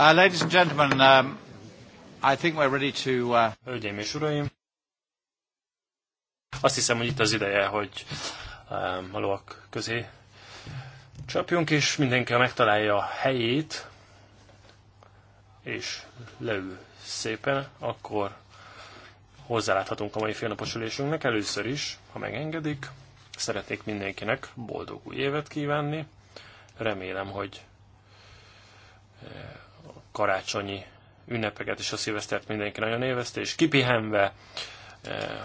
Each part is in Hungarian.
Uh, ladies and gentlemen, um, I think we're ready to... Uh, Hölgyeim és uraim, azt hiszem, hogy itt az ideje, hogy um, a lovak közé csapjunk, és mindenki megtalálja a helyét, és leül szépen, akkor hozzáláthatunk a mai félnapos ülésünknek. Először is, ha megengedik, szeretnék mindenkinek boldog új évet kívánni. Remélem, hogy eh, karácsonyi ünnepeket és a szilvesztert mindenki nagyon élvezte, és kipihenve, eh,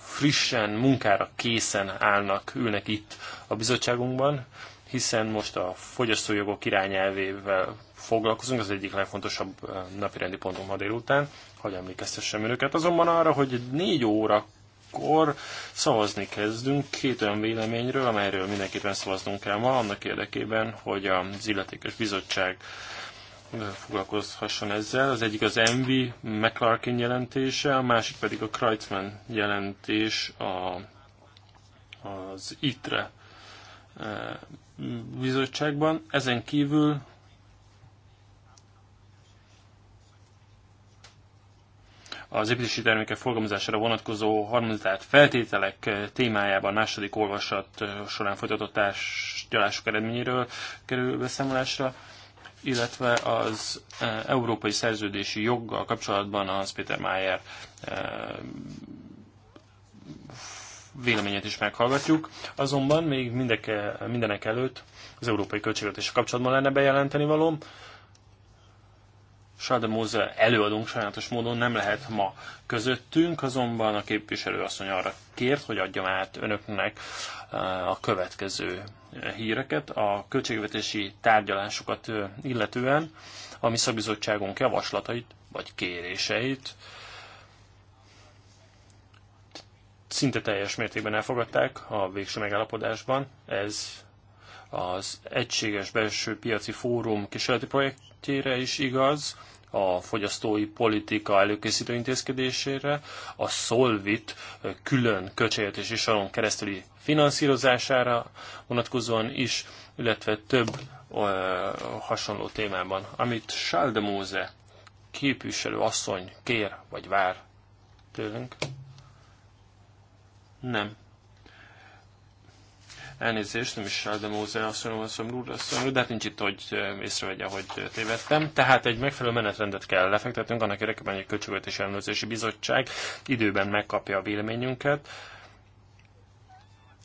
frissen, munkára készen állnak, ülnek itt a bizottságunkban, hiszen most a fogyasztójogok irányelvével foglalkozunk, az egyik legfontosabb eh, napirendi pontunk ma délután, hogy emlékeztessem önöket azonban arra, hogy négy órakor szavazni kezdünk két olyan véleményről, amelyről mindenképpen szavaznunk kell ma, annak érdekében, hogy az illetékes bizottság foglalkozhasson ezzel. Az egyik az Envy McClarkin jelentése, a másik pedig a Kreitzmann jelentés a, az ITRE eh, bizottságban. Ezen kívül az építési termékek forgalmazására vonatkozó harmonizált feltételek eh, témájában második olvasat eh, során folytatott tárgyalások eredményéről kerül beszámolásra illetve az e, európai szerződési joggal kapcsolatban az Peter Mayer e, véleményét is meghallgatjuk. Azonban még mindenek előtt az európai költségvetés kapcsolatban lenne bejelenteni valóm. Sádemóze előadunk sajnálatos módon nem lehet ma közöttünk, azonban a képviselő asszony arra kért, hogy adjam át önöknek eh, a következő híreket. A költségvetési tárgyalásokat eh, illetően a mi szabizottságunk javaslatait vagy kéréseit szinte teljes mértékben elfogadták a végső megállapodásban. Ez az Egységes Belső Piaci Fórum kísérleti projekt szintjére is igaz, a fogyasztói politika előkészítő intézkedésére, a Solvit külön költségvetési soron keresztüli finanszírozására vonatkozóan is, illetve több ö, hasonló témában, amit Schaldemose képviselő asszony kér vagy vár tőlünk. Nem. Elnézést, nem is Alda Móze azt mondom, úr, mondom, de hát nincs itt, hogy észrevegye, hogy tévedtem. Tehát egy megfelelő menetrendet kell lefektetnünk, annak érdekében, hogy a Költségvetési Ellenőrzési Bizottság időben megkapja a véleményünket.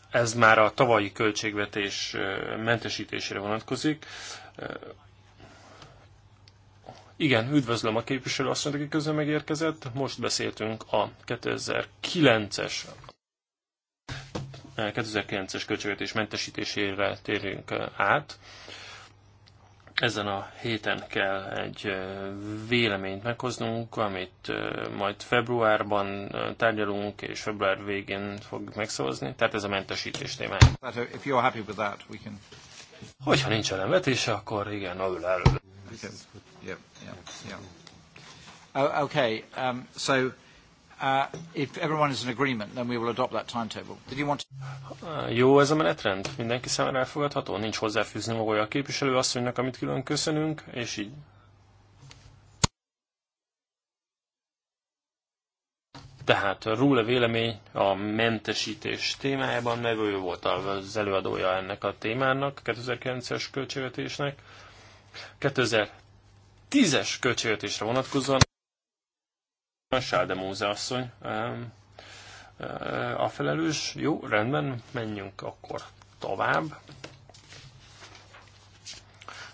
Ez már a tavalyi költségvetés mentesítésére vonatkozik. Igen, üdvözlöm a képviselő asszonyt, aki közben megérkezett. Most beszéltünk a 2009-es 2009-es költségvetés mentesítésére térünk át. Ezen a héten kell egy véleményt meghoznunk, amit majd februárban tárgyalunk, és február végén fogjuk megszavazni. Tehát ez a mentesítés témája. Can... Hogyha nincs ellenvetése, akkor igen, ül elő. Okay. okay. Um, so... Uh, if everyone is in agreement, then we will adopt that timetable. Did you want to... Uh, jó ez a menetrend? Mindenki számára elfogadható? Nincs hozzáfűzni magója a képviselő asszonynak, amit külön köszönünk, és így. Tehát a vélemény a mentesítés témájában, mert ő volt az előadója ennek a témának, 2009-es költségvetésnek. 2010-es költségvetésre vonatkozóan Sáldemóze asszony a felelős. Jó, rendben, menjünk akkor tovább.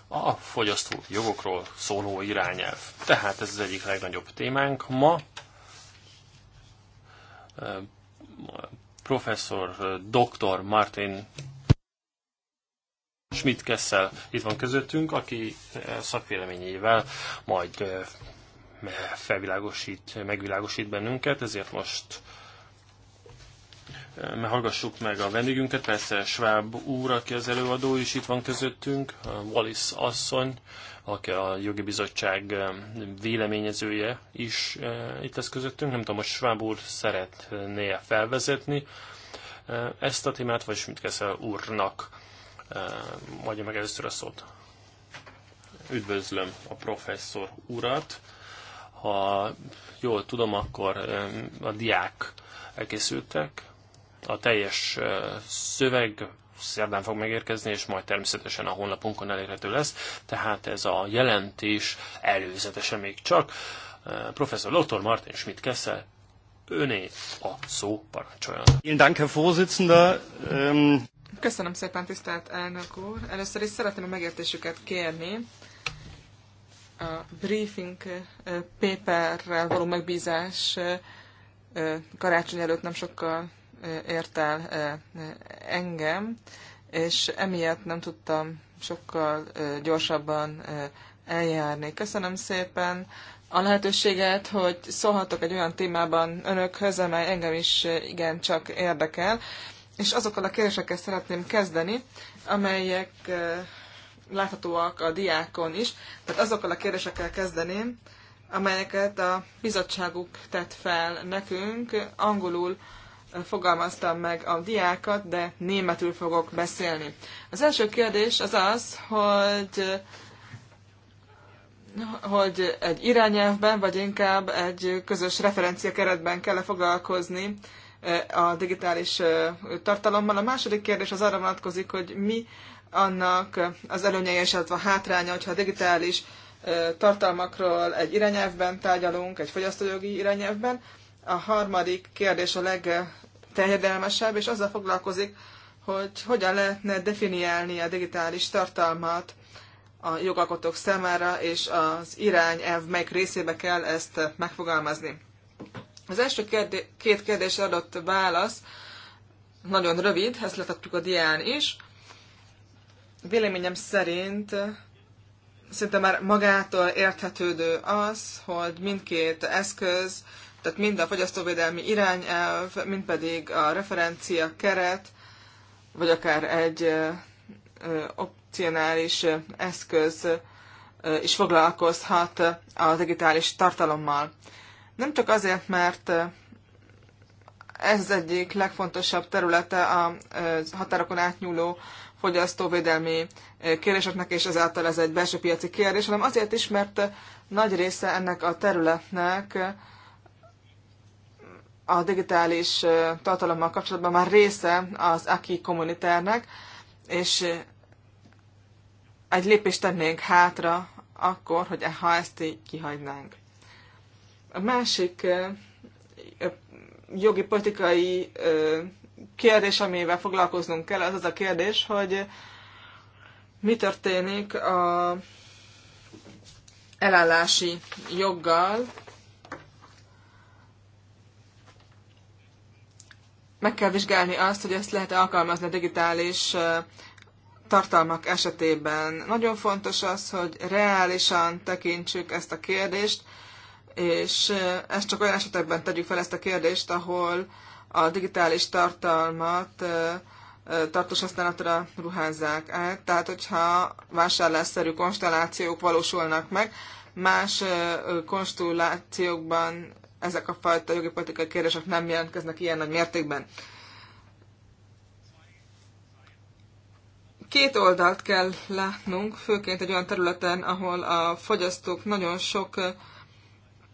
A fogyasztó jogokról szóló irányelv. Tehát ez az egyik legnagyobb témánk ma. Professzor dr. Martin Schmidt Kessel itt van közöttünk, aki szakvéleményével majd felvilágosít, megvilágosít bennünket, ezért most eh, hallgassuk meg a vendégünket, persze Schwab úr, aki az előadó is itt van közöttünk, Wallis asszony, aki a jogi bizottság eh, véleményezője is eh, itt lesz közöttünk. Nem tudom, hogy Schwab úr szeretné -e felvezetni ezt a témát, vagy mit Schmidt úrnak adja meg először a szót. Üdvözlöm a professzor urat, ha jól tudom, akkor a diák elkészültek. A teljes eh, szöveg szerdán fog megérkezni, és majd természetesen a honlapunkon elérhető lesz. Tehát ez a jelentés előzetesen még csak. Eh, professzor Dr. Martin Schmidt Kessel, öné a szó parancsoljon. Ähm, Köszönöm szépen, tisztelt elnök úr! Először is szeretném a megértésüket kérni, a briefing paperrel való megbízás karácsony előtt nem sokkal ért el engem, és emiatt nem tudtam sokkal gyorsabban eljárni. Köszönöm szépen a lehetőséget, hogy szólhatok egy olyan témában önökhöz, amely engem is igen csak érdekel, és azokkal a kérdésekkel szeretném kezdeni, amelyek láthatóak a diákon is. Tehát azokkal a kérdésekkel kezdeném, amelyeket a bizottságuk tett fel nekünk. Angolul fogalmaztam meg a diákat, de németül fogok beszélni. Az első kérdés az az, hogy hogy egy irányelvben, vagy inkább egy közös referencia keretben kell -e foglalkozni a digitális tartalommal. A második kérdés az arra vonatkozik, hogy mi annak az előnye és a hátránya, hogyha a digitális tartalmakról egy irányelvben tárgyalunk, egy fogyasztójogi irányelvben. A harmadik kérdés a legterjedelmesebb, és azzal foglalkozik, hogy hogyan lehetne definiálni a digitális tartalmat a jogalkotók számára, és az irányelv melyik részébe kell ezt megfogalmazni. Az első kérdé- két kérdésre adott válasz nagyon rövid, ezt letettük a dián is véleményem szerint szinte már magától érthetődő az, hogy mindkét eszköz, tehát mind a fogyasztóvédelmi irányelv, mind pedig a referencia keret, vagy akár egy opcionális eszköz is foglalkozhat a digitális tartalommal. Nem csak azért, mert ez az egyik legfontosabb területe a határokon átnyúló fogyasztóvédelmi eh, kérdéseknek, és ezáltal ez egy belső piaci kérdés, hanem azért is, mert eh, nagy része ennek a területnek eh, a digitális tartalommal kapcsolatban már része az AKI kommunitárnak, és egy lépést tennénk hátra akkor, hogy e, ha ezt így kihagynánk. A másik jogi politikai kérdés, amivel foglalkoznunk kell, az az a kérdés, hogy mi történik a elállási joggal, meg kell vizsgálni azt, hogy ezt lehet alkalmazni a digitális tartalmak esetében. Nagyon fontos az, hogy reálisan tekintsük ezt a kérdést, és ezt csak olyan esetekben tegyük fel ezt a kérdést, ahol a digitális tartalmat tartós használatra ruházzák át. Tehát, hogyha vásárlásszerű konstellációk valósulnak meg, más konstellációkban ezek a fajta jogi politikai kérdések nem jelentkeznek ilyen nagy mértékben. Két oldalt kell látnunk, főként egy olyan területen, ahol a fogyasztók nagyon sok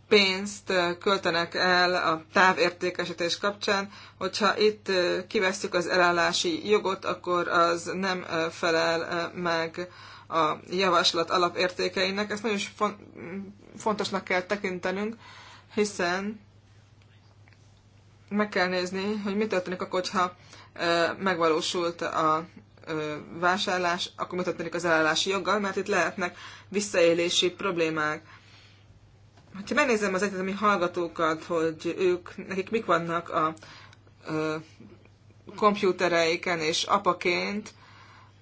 pénzt költenek el a távértékesítés kapcsán, hogyha itt kivesztük az elállási jogot, akkor az nem felel meg a javaslat alapértékeinek. Ezt nagyon is fontosnak kell tekintenünk, hiszen meg kell nézni, hogy mi történik akkor, hogyha megvalósult a vásárlás, akkor mi történik az elállási joggal, mert itt lehetnek visszaélési problémák ha megnézem az egyetemi hallgatókat, hogy ők, nekik mik vannak a ö, kompjútereiken, és apaként,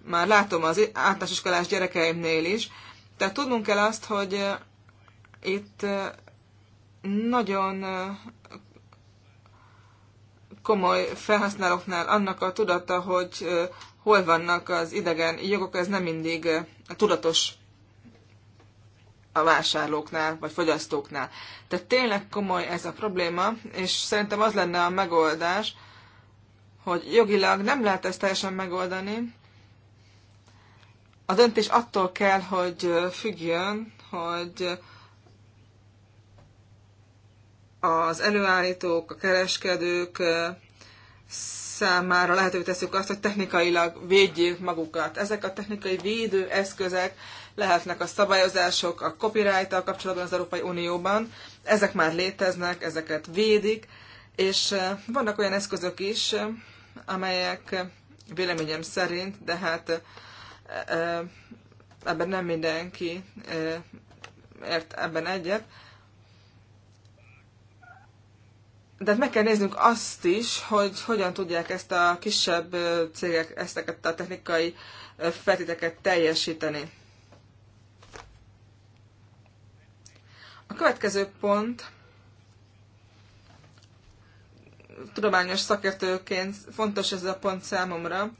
már látom az általános iskolás gyerekeimnél is, tehát tudnunk kell azt, hogy itt nagyon komoly felhasználóknál annak a tudata, hogy hol vannak az idegen jogok, ez nem mindig tudatos a vásárlóknál, vagy fogyasztóknál. Tehát tényleg komoly ez a probléma, és szerintem az lenne a megoldás, hogy jogilag nem lehet ezt teljesen megoldani. A döntés attól kell, hogy függjön, hogy az előállítók, a kereskedők számára lehetővé tesszük azt, hogy technikailag védjék magukat. Ezek a technikai védő eszközek lehetnek a szabályozások, a copyright kapcsolatban az Európai Unióban. Ezek már léteznek, ezeket védik, és eh, vannak olyan eszközök is, eh, amelyek véleményem szerint, de hát eh, ebben nem mindenki ért ebben egyet, de hát meg kell néznünk azt is, hogy hogyan tudják ezt a kisebb cégek ezteket a technikai feltéteket teljesíteni. A következő pont tudományos szakértőként fontos ez a pont számomra,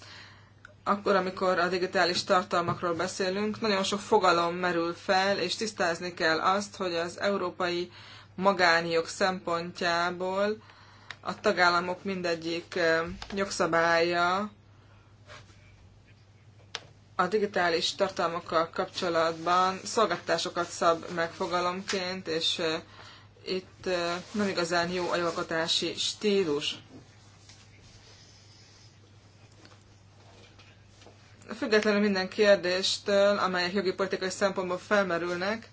akkor, amikor a digitális tartalmakról beszélünk, nagyon sok fogalom merül fel, és tisztázni kell azt, hogy az európai magánjog szempontjából a tagállamok mindegyik jogszabálya a digitális tartalmakkal kapcsolatban szolgáltatásokat szab meg fogalomként, és itt nem igazán jó a jogalkotási stílus. Függetlenül minden kérdéstől, amelyek jogi politikai szempontból felmerülnek,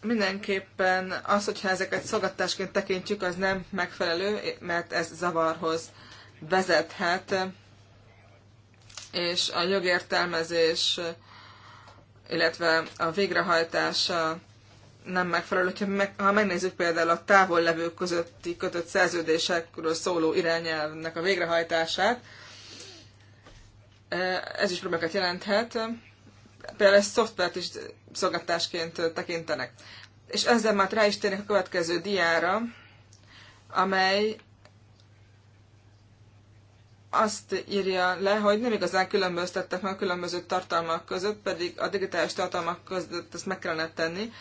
mindenképpen az, hogyha ezeket szolgatásként tekintjük, az nem megfelelő, mert ez zavarhoz vezethet, és a jogértelmezés, illetve a végrehajtása nem megfelelő. ha megnézzük például a távol levők közötti kötött szerződésekről szóló irányelvnek a végrehajtását, ez is problémákat jelenthet, például ezt szoftvert is szolgáltásként tekintenek. És ezzel már rá is térnek a következő diára, amely azt írja le, hogy nem igazán különböztettek meg a különböző tartalmak között, pedig a digitális tartalmak között ezt meg kellene tenni.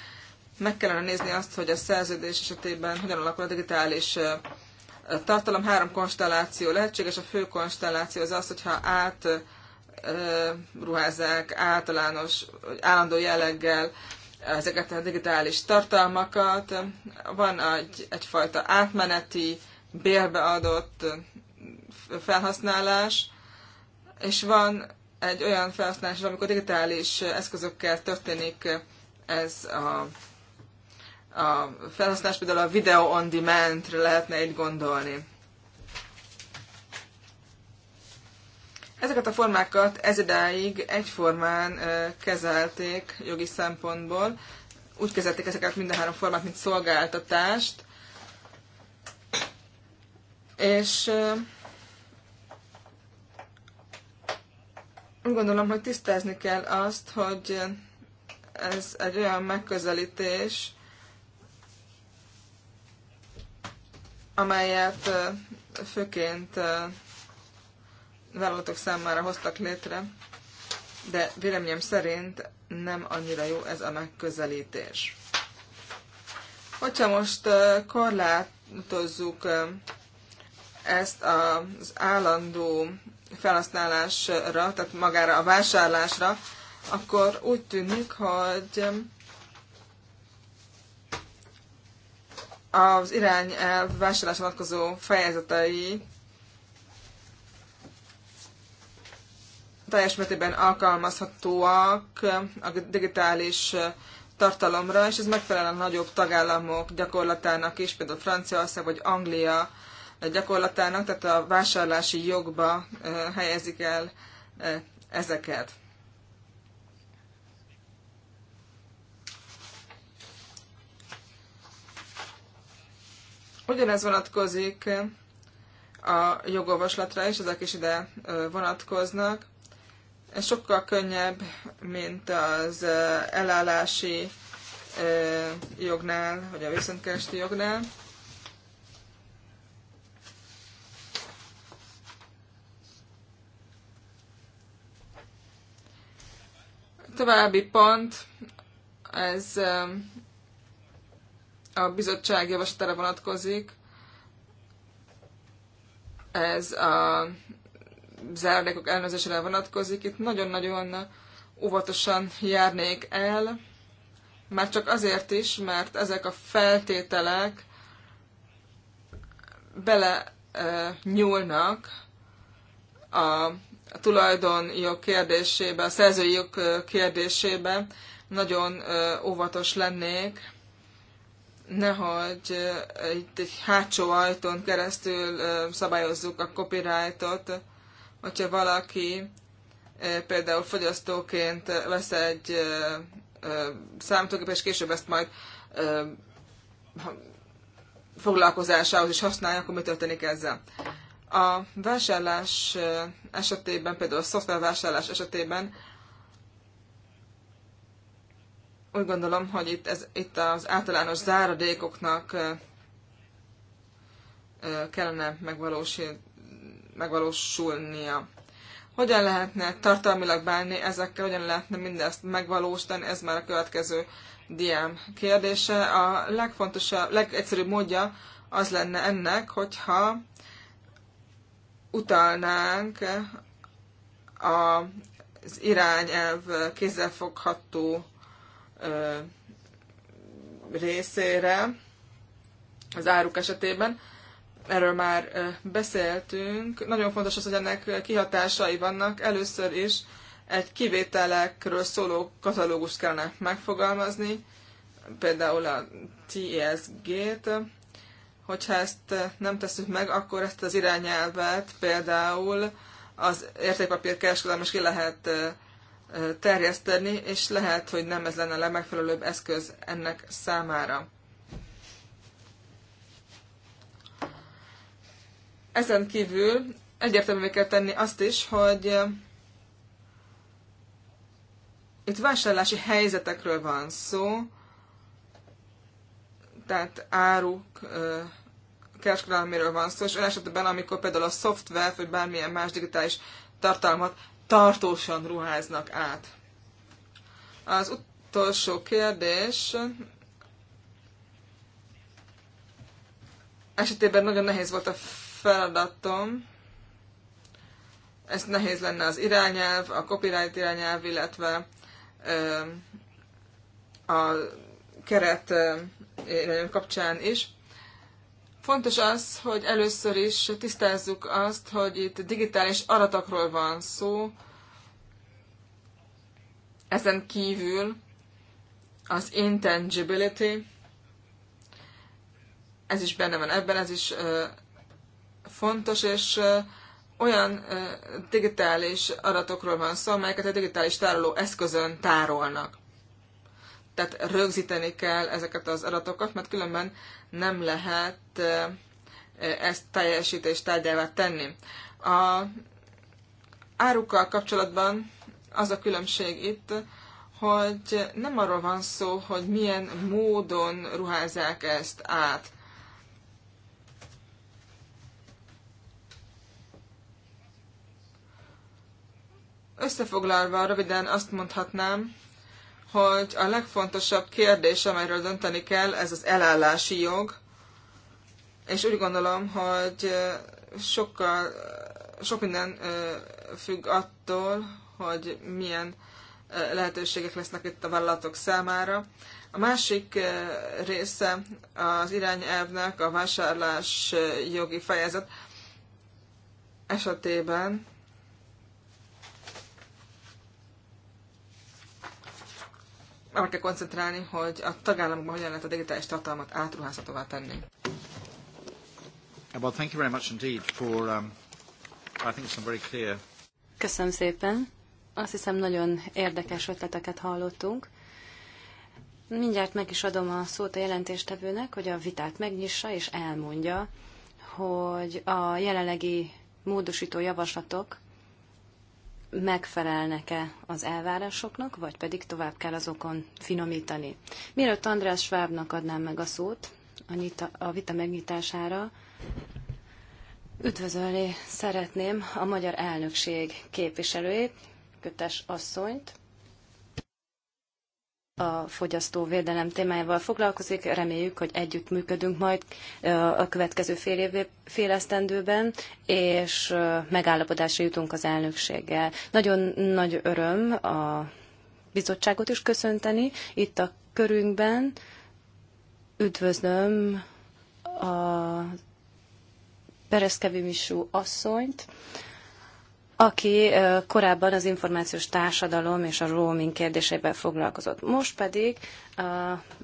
Meg kellene nézni azt, hogy a szerződés esetében hogyan alakul a digitális tartalom. Három konstelláció lehetséges. A fő konstelláció az az, hogyha át ruházzák általános, állandó jelleggel ezeket a digitális tartalmakat. Van egy, egyfajta átmeneti, bérbeadott adott felhasználás, és van egy olyan felhasználás, amikor digitális eszközökkel történik ez a, a felhasználás, például a video on demand-re lehetne itt gondolni. Ezeket a formákat ez egyformán kezelték jogi szempontból. Úgy kezelték ezeket mind a három formát, mint szolgáltatást. És úgy gondolom, hogy tisztázni kell azt, hogy ez egy olyan megközelítés, amelyet főként vállalatok számára hoztak létre, de véleményem szerint nem annyira jó ez a megközelítés. Hogyha most korlátozzuk ezt az állandó felhasználásra, tehát magára a vásárlásra, akkor úgy tűnik, hogy az irányelv vásárlásra vonatkozó fejezetei teljes mértékben alkalmazhatóak a digitális tartalomra, és ez megfelel a nagyobb tagállamok gyakorlatának is, például Franciaország vagy Anglia gyakorlatának, tehát a vásárlási jogba helyezik el ezeket. Ugyanez vonatkozik a jogolvaslatra is, ezek is ide vonatkoznak. Ez sokkal könnyebb, mint az elállási jognál, vagy a viszontkeresti jognál. További pont, ez a bizottság javaslatára vonatkozik, ez a zárdékok elnözésére vonatkozik, itt nagyon-nagyon óvatosan járnék el, már csak azért is, mert ezek a feltételek bele e, nyúlnak a tulajdonjog kérdésébe, a szerzői jog kérdésébe. Nagyon e, óvatos lennék, nehogy e, itt egy hátsó ajtón keresztül e, szabályozzuk a copyrightot, hogyha valaki eh, például fogyasztóként vesz egy eh, eh, számítógépet, és később ezt majd foglalkozásához is használja, akkor mi történik ezzel? A vásárlás esetében, például a szoftvervásárlás esetében úgy gondolom, hogy itt, ez, itt az általános záradékoknak kellene megvalósít megvalósulnia. Hogyan lehetne tartalmilag bánni ezekkel, hogyan lehetne mindezt megvalósítani, ez már a következő diám kérdése. A legfontosabb, legegyszerűbb módja az lenne ennek, hogyha utalnánk a az irányelv kézzelfogható ö, részére az áruk esetében, erről már beszéltünk. Nagyon fontos az, hogy ennek kihatásai vannak. Először is egy kivételekről szóló katalógust kellene megfogalmazni, például a TSG-t. Hogyha ezt nem tesszük meg, akkor ezt az irányelvet például az értékpapír kereskedelem is ki lehet terjeszteni, és lehet, hogy nem ez lenne a legmegfelelőbb eszköz ennek számára. Ezen kívül egyértelművé kell tenni azt is, hogy eh, itt vásárlási helyzetekről van szó, tehát áruk eh, kereskedelméről van szó, és olyan esetben, amikor például a szoftver, vagy bármilyen más digitális tartalmat tartósan ruháznak át. Az utolsó kérdés esetében nagyon nehéz volt a feladatom, ez nehéz lenne az irányelv, a copyright irányelv, illetve a keret kapcsán is. Fontos az, hogy először is tisztázzuk azt, hogy itt digitális aratakról van szó, ezen kívül az intangibility, ez is benne van ebben, ez is fontos, és olyan digitális adatokról van szó, amelyeket a digitális tároló eszközön tárolnak. Tehát rögzíteni kell ezeket az adatokat, mert különben nem lehet ezt teljesítés tárgyává tenni. A árukkal kapcsolatban az a különbség itt, hogy nem arról van szó, hogy milyen módon ruházzák ezt át. Összefoglalva röviden azt mondhatnám, hogy a legfontosabb kérdés, amelyről dönteni kell, ez az elállási jog, és úgy gondolom, hogy sokkal, sok minden függ attól, hogy milyen lehetőségek lesznek itt a vállalatok számára. A másik része az irányelvnek a vásárlás jogi fejezet esetében arra kell koncentrálni, hogy a tagállamokban hogyan lehet a digitális tartalmat átruházhatóvá tenni. Well, thank you very much indeed for, um, I think some very clear... Köszönöm szépen. Azt hiszem nagyon érdekes ötleteket hallottunk. Mindjárt meg is adom a szót a jelentéstevőnek, hogy a vitát megnyissa és elmondja, hogy a jelenlegi módosító javaslatok megfelelnek-e az elvárásoknak, vagy pedig tovább kell azokon finomítani. Mielőtt András Schwabnak adnám meg a szót a, nyita, a vita megnyitására, üdvözölni szeretném a magyar elnökség képviselőjét, Kötes asszonyt, a fogyasztóvédelem témájával foglalkozik. Reméljük, hogy együtt működünk majd a következő fél, év, fél esztendőben, és megállapodásra jutunk az elnökséggel. Nagyon nagy öröm a bizottságot is köszönteni itt a körünkben. Üdvözlöm a Misú asszonyt, aki korábban az információs társadalom és a roaming kérdéseivel foglalkozott. Most pedig a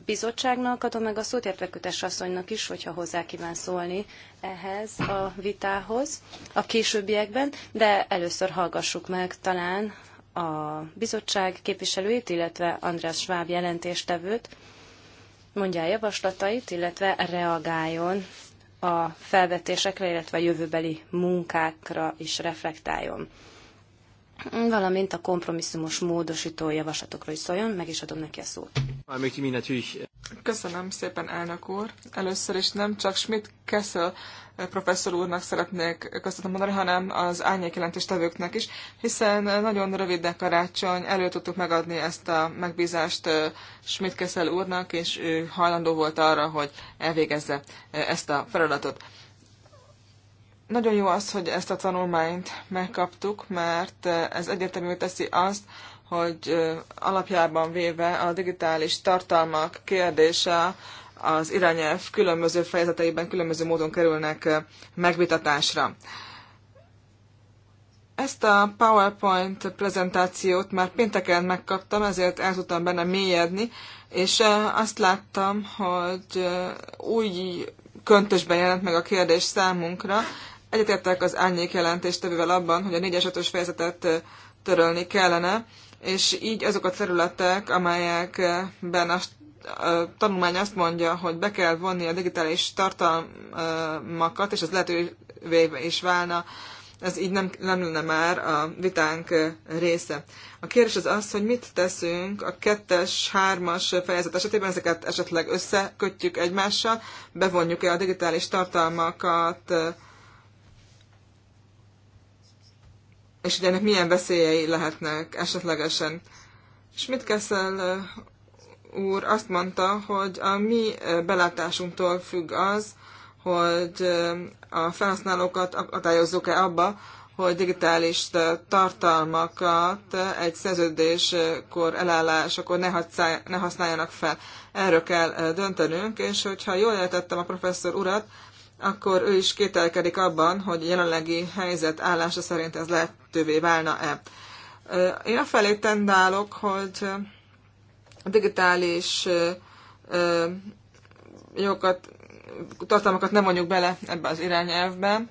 bizottságnak adom meg a szót, illetve Kötes asszonynak is, hogyha hozzá kíván szólni ehhez a vitához a későbbiekben, de először hallgassuk meg talán a bizottság képviselőit, illetve András Schwab jelentéstevőt, mondja a javaslatait, illetve reagáljon a felvetésekre, illetve a jövőbeli munkákra is reflektáljon valamint a kompromisszumos módosító javaslatokról is szóljon, meg is adom neki a szót. Köszönöm szépen, elnök úr. Először is nem csak Schmidt Kessel eh, professzor úrnak szeretnék köszönöm mondani, hanem az árnyékjelentéstevőknek is, hiszen nagyon röviden karácsony, elő tudtuk megadni ezt a megbízást eh, Schmidt Kessel úrnak, és ő hajlandó volt arra, hogy elvégezze eh, ezt a feladatot. Nagyon jó az, hogy ezt a tanulmányt megkaptuk, mert ez egyértelmű teszi azt, hogy alapjában véve a digitális tartalmak kérdése az irányelv különböző fejezeteiben különböző módon kerülnek megvitatásra. Ezt a PowerPoint prezentációt már pénteken megkaptam, ezért el tudtam benne mélyedni, és azt láttam, hogy új köntösben jelent meg a kérdés számunkra, Egyetértek az árnyék jelentéstevővel abban, hogy a 4-es 5 fejezetet törölni kellene, és így azok a területek, amelyekben a tanulmány azt mondja, hogy be kell vonni a digitális tartalmakat, és ez lehetővé is válna, ez így nem, nem lenne már a vitánk része. A kérdés az az, hogy mit teszünk a kettes, hármas fejezet esetében, ezeket esetleg összekötjük egymással, bevonjuk-e a digitális tartalmakat és hogy ennek milyen veszélyei lehetnek esetlegesen. És mit Kessel úr azt mondta, hogy a mi belátásunktól függ az, hogy a felhasználókat akadályozzuk-e abba, hogy digitális tartalmakat egy szerződéskor elállás ne, ne használjanak fel. Erről kell döntenünk, és hogyha jól értettem a professzor urat, akkor ő is kételkedik abban, hogy a jelenlegi helyzet állása szerint ez lehetővé válna-e. Én afelé tendálok, hogy a digitális jogokat, tartalmakat nem vonjuk bele ebbe az irányelvbe.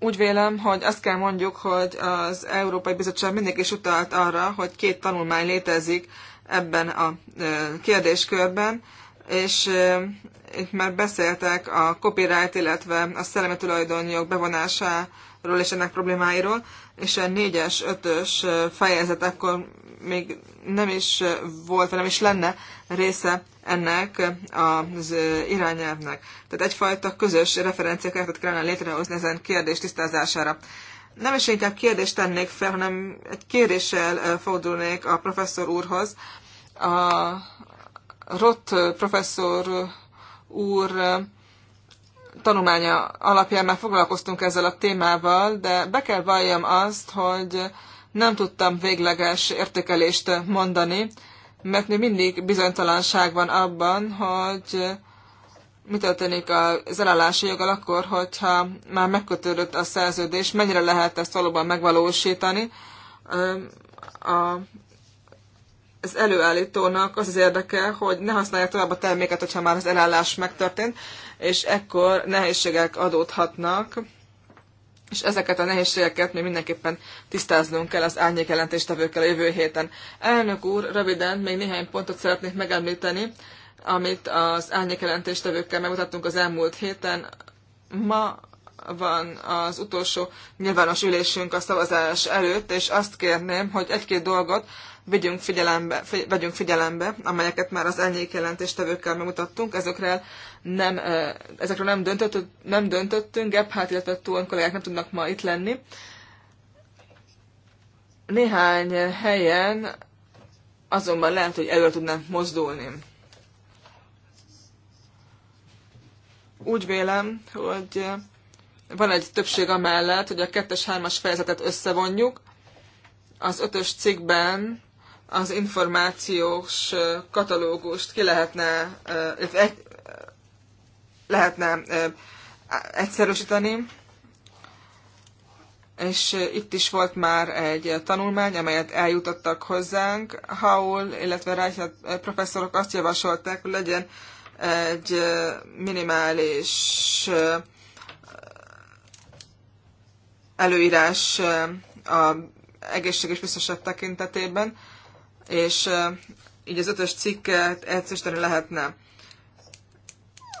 Úgy vélem, hogy azt kell mondjuk, hogy az Európai Bizottság mindig is utalt arra, hogy két tanulmány létezik ebben a kérdéskörben, és itt már beszéltek a copyright, illetve a szellemi tulajdonjog bevonásáról és ennek problémáiról, és a 4-es, 5-ös fejezet akkor még nem is volt, vagy nem is lenne része ennek az irányelvnek. Tehát egyfajta közös referenciákat kellene létrehozni ezen kérdés tisztázására. Nem is inkább kérdést tennék fel, hanem egy kéréssel fordulnék a professzor úrhoz, a, Rott professzor úr tanulmánya alapján már foglalkoztunk ezzel a témával, de be kell valljam azt, hogy nem tudtam végleges értékelést mondani, mert még mindig bizonytalanság van abban, hogy mi történik az elállási joggal akkor, hogyha már megkötődött a szerződés, mennyire lehet ezt valóban megvalósítani. A az előállítónak az az érdeke, hogy ne használják tovább a terméket, hogyha már az elállás megtörtént, és ekkor nehézségek adódhatnak, és ezeket a nehézségeket mi mindenképpen tisztáznunk kell az árnyék jelentéstevőkkel a jövő héten. Elnök úr, röviden még néhány pontot szeretnék megemlíteni, amit az árnyék jelentéstevőkkel megmutattunk az elmúlt héten. Ma van az utolsó nyilvános ülésünk a szavazás előtt, és azt kérném, hogy egy-két dolgot, vegyünk figyelembe, figy- vegyünk figyelembe, amelyeket már az elnyék jelentéstevőkkel megmutattunk, ezekről nem, ezekről nem, döntött, nem döntöttünk, Gebhardt, illetve Tuan kollégák nem tudnak ma itt lenni. Néhány helyen azonban lehet, hogy előre tudnánk mozdulni. Úgy vélem, hogy van egy többség amellett, hogy a 2-es, 3-as fejezetet összevonjuk. Az ötös cikkben az információs katalógust ki lehetne, lehetne egyszerűsíteni. És itt is volt már egy tanulmány, amelyet eljutattak hozzánk. Haul, illetve Reichert professzorok azt javasolták, hogy legyen egy minimális előírás a egészséges biztonság tekintetében és így az ötös cikket egyszerűen lehetne.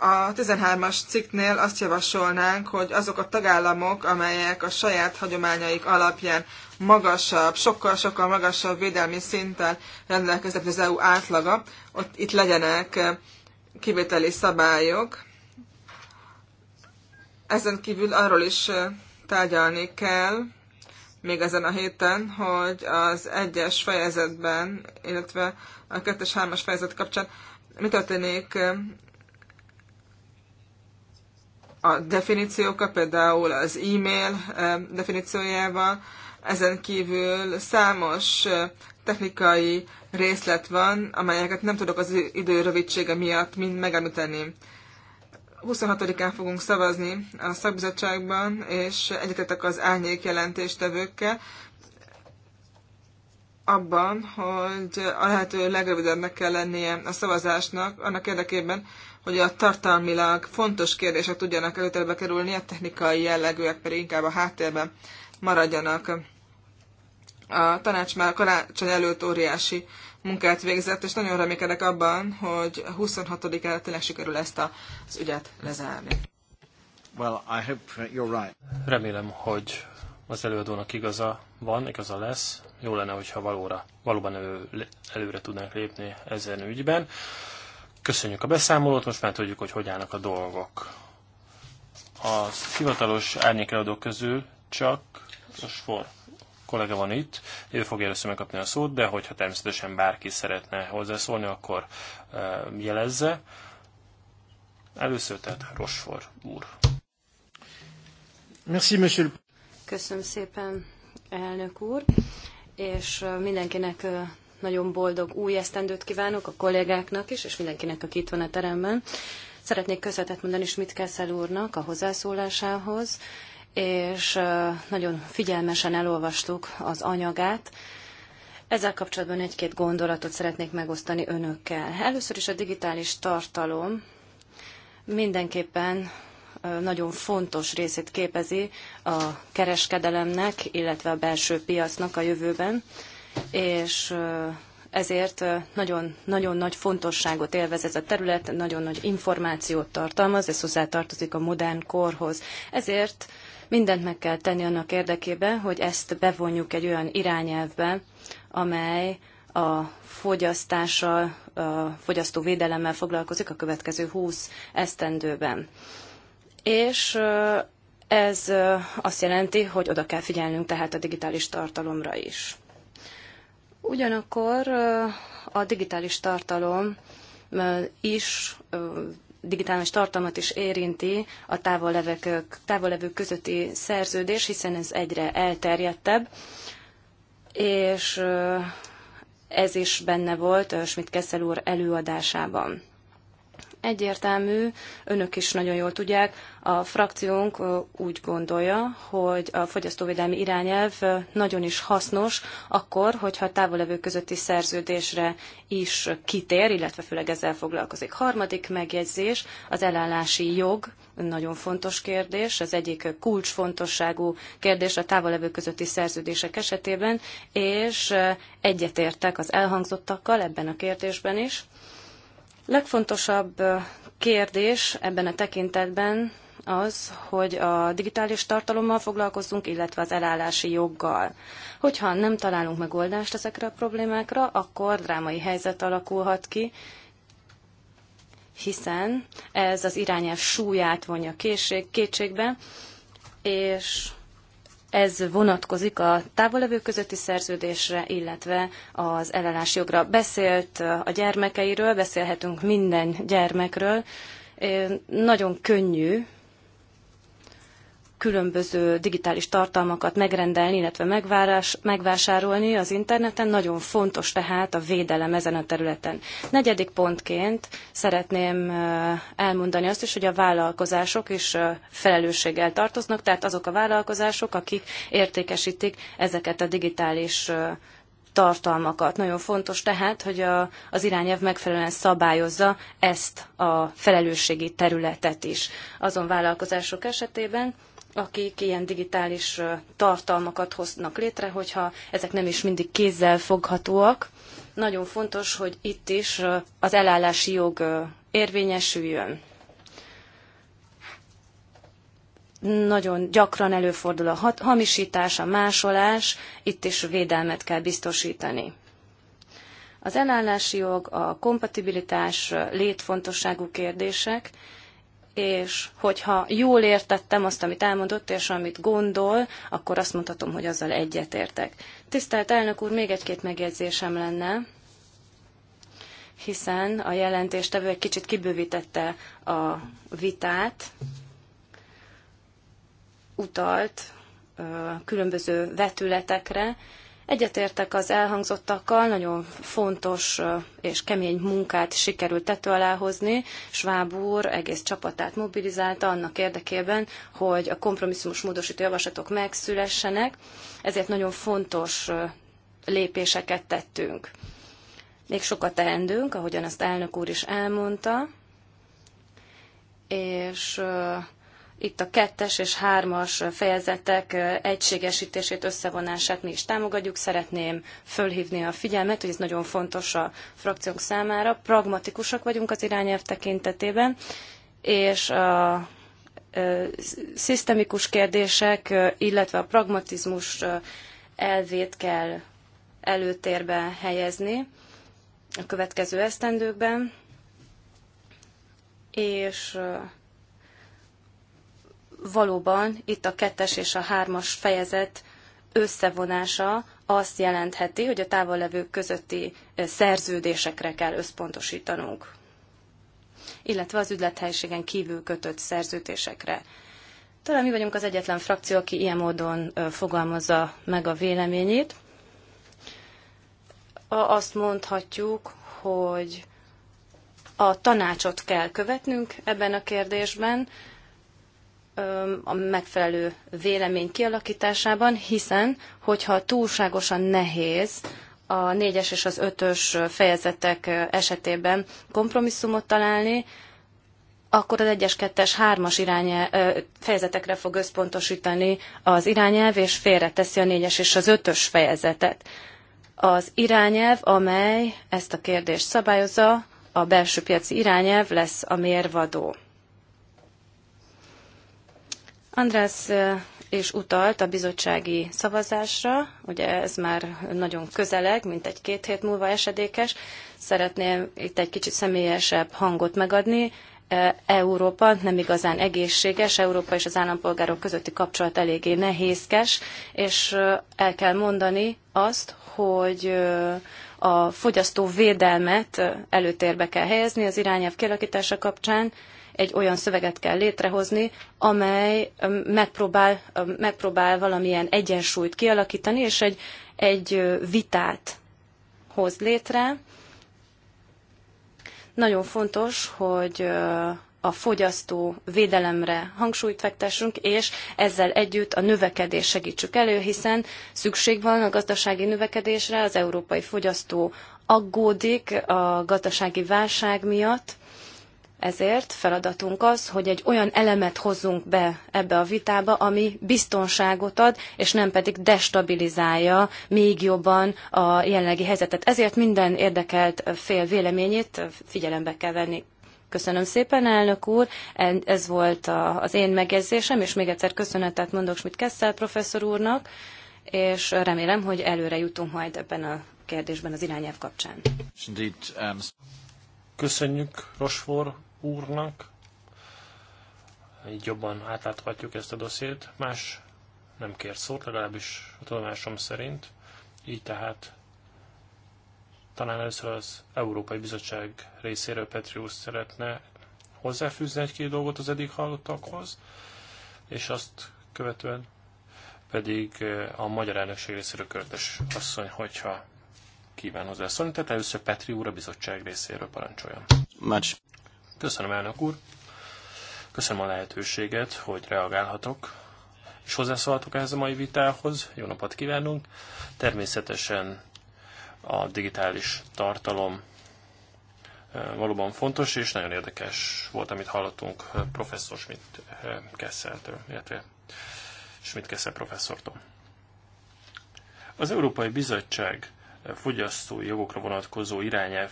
A 13-as cikknél azt javasolnánk, hogy azok a tagállamok, amelyek a saját hagyományaik alapján magasabb, sokkal-sokkal magasabb védelmi szinten rendelkeznek az EU átlaga, ott itt legyenek kivételi szabályok. Ezen kívül arról is tárgyalni kell, még ezen a héten, hogy az egyes fejezetben, illetve a kettes hármas fejezet kapcsán mi történik a definíciókkal, például az e-mail eh, definíciójával, ezen kívül számos eh, technikai részlet van, amelyeket nem tudok az idő rövidsége miatt mind megemlíteni. 26-án fogunk szavazni a szakbizottságban, és egyetetek az árnyék jelentéstevőkkel abban, hogy a lehető legrövidebbnek kell lennie a szavazásnak, annak érdekében, hogy a tartalmilag fontos kérdések tudjanak előtérbe kerülni, a technikai jellegűek pedig inkább a háttérben maradjanak. A tanács már karácsony előtt óriási munkát végzett, és nagyon remékedek abban, hogy 26-ára tényleg sikerül ezt az ügyet lezárni. Well, I hope you're right. Remélem, hogy az előadónak igaza van, igaza lesz. Jó lenne, hogyha valóra, valóban elő, előre tudnánk lépni ezen ügyben. Köszönjük a beszámolót, most már tudjuk, hogy hogy állnak a dolgok. A hivatalos árnyékeladók közül csak a sport kollega van itt, ő fogja először megkapni a szót, de hogyha természetesen bárki szeretne hozzászólni, akkor jelezze. Először tehát Rosfor úr. Merci, monsieur. Köszönöm szépen, elnök úr, és mindenkinek nagyon boldog új esztendőt kívánok a kollégáknak is, és mindenkinek, aki itt van a teremben. Szeretnék köszönetet mondani Schmidt Kessel úrnak a hozzászólásához, és nagyon figyelmesen elolvastuk az anyagát. Ezzel kapcsolatban egy-két gondolatot szeretnék megosztani önökkel. Először is a digitális tartalom mindenképpen nagyon fontos részét képezi a kereskedelemnek, illetve a belső piacnak a jövőben, és ezért nagyon, nagyon nagy fontosságot élvez ez a terület, nagyon nagy információt tartalmaz, ez hozzá tartozik a modern korhoz. Ezért Mindent meg kell tenni annak érdekében, hogy ezt bevonjuk egy olyan irányelvbe, amely a fogyasztással, a fogyasztóvédelemmel foglalkozik a következő 20 esztendőben. És ez azt jelenti, hogy oda kell figyelnünk tehát a digitális tartalomra is. Ugyanakkor a digitális tartalom is digitális tartalmat is érinti a távollevők, távollevők közötti szerződés, hiszen ez egyre elterjedtebb, és ez is benne volt Schmidt Kessel úr előadásában egyértelmű, önök is nagyon jól tudják, a frakciónk úgy gondolja, hogy a fogyasztóvédelmi irányelv nagyon is hasznos akkor, hogyha távolevő közötti szerződésre is kitér, illetve főleg ezzel foglalkozik. Harmadik megjegyzés, az elállási jog, nagyon fontos kérdés, az egyik kulcsfontosságú kérdés a távolevő közötti szerződések esetében, és egyetértek az elhangzottakkal ebben a kérdésben is. Legfontosabb kérdés ebben a tekintetben az, hogy a digitális tartalommal foglalkozzunk, illetve az elállási joggal. Hogyha nem találunk megoldást ezekre a problémákra, akkor drámai helyzet alakulhat ki, hiszen ez az irányelv súlyát vonja kétségbe, és ez vonatkozik a távolevők közötti szerződésre, illetve az ellenállás jogra. Beszélt a gyermekeiről, beszélhetünk minden gyermekről. Nagyon könnyű különböző digitális tartalmakat megrendelni, illetve megvárás, megvásárolni az interneten. Nagyon fontos tehát a védelem ezen a területen. Negyedik pontként szeretném elmondani azt is, hogy a vállalkozások is felelősséggel tartoznak, tehát azok a vállalkozások, akik értékesítik ezeket a digitális tartalmakat. Nagyon fontos tehát, hogy a, az irányelv megfelelően szabályozza ezt a felelősségi területet is azon vállalkozások esetében, akik ilyen digitális tartalmakat hoznak létre, hogyha ezek nem is mindig kézzel foghatóak. Nagyon fontos, hogy itt is az elállási jog érvényesüljön. Nagyon gyakran előfordul a hamisítás, a másolás, itt is védelmet kell biztosítani. Az elállási jog, a kompatibilitás létfontosságú kérdések, és hogyha jól értettem azt, amit elmondott, és amit gondol, akkor azt mondhatom, hogy azzal egyetértek. Tisztelt elnök úr, még egy-két megjegyzésem lenne, hiszen a jelentéstevő egy kicsit kibővítette a vitát, utalt különböző vetületekre, Egyetértek az elhangzottakkal, nagyon fontos és kemény munkát sikerült tető alá hozni. Schwab úr egész csapatát mobilizálta annak érdekében, hogy a kompromisszumos módosító javaslatok megszülessenek, ezért nagyon fontos lépéseket tettünk. Még sokat teendünk, ahogyan azt elnök úr is elmondta, és itt a kettes és hármas fejezetek egységesítését, összevonását mi is támogatjuk. Szeretném fölhívni a figyelmet, hogy ez nagyon fontos a frakciónk számára. Pragmatikusak vagyunk az irányelv tekintetében, és a szisztemikus kérdések, illetve a pragmatizmus elvét kell előtérbe helyezni a következő esztendőkben, és valóban itt a kettes és a hármas fejezet összevonása azt jelentheti, hogy a távollevők közötti eh, szerződésekre kell összpontosítanunk, illetve az üzlethelyiségen kívül kötött szerződésekre. Talán mi vagyunk az egyetlen frakció, aki ilyen módon eh, fogalmazza meg a véleményét. Azt mondhatjuk, hogy a tanácsot kell követnünk ebben a kérdésben, a megfelelő vélemény kialakításában, hiszen hogyha túlságosan nehéz a négyes és az ötös fejezetek esetében kompromisszumot találni, akkor az egyes-kettes hármas irányel, fejezetekre fog összpontosítani az irányelv, és félreteszi a négyes és az ötös fejezetet. Az irányelv, amely ezt a kérdést szabályozza, a belső piaci irányelv lesz a mérvadó. András és utalt a bizottsági szavazásra, ugye ez már nagyon közeleg, mint egy két hét múlva esedékes. Szeretném itt egy kicsit személyesebb hangot megadni. Európa nem igazán egészséges, Európa és az állampolgárok közötti kapcsolat eléggé nehézkes, és el kell mondani azt, hogy a fogyasztó védelmet előtérbe kell helyezni az irányelv kialakítása kapcsán, egy olyan szöveget kell létrehozni, amely megpróbál, megpróbál valamilyen egyensúlyt kialakítani, és egy, egy vitát hoz létre. Nagyon fontos, hogy a fogyasztó védelemre hangsúlyt fektessünk, és ezzel együtt a növekedés segítsük elő, hiszen szükség van a gazdasági növekedésre, az európai fogyasztó aggódik a gazdasági válság miatt, ezért feladatunk az, hogy egy olyan elemet hozzunk be ebbe a vitába, ami biztonságot ad, és nem pedig destabilizálja még jobban a jelenlegi helyzetet. Ezért minden érdekelt fél véleményét figyelembe kell venni. Köszönöm szépen, elnök úr. Ez volt az én megjegyzésem, és még egyszer köszönetet mondok Schmidt Kessel professzor úrnak, és remélem, hogy előre jutunk majd ebben a kérdésben az irányelv kapcsán. Um, Köszönjük, Rosfor úrnak. Így jobban átláthatjuk ezt a dossziét. Más nem kér szót, legalábbis a tudomásom szerint. Így tehát talán először az Európai Bizottság részéről Petrius szeretne hozzáfűzni egy-két dolgot az eddig hallottakhoz, és azt követően pedig eh, a magyar elnökség részéről Körtes asszony, hogyha kíván hozzászólni. Tehát először Petri úr a bizottság részéről parancsoljon. Much. Köszönöm, elnök úr. Köszönöm a lehetőséget, hogy reagálhatok és hozzászólhatok ehhez a mai vitához. Jó napot kívánunk! Természetesen a digitális tartalom valóban fontos, és nagyon érdekes volt, amit hallottunk professzor Schmidt Kesseltől, illetve Schmidt Kessel professzortól. Az Európai Bizottság fogyasztói jogokra vonatkozó irányelv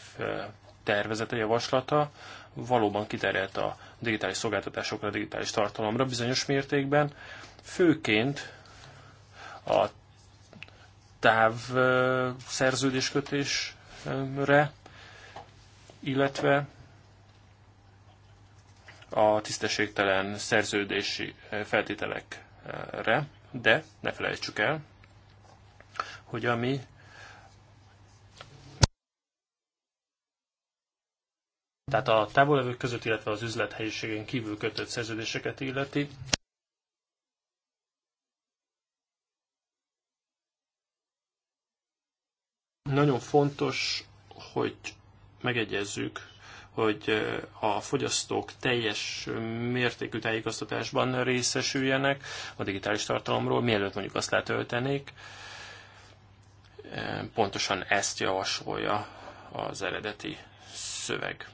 tervezete javaslata valóban kiterjedt a digitális szolgáltatásokra, a digitális tartalomra bizonyos mértékben, főként a táv illetve a tisztességtelen szerződési feltételekre, de ne felejtsük el, hogy a mi tehát a távolevők között, illetve az üzlethelyiségen kívül kötött szerződéseket illeti. Nagyon fontos, hogy megegyezzük, hogy a fogyasztók teljes mértékű tájékoztatásban részesüljenek a digitális tartalomról, mielőtt mondjuk azt letöltenék. Pontosan ezt javasolja az eredeti szöveg.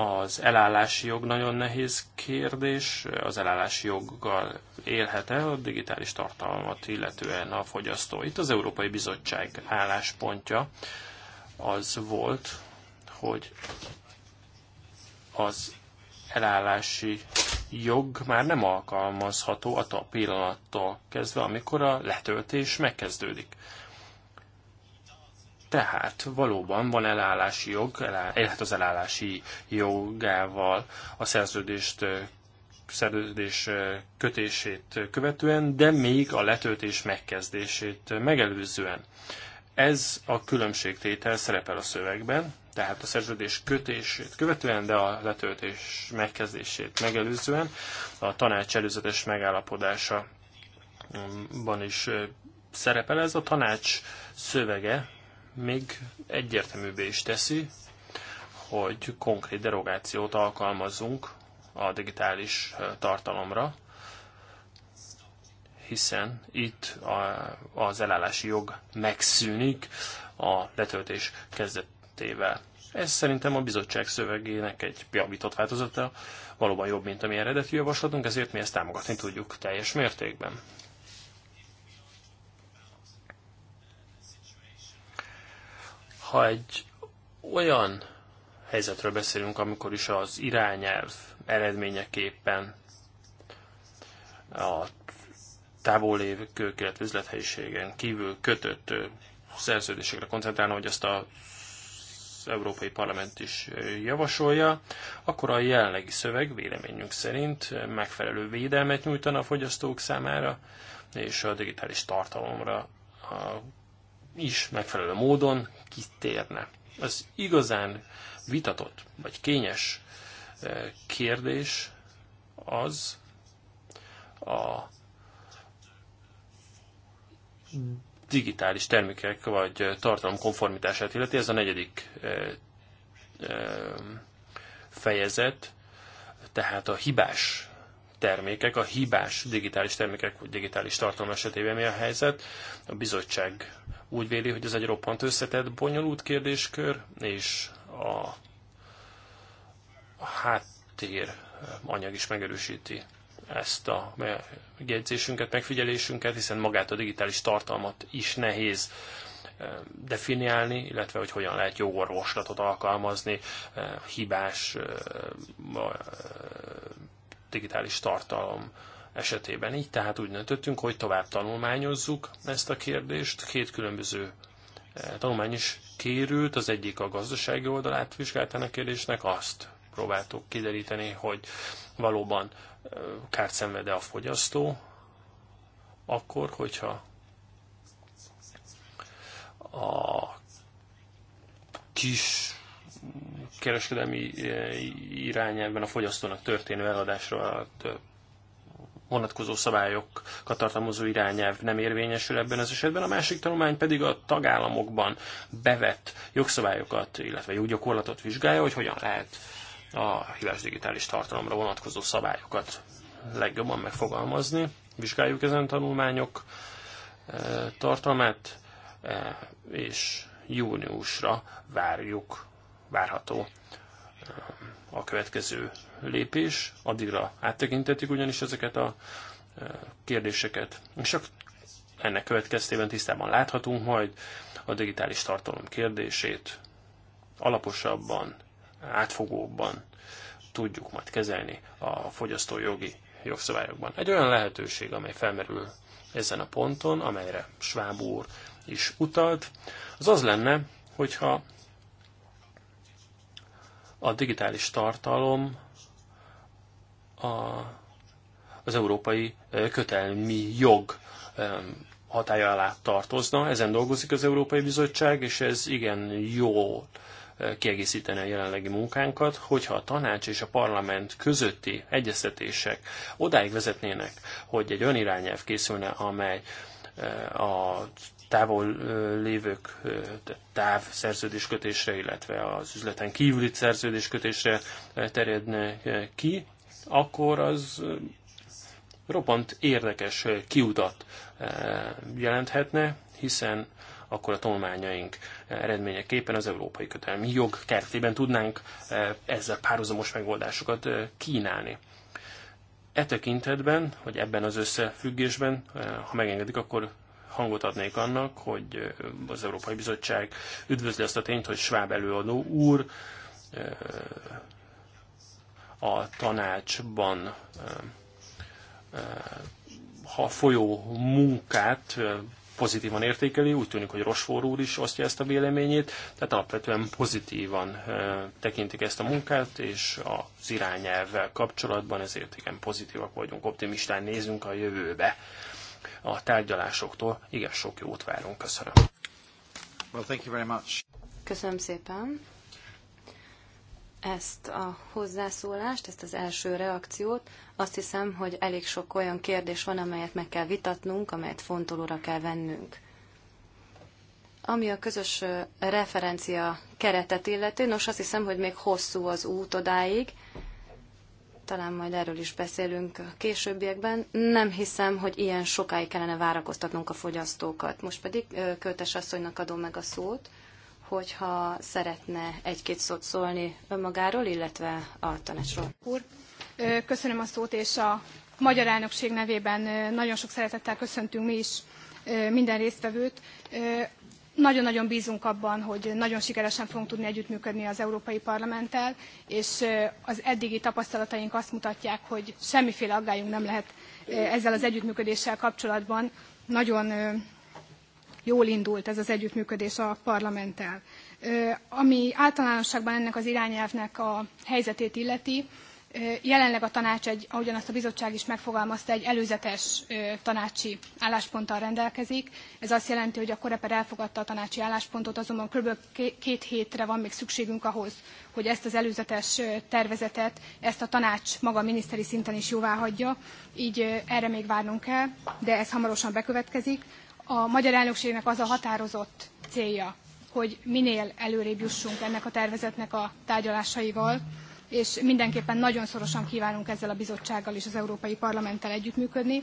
Az elállási jog nagyon nehéz kérdés. Az elállási joggal élhet-e a digitális tartalmat, illetően a fogyasztó. Itt az Európai Bizottság álláspontja az volt, hogy az elállási jog már nem alkalmazható a pillanattól kezdve, amikor a letöltés megkezdődik. Tehát valóban van elállási jog, lehet hát az elállási jogával a szerződést eh, szerződés eh, kötését követően, de még a letöltés megkezdését megelőzően. Ez a különbségtétel szerepel a szövegben, tehát a szerződés kötését követően, de a letöltés megkezdését megelőzően a tanács előzetes megállapodása mm, is eh, szerepel. Ez a tanács szövege még egyértelművé is teszi, hogy konkrét derogációt alkalmazunk a digitális tartalomra, hiszen itt a, az elállási jog megszűnik a letöltés kezdetével. Ez szerintem a bizottság szövegének egy javított változata, valóban jobb, mint a mi eredeti javaslatunk, ezért mi ezt támogatni tudjuk teljes mértékben. Ha egy olyan helyzetről beszélünk, amikor is az irányelv eredményeképpen a távol lévő üzlethelyiségen kívül kötött szerződésekre koncentrálna, hogy ezt a Európai Parlament is javasolja, akkor a jelenlegi szöveg véleményünk szerint megfelelő védelmet nyújtana a fogyasztók számára, és a digitális tartalomra a is megfelelő módon kitérne. Az igazán vitatott vagy kényes eh, kérdés az a digitális termékek vagy tartalom konformitását illeti. Ez a negyedik eh, eh, fejezet, tehát a hibás termékek, a hibás digitális termékek vagy digitális tartalom esetében mi a helyzet. A bizottság úgy véli, hogy ez egy roppant összetett, bonyolult kérdéskör, és a háttér anyag is megerősíti ezt a megjegyzésünket, megfigyelésünket, hiszen magát a digitális tartalmat is nehéz eh, definiálni, illetve hogy hogyan lehet jó orvoslatot alkalmazni eh, hibás eh, digitális tartalom esetében így, tehát úgy döntöttünk, hogy tovább tanulmányozzuk ezt a kérdést. Két különböző eh, tanulmány is kérült, az egyik a gazdasági oldalát vizsgált ennek kérdésnek, azt próbáltuk kideríteni, hogy valóban eh, kárt szenvede a fogyasztó, akkor, hogyha a kis kereskedelmi eh, irányelven a fogyasztónak történő eladásra vonatkozó szabályokat tartalmazó irányelv nem érvényesül ebben az esetben, a másik tanulmány pedig a tagállamokban bevett jogszabályokat, illetve joggyakorlatot vizsgálja, hogy hogyan lehet a hívás digitális tartalomra vonatkozó szabályokat legjobban megfogalmazni. Vizsgáljuk ezen tanulmányok eh, tartalmát, eh, és júniusra várjuk, várható eh, a következő lépés, addigra áttekintetik ugyanis ezeket a e, kérdéseket. És csak ennek következtében tisztában láthatunk majd a digitális tartalom kérdését alaposabban, átfogóbban tudjuk majd kezelni a fogyasztójogi jogszabályokban. Egy olyan lehetőség, amely felmerül ezen a ponton, amelyre Schwab úr is utalt, az az lenne, hogyha a digitális tartalom a, az európai kötelmi jog hatája alá tartozna. Ezen dolgozik az Európai Bizottság, és ez igen jó kiegészítene a jelenlegi munkánkat, hogyha a tanács és a parlament közötti egyeztetések odáig vezetnének, hogy egy olyan irányelv készülne, amely a távol lévők táv szerződéskötésre, illetve az üzleten kívüli szerződéskötésre terjedne ki, akkor az roppant érdekes kiutat jelenthetne, hiszen akkor a tanulmányaink eredményeképpen az európai kötelmi jog keretében tudnánk ezzel párhuzamos megoldásokat kínálni. E tekintetben, hogy ebben az összefüggésben, ha megengedik, akkor hangot adnék annak, hogy az Európai Bizottság üdvözli azt a tényt, hogy Schwab előadó úr a tanácsban ha folyó munkát pozitívan értékeli, úgy tűnik, hogy Rosfor úr is osztja ezt a véleményét, tehát alapvetően pozitívan tekintik ezt a munkát, és az irányelvvel kapcsolatban ezért igen pozitívak vagyunk, optimistán nézünk a jövőbe a tárgyalásoktól. Igen, sok jót várunk, köszönöm. Well, thank you very much. Köszönöm szépen ezt a hozzászólást, ezt az első reakciót. Azt hiszem, hogy elég sok olyan kérdés van, amelyet meg kell vitatnunk, amelyet fontolóra kell vennünk. Ami a közös referencia keretet illeti, nos azt hiszem, hogy még hosszú az út odáig, talán majd erről is beszélünk a későbbiekben. Nem hiszem, hogy ilyen sokáig kellene várakoztatnunk a fogyasztókat. Most pedig Költes asszonynak adom meg a szót, hogyha szeretne egy-két szót szólni önmagáról, illetve a tanácsról. Úr, köszönöm a szót, és a magyar elnökség nevében nagyon sok szeretettel köszöntünk mi is minden résztvevőt. Nagyon-nagyon bízunk abban, hogy nagyon sikeresen fogunk tudni együttműködni az Európai Parlamenttel, és az eddigi tapasztalataink azt mutatják, hogy semmiféle aggályunk nem lehet ezzel az együttműködéssel kapcsolatban. Nagyon jól indult ez az együttműködés a parlamenttel. Ami általánosságban ennek az irányelvnek a helyzetét illeti, jelenleg a tanács, egy, ahogyan azt a bizottság is megfogalmazta, egy előzetes tanácsi állásponttal rendelkezik. Ez azt jelenti, hogy a Koreper elfogadta a tanácsi álláspontot, azonban kb. két hétre van még szükségünk ahhoz, hogy ezt az előzetes tervezetet, ezt a tanács maga miniszteri szinten is jóváhagyja. így erre még várnunk kell, de ez hamarosan bekövetkezik a magyar elnökségnek az a határozott célja, hogy minél előrébb jussunk ennek a tervezetnek a tárgyalásaival, és mindenképpen nagyon szorosan kívánunk ezzel a bizottsággal és az Európai Parlamenttel együttműködni.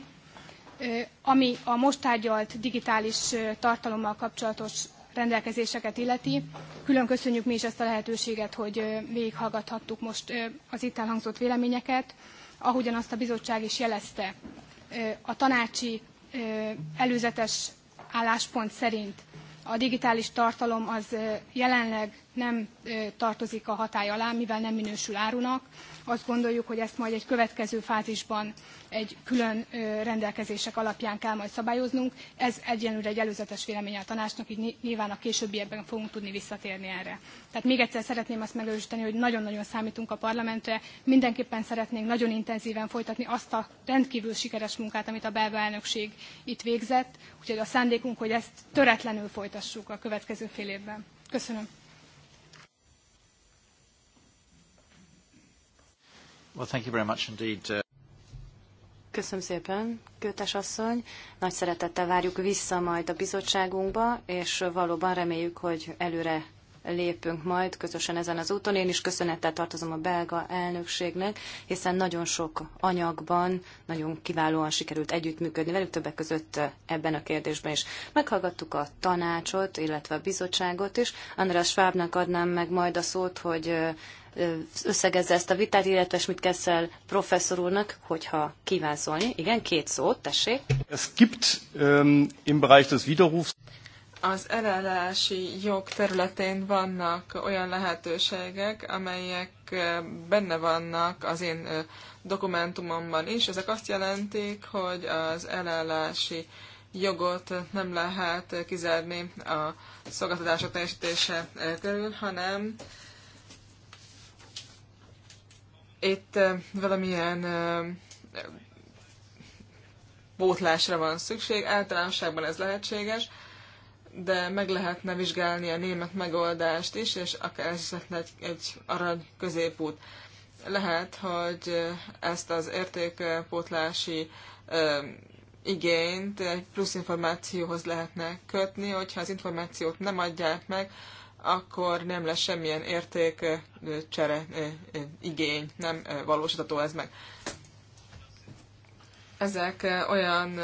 Ami a most tárgyalt digitális tartalommal kapcsolatos rendelkezéseket illeti, külön köszönjük mi is ezt a lehetőséget, hogy végighallgathattuk most az itt elhangzott véleményeket. Ahogyan azt a bizottság is jelezte, a tanácsi előzetes álláspont szerint a digitális tartalom az jelenleg nem tartozik a hatály alá, mivel nem minősül árunak, azt gondoljuk, hogy ezt majd egy következő fázisban egy külön rendelkezések alapján kell majd szabályoznunk. Ez egyenlőre egy előzetes véleménye a tanácsnak, így nyilván a későbbiekben fogunk tudni visszatérni erre. Tehát még egyszer szeretném azt megerősíteni, hogy nagyon-nagyon számítunk a parlamentre, mindenképpen szeretnénk nagyon intenzíven folytatni azt a rendkívül sikeres munkát, amit a belga elnökség itt végzett, úgyhogy a szándékunk, hogy ezt töretlenül folytassuk a következő fél évben. Köszönöm. Uh, Köszönöm szépen, Kőtes asszony. Nagy szeretettel várjuk vissza majd a bizottságunkba, és valóban reméljük, hogy előre lépünk majd közösen ezen az úton. Én is köszönettel tartozom a belga elnökségnek, hiszen nagyon sok anyagban nagyon kiválóan sikerült együttműködni velük, többek között ebben a kérdésben is. Meghallgattuk a tanácsot, illetve a bizottságot is. András Schwabnak adnám meg majd a szót, hogy összegezze ezt a vitát, illetve mit Kessel professzor úrnak, hogyha kíván szólni. Igen, két szót, tessék. Es gibt um, im Bereich des Widerrufs az elállási jog területén vannak olyan lehetőségek, amelyek benne vannak az én dokumentumomban is. Ezek azt jelentik, hogy az elállási jogot nem lehet kizárni a szolgáltatások teljesítése körül, hanem itt valamilyen bótlásra van szükség, általánosságban ez lehetséges, de meg lehetne vizsgálni a német megoldást is, és akár ez lehetne egy, egy arany középút. Lehet, hogy ezt az értékpótlási ö, igényt egy plusz információhoz lehetne kötni, hogyha az információt nem adják meg, akkor nem lesz semmilyen csere, igény, nem valósítható ez meg. Ezek olyan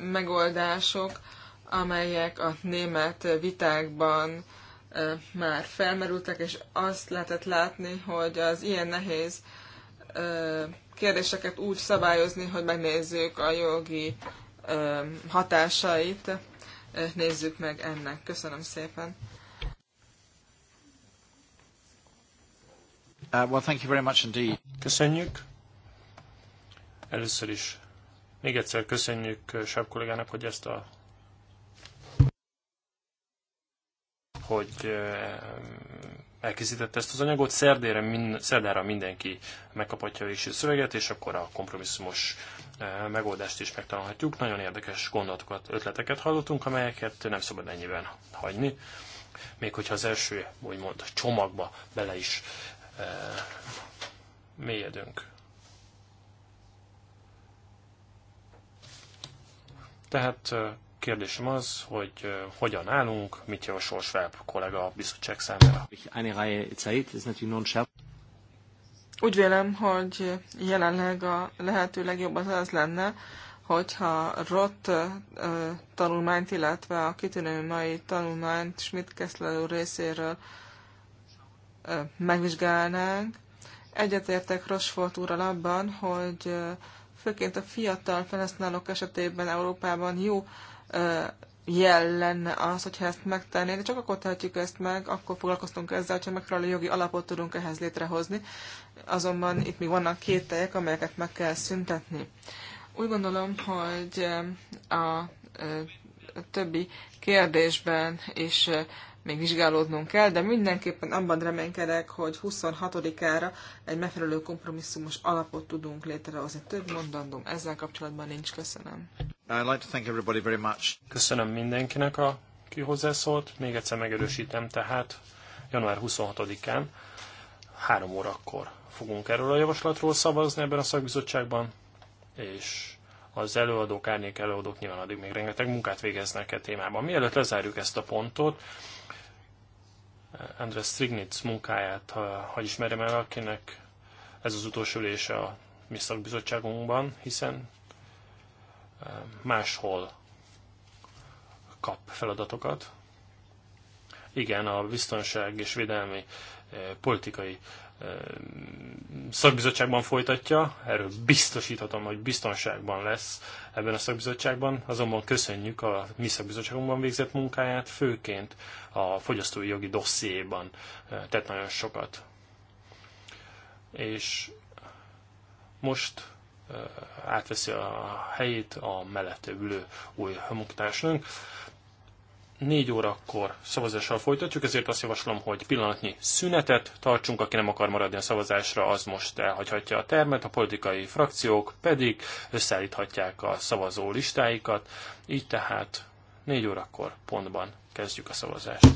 megoldások, amelyek a német vitákban már felmerültek, és azt lehetett látni, hogy az ilyen nehéz kérdéseket úgy szabályozni, hogy megnézzük a jogi hatásait, nézzük meg ennek. Köszönöm szépen! Uh, well, thank you very much indeed. Köszönjük. Először is még egyszer köszönjük uh, Sáv kollégának, hogy ezt a hogy uh, elkészítette ezt az anyagot. Szerdére min, szerdára mindenki megkaphatja a szöveget, és akkor a kompromisszumos megoldást is megtalálhatjuk. Nagyon érdekes gondolatokat, ötleteket hallottunk, amelyeket nem szabad ennyiben hagyni. Még hogyha az első, úgymond, csomagba bele is mélyedünk. Tehát kérdésem az, hogy hogyan állunk, mit javasol Schwab kollega a bizottság számára. Úgy vélem, hogy jelenleg a lehető legjobb az az lenne, hogyha Rott tanulmányt, illetve a kitűnő mai tanulmányt Schmidt-Kessler részéről megvizsgálnánk. Egyetértek Rosfort úrral abban, hogy főként a fiatal felhasználók esetében Európában jó jel lenne az, hogyha ezt megtennénk, de csak akkor tehetjük ezt meg, akkor foglalkoztunk ezzel, hogyha megfelelő jogi alapot tudunk ehhez létrehozni. Azonban itt még vannak két tejek, amelyeket meg kell szüntetni. Úgy gondolom, hogy a többi kérdésben is még vizsgálódnunk kell, de mindenképpen abban reménykedek, hogy 26-ára egy megfelelő kompromisszumos alapot tudunk létrehozni. Több mondandóm ezzel kapcsolatban nincs. Köszönöm. I'd like to thank everybody very much. Köszönöm mindenkinek, a, aki hozzászólt. Még egyszer megerősítem, tehát január 26-án 3 órakor fogunk erről a javaslatról szavazni ebben a szakbizottságban, és az előadók, árnyék előadók nyilván addig még rengeteg munkát végeznek e témában. Mielőtt lezárjuk ezt a pontot, András Strignitz munkáját, ha, ha ismerem el, akinek ez az utolsó ülése a mi szakbizottságunkban, hiszen máshol kap feladatokat. Igen, a biztonság és védelmi politikai szakbizottságban folytatja, erről biztosíthatom, hogy biztonságban lesz ebben a szakbizottságban, azonban köszönjük a mi szakbizottságunkban végzett munkáját, főként a fogyasztói jogi dossziéban eh, tett nagyon sokat. És most eh, átveszi a helyét a mellette ülő új munkatársunk. 4 órakor szavazással folytatjuk, ezért azt javaslom, hogy pillanatnyi szünetet tartsunk, aki nem akar maradni a szavazásra, az most elhagyhatja a termet, a politikai frakciók pedig összeállíthatják a szavazó listáikat, így tehát 4 órakor pontban kezdjük a szavazást.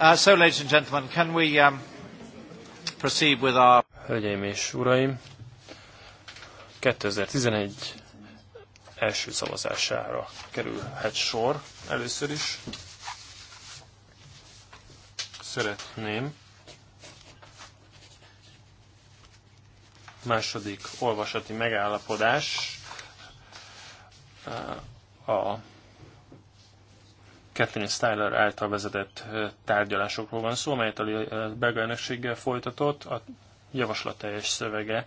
Uh, so, ladies and gentlemen, can we um, proceed with our... Hölgyeim és uraim, 2011 első szavazására kerülhet sor először is. Szeretném második olvasati megállapodás uh, a Kathleen Styler által vezetett tárgyalásokról van szó, amelyet a belga elnökséggel folytatott. A javaslat teljes szövege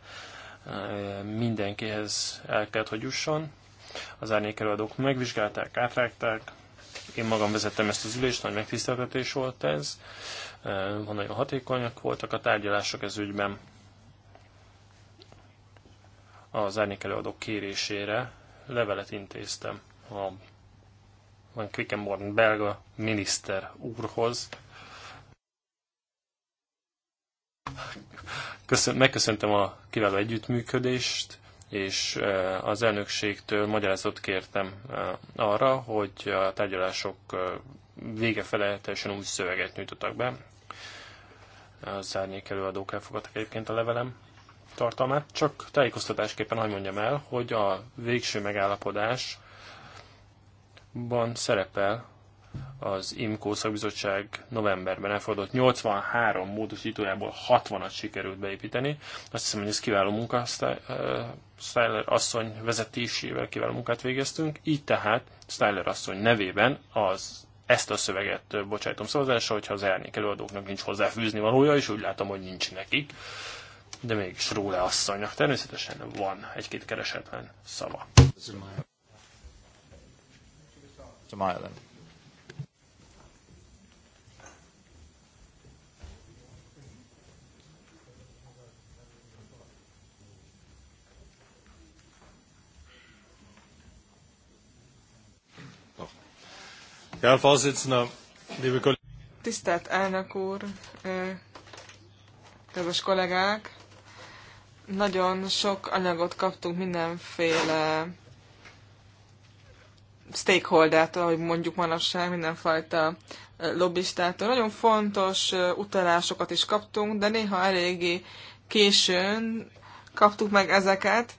mindenkihez el kell, hogy jusson. Az árnyékelőadók megvizsgálták, átrágták. Én magam vezettem ezt az ülést, nagy megtiszteltetés volt ez. Van nagyon hatékonyak voltak a tárgyalások ez ügyben. Az árnyékelőadók kérésére levelet intéztem a van Quickenborn belga miniszter úrhoz. Köszön, megköszöntem a kiváló együttműködést, és eh, az elnökségtől magyarázatot kértem eh, arra, hogy a tárgyalások eh, vége fele teljesen új szöveget nyújtottak be. Az árnyék előadók elfogadtak egyébként a levelem tartalmát, csak tájékoztatásképpen hagyd mondjam el, hogy a végső megállapodás ban szerepel az IMCO szakbizottság novemberben elfordult 83 módosítójából 60-at sikerült beépíteni. Azt hiszem, hogy ez kiváló munka, eh, Styler asszony vezetésével kiváló munkát végeztünk. Így tehát Styler asszony nevében az ezt a szöveget bocsájtom szavazásra, hogyha az elnék előadóknak nincs hozzáfűzni valója, és úgy látom, hogy nincs nekik. De mégis róla asszonynak természetesen van egy-két keresetlen szava. Mr. Meyer then. Tisztelt elnök úr, kedves kollégák! Nagyon sok anyagot kaptunk mindenféle stakeholdertől, ahogy mondjuk manapság mindenfajta lobbistától. Nagyon fontos utalásokat is kaptunk, de néha eléggé későn kaptuk meg ezeket.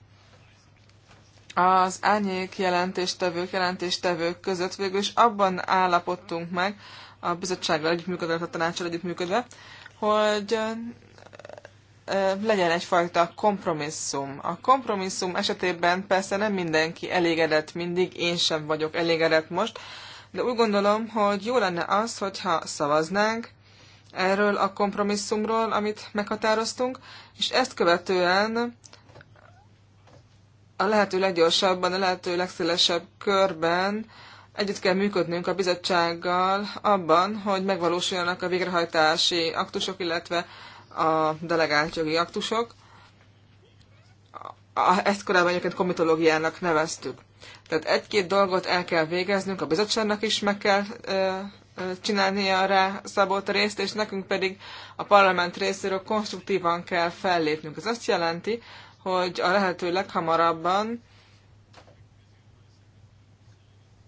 Az árnyék jelentéstevők, jelentéstevők között végül is abban állapodtunk meg, a bizottsággal együttműködve, a tanácsal együttműködve, hogy legyen egyfajta kompromisszum. A kompromisszum esetében persze nem mindenki elégedett mindig, én sem vagyok elégedett most, de úgy gondolom, hogy jó lenne az, hogyha szavaznánk erről a kompromisszumról, amit meghatároztunk, és ezt követően a lehető leggyorsabban, a lehető legszélesebb körben együtt kell működnünk a bizottsággal abban, hogy megvalósuljanak a végrehajtási aktusok, illetve a delegált jogi aktusok. a Ezt korábban egyébként komitológiának neveztük. Tehát egy-két dolgot el kell végeznünk, a bizottságnak is meg kell csinálnia rá szabott részt, és nekünk pedig a parlament részéről konstruktívan kell fellépnünk. Ez azt jelenti, hogy a lehető leghamarabban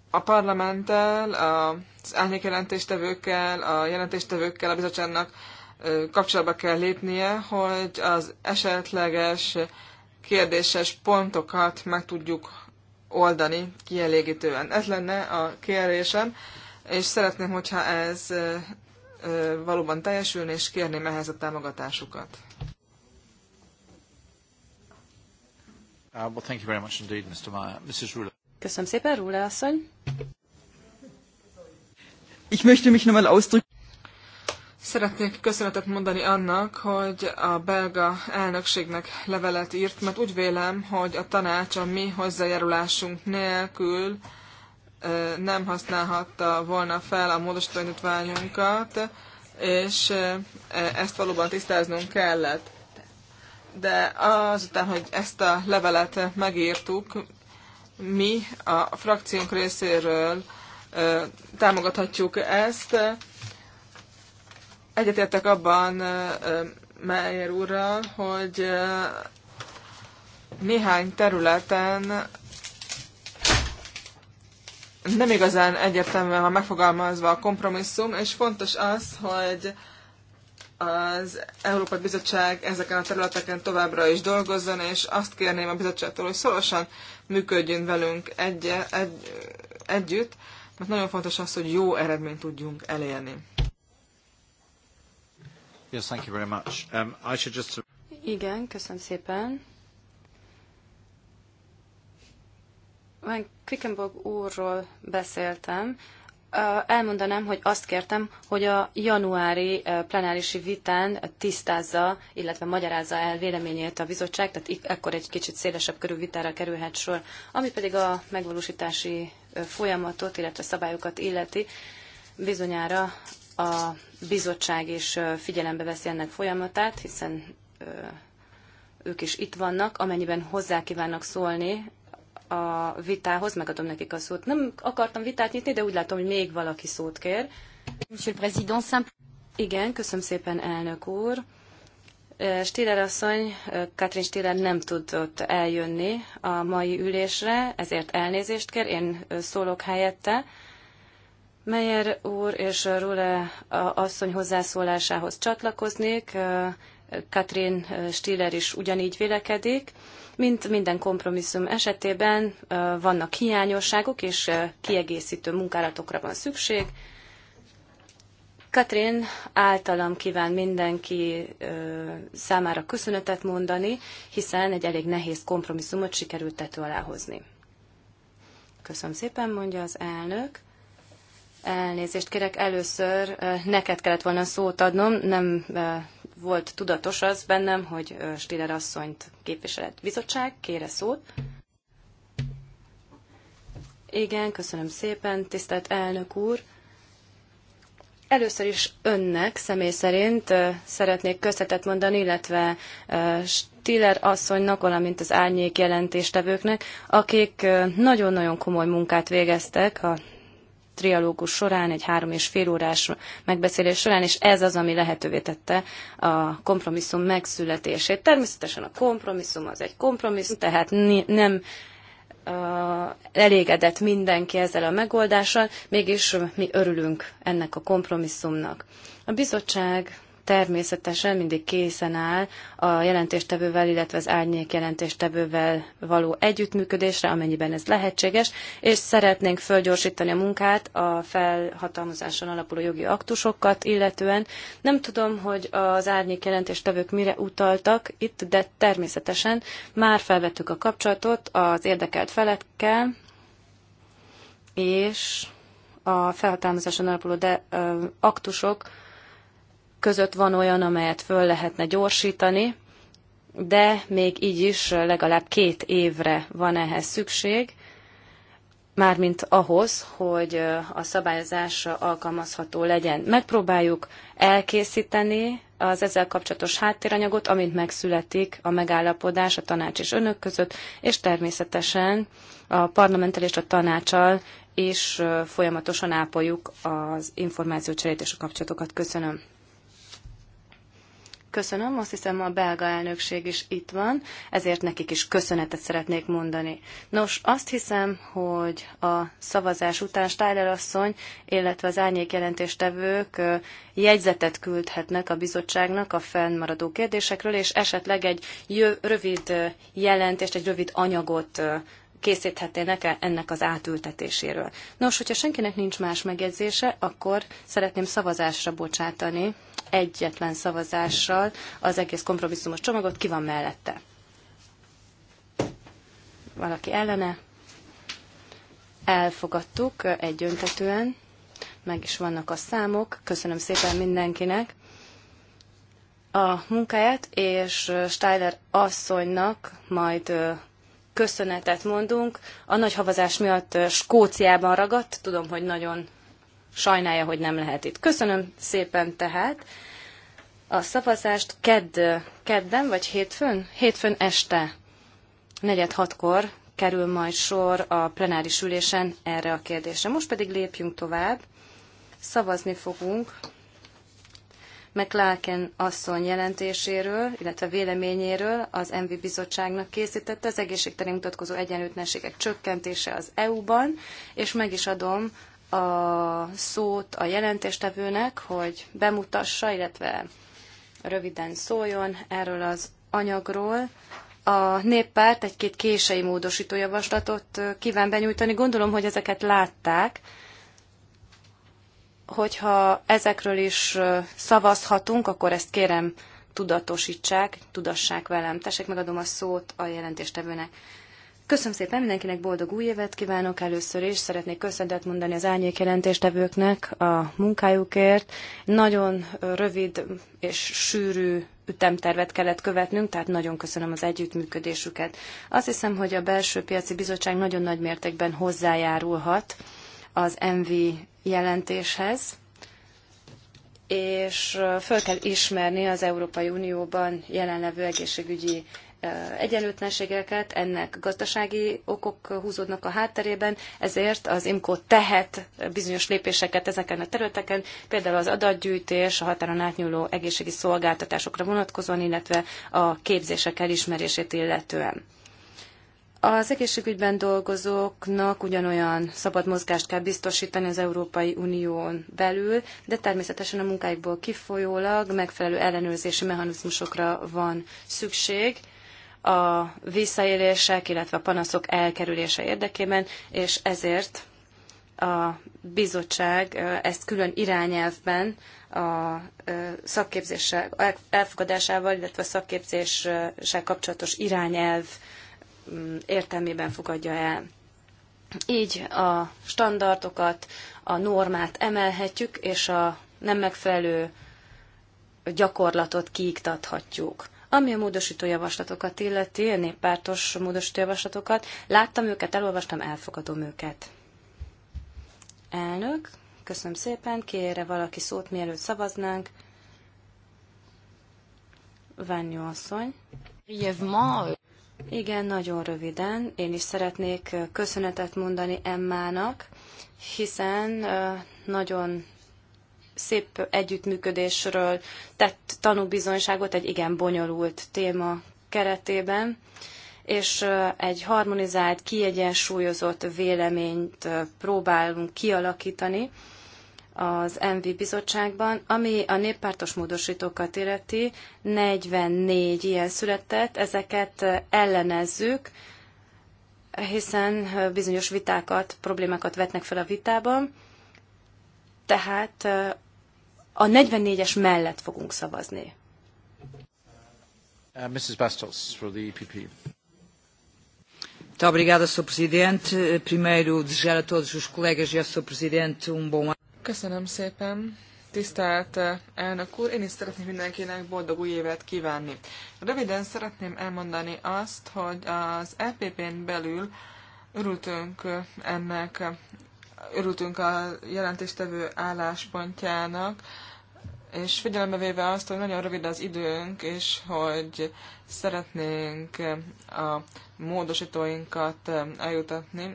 a parlamenttel, az árnyékjelentéstevőkkel, a jelentéstevőkkel, a bizottságnak kapcsolatba kell lépnie, hogy az esetleges kérdéses pontokat meg tudjuk oldani kielégítően. Ez lenne a kérésem, és szeretném, hogyha ez valóban teljesülne, és kérném ehhez a támogatásukat. Uh, Köszönöm szépen, Rúle asszony. Ich möchte mich nochmal ausdrücken. Szeretnék köszönetet mondani annak, hogy a belga elnökségnek levelet írt, mert úgy vélem, hogy a tanács a mi hozzájárulásunk nélkül nem használhatta volna fel a módosítványunkat, és e, ezt valóban tisztáznunk kellett. De azután, hogy ezt a levelet megírtuk, mi a frakciónk részéről támogathatjuk ezt, Egyetértek abban Meyer úrral, hogy néhány területen nem igazán egyértelműen van megfogalmazva a kompromisszum, és fontos az, hogy az Európai Bizottság ezeken a területeken továbbra is dolgozzon, és azt kérném a bizottságtól, hogy szorosan működjön velünk egy, egy, együtt, mert nagyon fontos az, hogy jó eredményt tudjunk elérni. Yes, thank you very much. Um, I should just... Igen, köszönöm szépen. Van Quickenborg úrról beszéltem. Elmondanám, hogy azt kértem, hogy a januári plenárisi vitán tisztázza, illetve magyarázza el véleményét a bizottság, tehát ekkor egy kicsit szélesebb körű vitára kerülhet sor. Ami pedig a megvalósítási folyamatot, illetve szabályokat illeti, bizonyára a bizottság is figyelembe veszi ennek folyamatát, hiszen ők is itt vannak, amennyiben hozzá kívánnak szólni a vitához, megadom nekik a szót. Nem akartam vitát nyitni, de úgy látom, hogy még valaki szót kér. Igen, köszönöm szépen, elnök úr. Stiller asszony, Katrin Stiller nem tudott eljönni a mai ülésre, ezért elnézést kér, én szólok helyette. Meyer úr és Rule asszony hozzászólásához csatlakoznék. Katrin Stiller is ugyanígy vélekedik. Mint minden kompromisszum esetében vannak hiányosságok és kiegészítő munkálatokra van szükség. Katrin általam kíván mindenki számára köszönetet mondani, hiszen egy elég nehéz kompromisszumot sikerült tető alá hozni. Köszönöm szépen, mondja az elnök. Elnézést kérek, először neked kellett volna szót adnom, nem volt tudatos az bennem, hogy Stiller asszonyt képviselet bizottság, kére szót. Igen, köszönöm szépen, tisztelt elnök úr. Először is önnek személy szerint szeretnék köszönetet mondani, illetve Stiller asszonynak, valamint az árnyék jelentéstevőknek, akik nagyon-nagyon komoly munkát végeztek a trialógus során, egy három és fél órás megbeszélés során, és ez az, ami lehetővé tette a kompromisszum megszületését. Természetesen a kompromisszum az egy kompromisszum, tehát nem elégedett mindenki ezzel a megoldással, mégis mi örülünk ennek a kompromisszumnak. A bizottság természetesen mindig készen áll a jelentéstevővel, illetve az árnyék jelentéstevővel való együttműködésre, amennyiben ez lehetséges, és szeretnénk fölgyorsítani a munkát a felhatalmazáson alapuló jogi aktusokat, illetően nem tudom, hogy az árnyék jelentéstevők mire utaltak itt, de természetesen már felvettük a kapcsolatot az érdekelt felekkel, és a felhatalmazáson alapuló de, ö, aktusok, között van olyan, amelyet föl lehetne gyorsítani, de még így is legalább két évre van ehhez szükség, mármint ahhoz, hogy a szabályozás alkalmazható legyen. Megpróbáljuk elkészíteni az ezzel kapcsolatos háttéranyagot, amint megszületik a megállapodás a tanács és önök között, és természetesen a parlamenttel és a tanácsal és folyamatosan ápoljuk az információcserét és a kapcsolatokat. Köszönöm. Köszönöm, azt hiszem a belga elnökség is itt van, ezért nekik is köszönetet szeretnék mondani. Nos, azt hiszem, hogy a szavazás után Steiner asszony, illetve az árnyék jelentéstevők jegyzetet küldhetnek a bizottságnak a fennmaradó kérdésekről, és esetleg egy rövid jelentést, egy rövid anyagot készíthetnének e- ennek az átültetéséről. Nos, hogyha senkinek nincs más megjegyzése, akkor szeretném szavazásra bocsátani egyetlen szavazással az egész kompromisszumos csomagot. Ki van mellette? Valaki ellene? Elfogadtuk egyöntetően. Meg is vannak a számok. Köszönöm szépen mindenkinek a munkáját, és Steiler asszonynak majd köszönetet mondunk. A nagy havazás miatt Skóciában ragadt, tudom, hogy nagyon sajnálja, hogy nem lehet itt. Köszönöm szépen tehát a szavazást kedd, kedden vagy hétfőn? Hétfőn este, negyed hatkor kerül majd sor a plenáris ülésen erre a kérdésre. Most pedig lépjünk tovább. Szavazni fogunk McLarken asszony jelentéséről, illetve véleményéről az MV bizottságnak készítette az egészségtelen mutatkozó egyenlőtlenségek csökkentése az EU-ban, és meg is adom a szót a jelentéstevőnek, hogy bemutassa, illetve röviden szóljon erről az anyagról. A néppárt egy-két kései módosító javaslatot kíván benyújtani. Gondolom, hogy ezeket látták hogyha ezekről is szavazhatunk, akkor ezt kérem tudatosítsák, tudassák velem. Tessék, megadom a szót a jelentéstevőnek. Köszönöm szépen mindenkinek, boldog új évet kívánok először is. Szeretnék köszönetet mondani az árnyék jelentéstevőknek a munkájukért. Nagyon rövid és sűrű ütemtervet kellett követnünk, tehát nagyon köszönöm az együttműködésüket. Azt hiszem, hogy a Belső Piaci Bizottság nagyon nagy mértékben hozzájárulhat az MV jelentéshez, és föl kell ismerni az Európai Unióban jelenlevő egészségügyi egyenlőtlenségeket, ennek gazdasági okok húzódnak a hátterében, ezért az IMCO tehet bizonyos lépéseket ezeken a területeken, például az adatgyűjtés, a határon átnyúló egészségi szolgáltatásokra vonatkozóan, illetve a képzések elismerését illetően. Az egészségügyben dolgozóknak ugyanolyan szabad mozgást kell biztosítani az Európai Unión belül, de természetesen a munkáikból kifolyólag megfelelő ellenőrzési mechanizmusokra van szükség a visszaélések, illetve a panaszok elkerülése érdekében, és ezért a bizottság ezt külön irányelvben a szakképzéssel elfogadásával, illetve a szakképzéssel kapcsolatos irányelv Mm, értelmében fogadja el. Így a standardokat, a normát emelhetjük, és a nem megfelelő gyakorlatot kiiktathatjuk. Ami a módosító javaslatokat illeti, a néppártos módosító javaslatokat, láttam őket, elolvastam, elfogadom őket. Elnök, köszönöm szépen, kére valaki szót, mielőtt szavaznánk. Ványó asszony. Igen, nagyon röviden. Én is szeretnék köszönetet mondani Emmának, hiszen nagyon szép együttműködésről tett tanúbizonyságot egy igen bonyolult téma keretében, és egy harmonizált, kiegyensúlyozott véleményt próbálunk kialakítani, az MV bizottságban, ami a néppártos módosítókat illeti, 44 ilyen született, ezeket ellenezzük, hiszen bizonyos vitákat, problémákat vetnek fel a vitában, tehát a 44-es mellett fogunk szavazni. Uh, Mrs. Bastos for the EPP. Muito obrigada, Sr. Presidente. Primeiro, desejar a todos os colegas e ao Sr. Presidente um bom ano. Köszönöm szépen. Tisztelt eh, elnök úr, én is szeretnék mindenkinek boldog új évet kívánni. Röviden szeretném elmondani azt, hogy az EPP-n belül örültünk eh, ennek, eh, örültünk a jelentéstevő álláspontjának, és figyelembe véve azt, hogy nagyon rövid az időnk, és hogy szeretnénk a módosítóinkat eljutatni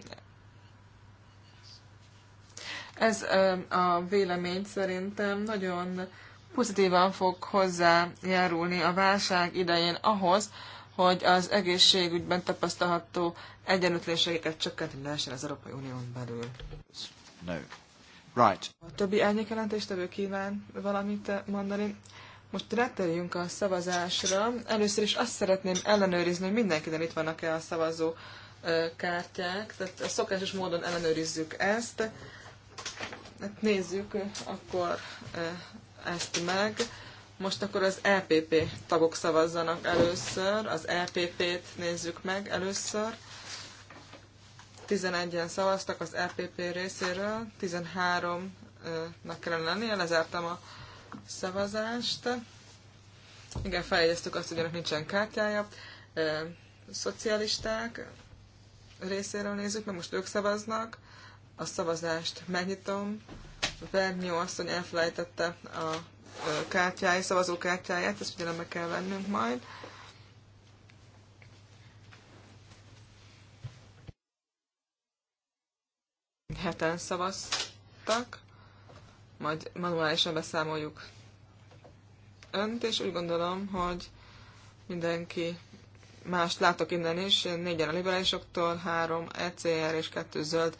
ez a vélemény szerintem nagyon pozitívan fog hozzájárulni a válság idején ahhoz, hogy az egészségügyben tapasztalható egyenlőtlenségeket csökkenteni lehessen az Európai Unión belül. No. Right. A többi elnyékjelentéstevő kíván valamit mondani. Most retteljünk a szavazásra. Először is azt szeretném ellenőrizni, hogy mindenkinek itt vannak-e a szavazó kártyák. Tehát szokásos módon ellenőrizzük ezt. Hát nézzük eh, akkor eh, ezt meg. Most akkor az EPP tagok szavazzanak először, az EPP-t nézzük meg először. 11-en szavaztak az EPP részéről, 13-nak kellene lennie, lezártam a szavazást. Igen, feljegyeztük azt, hogy önök nincsen kártyája. Eh, szocialisták részéről nézzük, mert most ők szavaznak. A szavazást megnyitom. Vernyó asszony elfelejtette a kártyáját, szavazókártyáját, ezt figyelembe kell vennünk majd. Heten szavaztak, majd manuálisan beszámoljuk önt, és úgy gondolom, hogy mindenki más látok innen is, négyen a liberálisoktól, három ECR és kettő zöld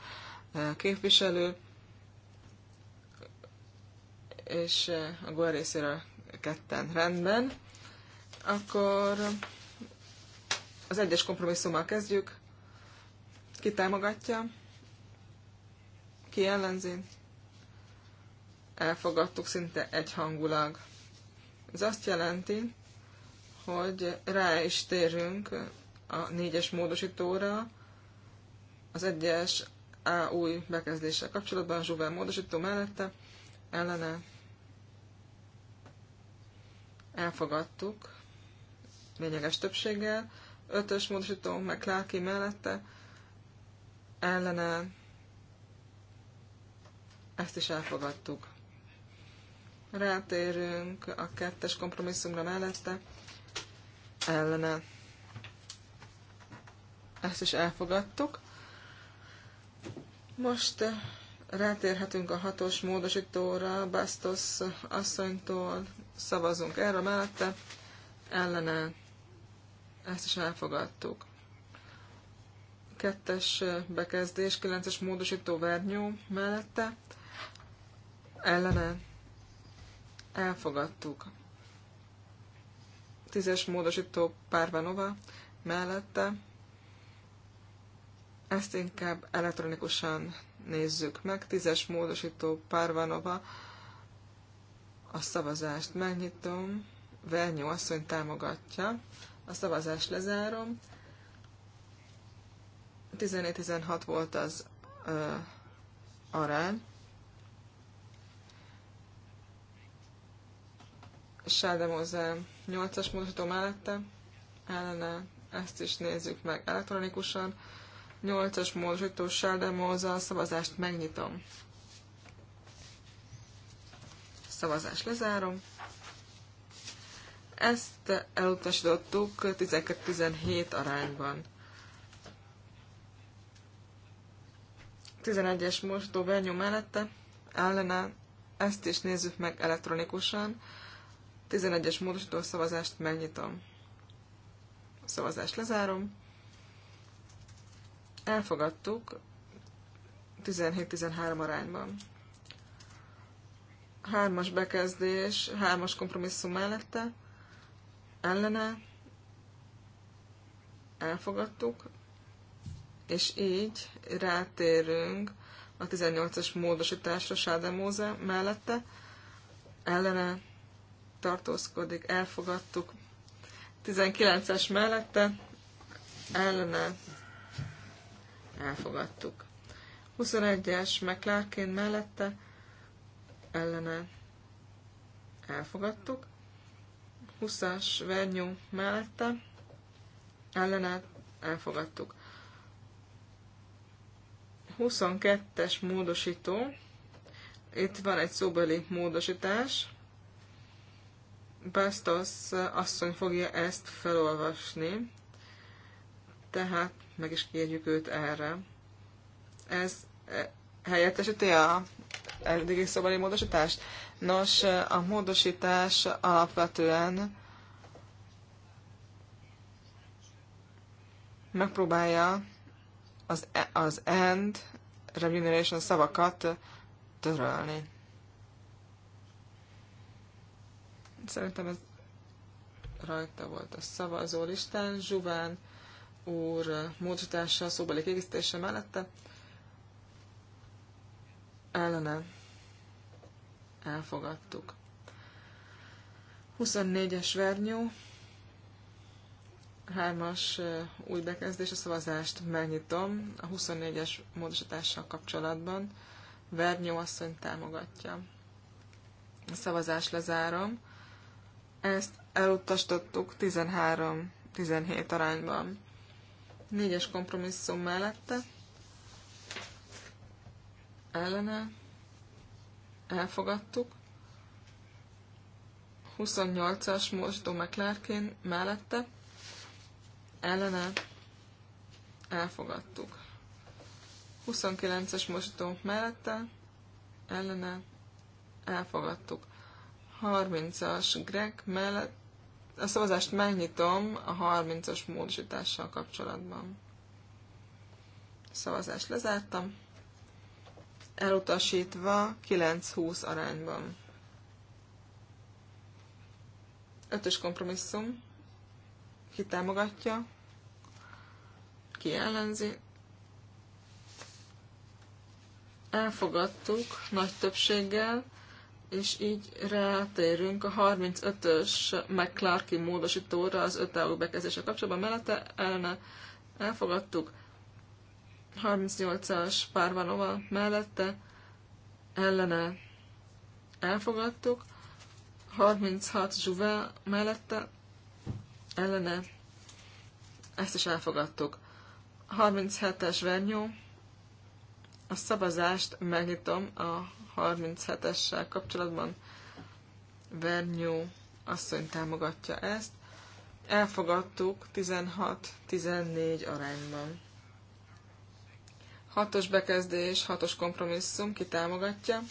képviselő, és eh, a GOL részéről ketten rendben. Akkor az egyes kompromisszummal kezdjük. Ki támogatja? Ki ellenzi? Elfogadtuk szinte egyhangulag. Ez azt jelenti, hogy rá is térünk a négyes módosítóra, az egyes a új bekezdéssel kapcsolatban, Zsuvel módosító mellette, ellene elfogadtuk lényeges többséggel, ötös módosító meg mellette, ellene ezt is elfogadtuk. Rátérünk a kettes kompromisszumra mellette, ellene ezt is elfogadtuk. Most eh, rátérhetünk a hatos módosítóra, Bastos asszonytól szavazunk erre mellette, ellene ezt is elfogadtuk. Kettes eh, bekezdés, kilences módosító vernyó mellette, ellene elfogadtuk. Tízes módosító Párvanova mellette, ezt inkább elektronikusan nézzük meg. Tízes módosító Párvanova. A szavazást megnyitom. Vernyó asszony támogatja. A szavazást lezárom. 14-16 volt az ö, arány. Sáldemóze 8-as módosító mellette ellene, ezt is nézzük meg elektronikusan. 8-as módosítóssal, de a szavazást megnyitom. Szavazás lezárom. Ezt elutasítottuk 12-17 arányban. 11-es módosító benyom mellette ellene ezt is nézzük meg elektronikusan. 11-es módosító szavazást megnyitom. Szavazást lezárom elfogadtuk 17-13 arányban. Hármas bekezdés, hármas kompromisszum mellette, ellene elfogadtuk, és így rátérünk a 18-as módosításra Sádemóze mellette, ellene tartózkodik, elfogadtuk, 19-es mellette, ellene elfogadtuk. 21-es McLarkin mellette ellene elfogadtuk. 20-as Vernyú mellette ellene elfogadtuk. 22-es módosító. Itt van egy szóbeli módosítás. Bastos asszony fogja ezt felolvasni tehát meg is kérjük őt erre. Ez e, helyettesíti a eddigi szobali módosítást? Nos, a módosítás alapvetően megpróbálja az, e, az end remuneration szavakat törölni. Szerintem ez rajta volt a szavazó listán. Zsuván úr módosítása, szóbeli kiegészítése mellette ellene elfogadtuk. 24-es vernyó, 3-as új bekezdés, a szavazást megnyitom a 24-es módosítással kapcsolatban. Vernyó asszony támogatja. A szavazást lezárom. Ezt elutasítottuk 13-17 arányban. Négyes kompromisszum mellette ellene elfogadtuk. 28-as Mosdó McClarkin mellette ellene elfogadtuk. 29-es Mosdó mellette ellene elfogadtuk. 30-as Greg mellett a szavazást megnyitom a 30-as módosítással kapcsolatban. A szavazást lezártam. Elutasítva 9-20 arányban. Ötös kompromisszum. Ki támogatja? Ki ellenzi? Elfogadtuk nagy többséggel és így rátérünk a 35-ös McClarky módosítóra az 5 EU bekezdése kapcsolatban mellette elne elfogadtuk. 38-as Párvanova mellette ellene elfogadtuk. 36 Zsuve mellette ellene ezt is elfogadtuk. 37-es Vernyó a szavazást megnyitom a 37-essel kapcsolatban. Vernyó asszony támogatja ezt. Elfogadtuk 16-14 arányban. Hatos bekezdés, hatos kompromisszum, ki támogatja,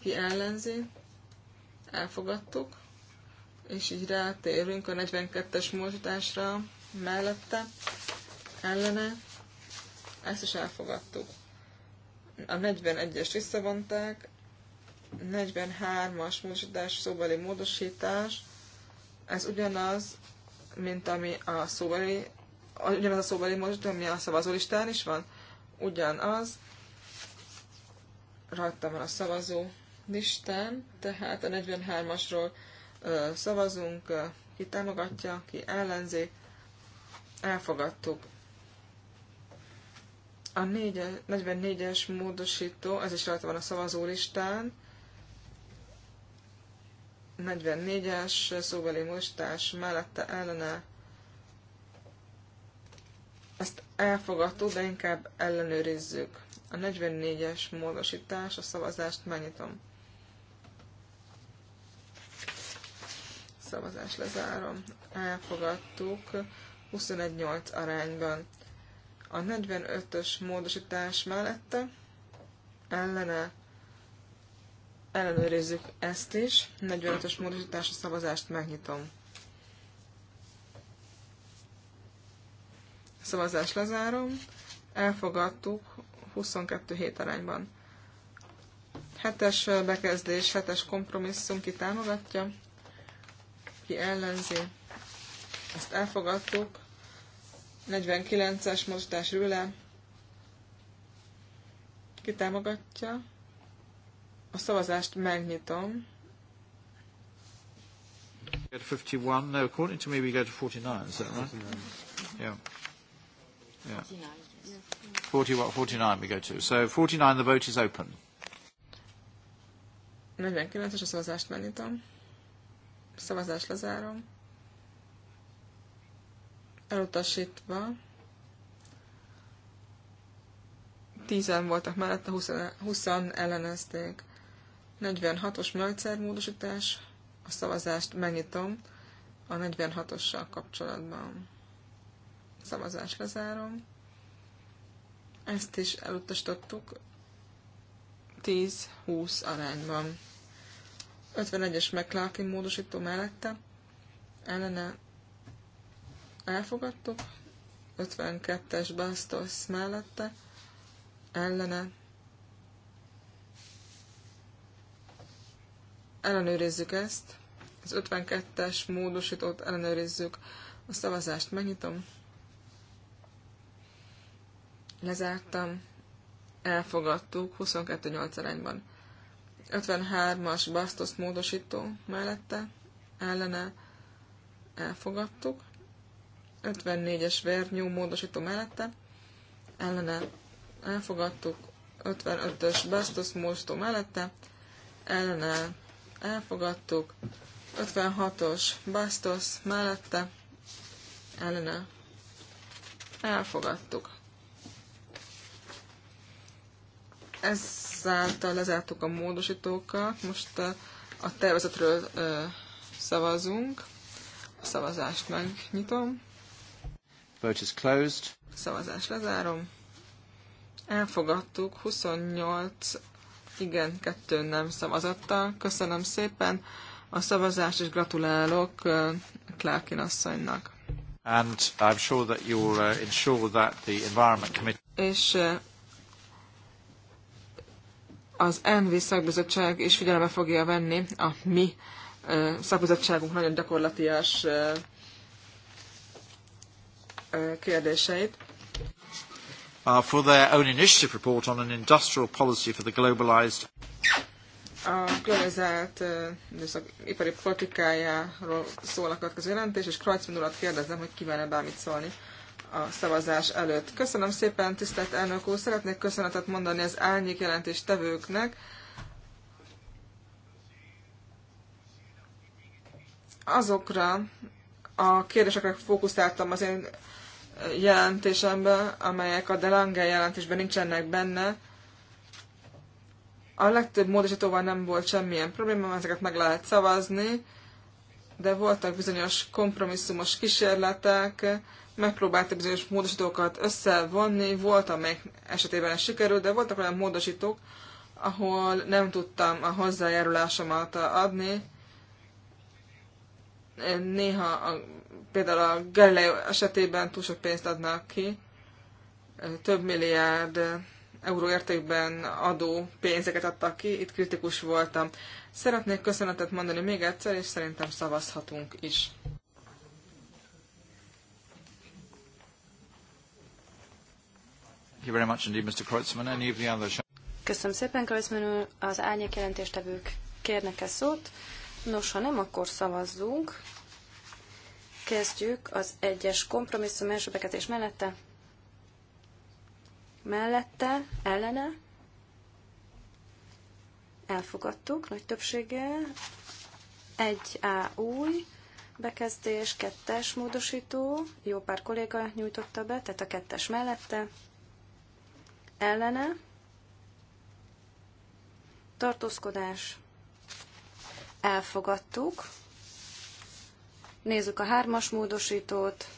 ki ellenzi, elfogadtuk, és így rátérünk a 42-es módosításra mellette, ellene, ezt is elfogadtuk a 41-es visszavonták, 43-as módosítás, szóbeli módosítás, ez ugyanaz, mint ami a szóbeli, ugyanaz a szóbeli módosítás, ami a szavazólistán is van, ugyanaz, rajta van a szavazó listán, tehát a 43-asról szavazunk, ki támogatja, ki ellenzi, elfogadtuk. A 44-es módosító, ez is rajta van a szavazólistán. 44-es szóbeli mostás mellette ellene ezt elfogadtuk, de inkább ellenőrizzük. A 44-es módosítás, a szavazást megnyitom. Szavazás lezárom. Elfogadtuk 21-8 arányban. A 45-ös módosítás mellette ellene ellenőrizzük ezt is. 45-ös módosítás a szavazást megnyitom. Szavazást lezárom. Elfogadtuk 22 hét arányban. Hetes bekezdés, hetes kompromisszum, ki támogatja, ki ellenzi. Ezt elfogadtuk. 49-es mozdás rüle. Ki támogatja? A szavazást megnyitom. 51, no, according to me we go to 49, is that right? Yeah. Yeah. 41, 49 we go to. So 49 the vote is open. 49-es a szavazást megnyitom. Szavazást lezárom elutasítva. Tízen voltak mellette, huszan ellenezték. 46-os Mölcer módosítás, a szavazást megnyitom a 46-ossal kapcsolatban. Szavazást lezárom. Ezt is elutasítottuk 10-20 arányban. 51-es McLaughlin módosító mellette ellene elfogadtuk, 52-es Bastos mellette, ellene, ellenőrizzük ezt, az 52-es módosítót ellenőrizzük, a szavazást megnyitom, lezártam, elfogadtuk 22-8 arányban. 53-as Bastos módosító mellette, ellene elfogadtuk. 54-es vernyú módosító mellette, ellene elfogadtuk, 55-ös Bastos módosító mellette, ellene elfogadtuk, 56-os Bastos mellette, ellene elfogadtuk. Ezáltal lezártuk a módosítókat, most a tervezetről szavazunk. A szavazást megnyitom. Vote is closed. Szavazás lezárom. Elfogadtuk 28 igen, kettő nem szavazattal. Köszönöm szépen a szavazást, és gratulálok Klákin asszonynak. And I'm sure that you'll uh, ensure that the Environment Committee... És uh, az ENVI szakbizottság is figyelembe fogja venni a mi uh, szakbizottságunk nagyon gyakorlatias uh, kérdéseit. Uh, for their own initiative report on an industrial policy for the globalized a globalizált időszak ipari politikájáról szól a következő jelentés, és Krajcman urat kérdezem, hogy kívánna bármit szólni a szavazás előtt. Köszönöm szépen, tisztelt elnök úr! Szeretnék köszönetet mondani az árnyék jelentés tevőknek. Azokra a kérdésekre fókuszáltam az én jelentésembe, amelyek a Delange jelentésben nincsenek benne. A legtöbb módosítóval nem volt semmilyen probléma, ezeket meg lehet szavazni, de voltak bizonyos kompromisszumos kísérletek, megpróbáltak bizonyos módosítókat összevonni, volt, amelyek esetében ez sikerült, de voltak olyan módosítók, ahol nem tudtam a hozzájárulásomat adni. Néha a például a Galileo esetében túl sok pénzt adnak ki, több milliárd euró értékben adó pénzeket adtak ki, itt kritikus voltam. Szeretnék köszönetet mondani még egyszer, és szerintem szavazhatunk is. Köszönöm szépen, Kreuzmann úr. Az árnyék jelentéstevők kérnek-e szót? Nos, ha nem, akkor szavazzunk. Kezdjük az egyes kompromisszum első beketés mellette. Mellette, ellene. Elfogadtuk nagy többséggel. egy a új bekezdés, kettes módosító, jó pár kolléga nyújtotta be, tehát a kettes mellette, ellene, tartózkodás, elfogadtuk, Nézzük a hármas módosítót.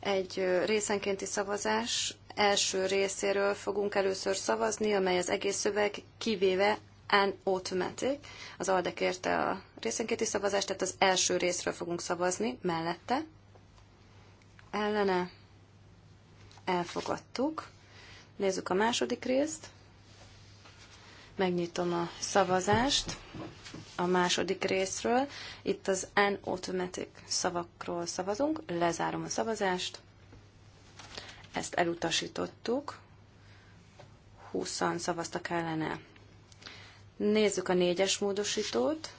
Egy részenkénti szavazás első részéről fogunk először szavazni, amely az egész szöveg kivéve an automatic. Az ALDE kérte a részenkénti szavazást, tehát az első részről fogunk szavazni mellette. Ellene elfogadtuk. Nézzük a második részt. Megnyitom a szavazást a második részről. Itt az N automatic szavakról szavazunk. Lezárom a szavazást. Ezt elutasítottuk. 20-an szavaztak ellene. Nézzük a négyes módosítót.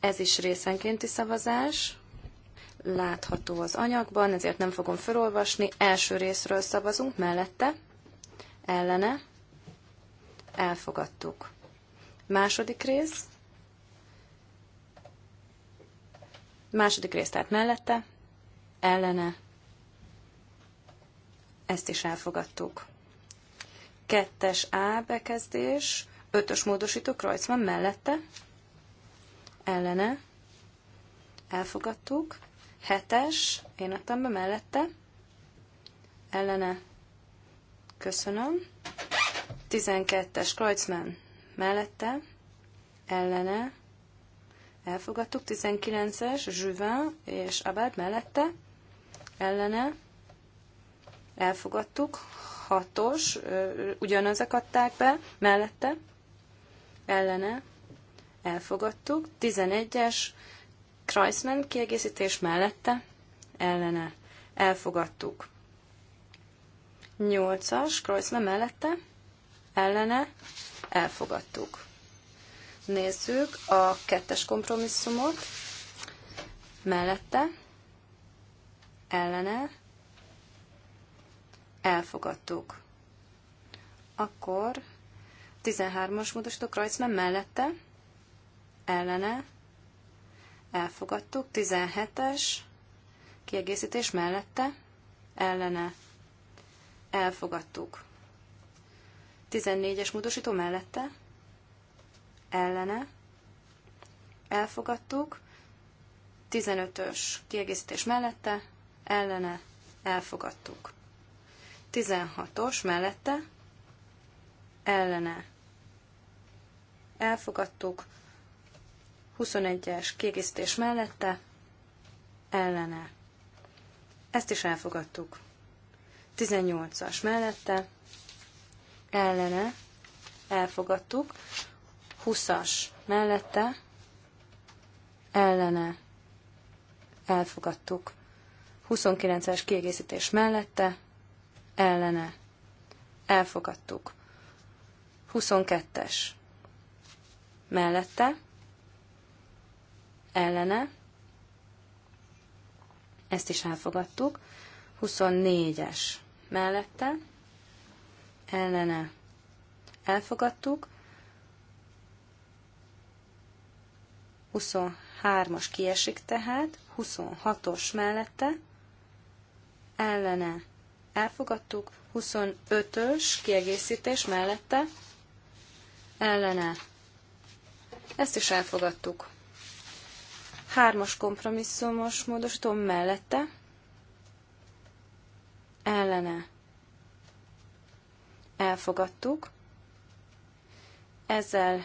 Ez is részenkénti szavazás. Látható az anyagban, ezért nem fogom felolvasni. Első részről szavazunk, mellette, ellene, elfogadtuk. Második rész. Második rész, tehát mellette, ellene, ezt is elfogadtuk. Kettes A bekezdés, ötös módosító van mellette, ellene, elfogadtuk. Hetes, én adtam be mellette, ellene, köszönöm 12-es Kreuzmann mellette, ellene, elfogadtuk. 19-es Juvin és Abad mellette, ellene, elfogadtuk. 6-os, ugyanezek adták be, mellette, ellene, elfogadtuk. 11-es Kreuzmann kiegészítés mellette, ellene, elfogadtuk. 8-as Kreuzmann mellette, ellene elfogadtuk. Nézzük a kettes kompromisszumot. Mellette ellene elfogadtuk. Akkor 13-as módosító Kreuzmann mellette ellene elfogadtuk. 17-es kiegészítés mellette ellene elfogadtuk. 14-es módosító mellette, ellene, elfogadtuk, 15-ös kiegészítés mellette, ellene, elfogadtuk. 16-os mellette, ellene, elfogadtuk, 21-es kiegészítés mellette, ellene. Ezt is elfogadtuk. 18-as mellette, ellene elfogadtuk, 20-as mellette ellene elfogadtuk, 29-es kiegészítés mellette ellene elfogadtuk, 22-es mellette ellene ezt is elfogadtuk, 24-es mellette ellene elfogadtuk, 23-as kiesik tehát, 26-os mellette, ellene elfogadtuk, 25-ös kiegészítés mellette, ellene ezt is elfogadtuk. Hármas kompromisszumos módosító mellette, ellene elfogadtuk. Ezzel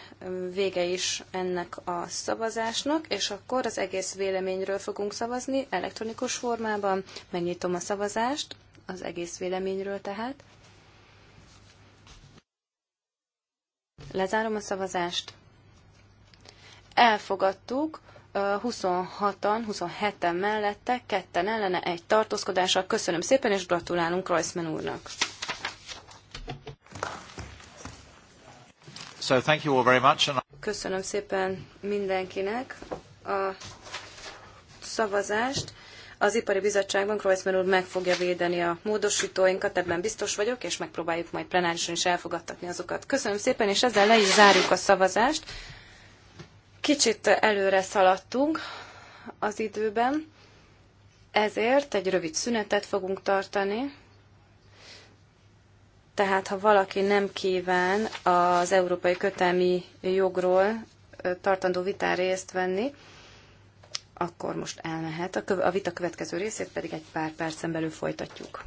vége is ennek a szavazásnak, és akkor az egész véleményről fogunk szavazni elektronikus formában. Megnyitom a szavazást, az egész véleményről tehát. Lezárom a szavazást. Elfogadtuk 26-an, 27-en mellette, ketten ellene, egy tartózkodással. Köszönöm szépen, és gratulálunk Kreuzmann úrnak. So thank you all very much. And... Köszönöm szépen mindenkinek a szavazást. Az Ipari Bizottságban Kreuzmann úr meg fogja védeni a módosítóinkat, ebben biztos vagyok, és megpróbáljuk majd plenárisan is elfogadtatni azokat. Köszönöm szépen, és ezzel le is zárjuk a szavazást. Kicsit előre szaladtunk az időben, ezért egy rövid szünetet fogunk tartani. Tehát, ha valaki nem kíván az európai kötelmi jogról tartandó vitán részt venni, akkor most elmehet. A, vita következő részét pedig egy pár percen belül folytatjuk.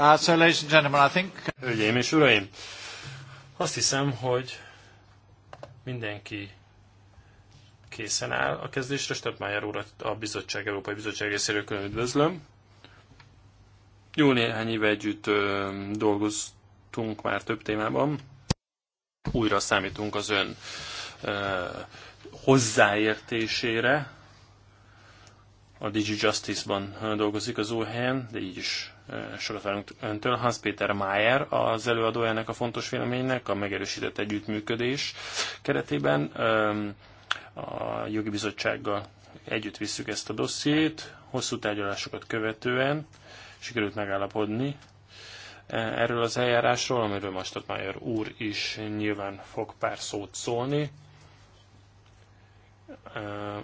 Uh, so, ladies and gentlemen, I think... Hölgyeim és uraim, azt hiszem, hogy mindenki készen áll a kezdésre. Stöpmájer úr, a bizottság, Európai Bizottság részéről külön üdvözlöm. Jó néhány éve együtt ö, dolgoztunk már több témában. Újra számítunk az ön ö, hozzáértésére. A Digi Justice-ban dolgozik az új helyen, de így is sokat várunk öntől. Hans Péter Mayer az előadójának a fontos véleménynek a megerősített együttműködés keretében. A jogi bizottsággal együtt visszük ezt a dossziét, hosszú tárgyalásokat követően sikerült megállapodni e, erről az eljárásról, amiről Mayer úr is nyilván fog pár szót szólni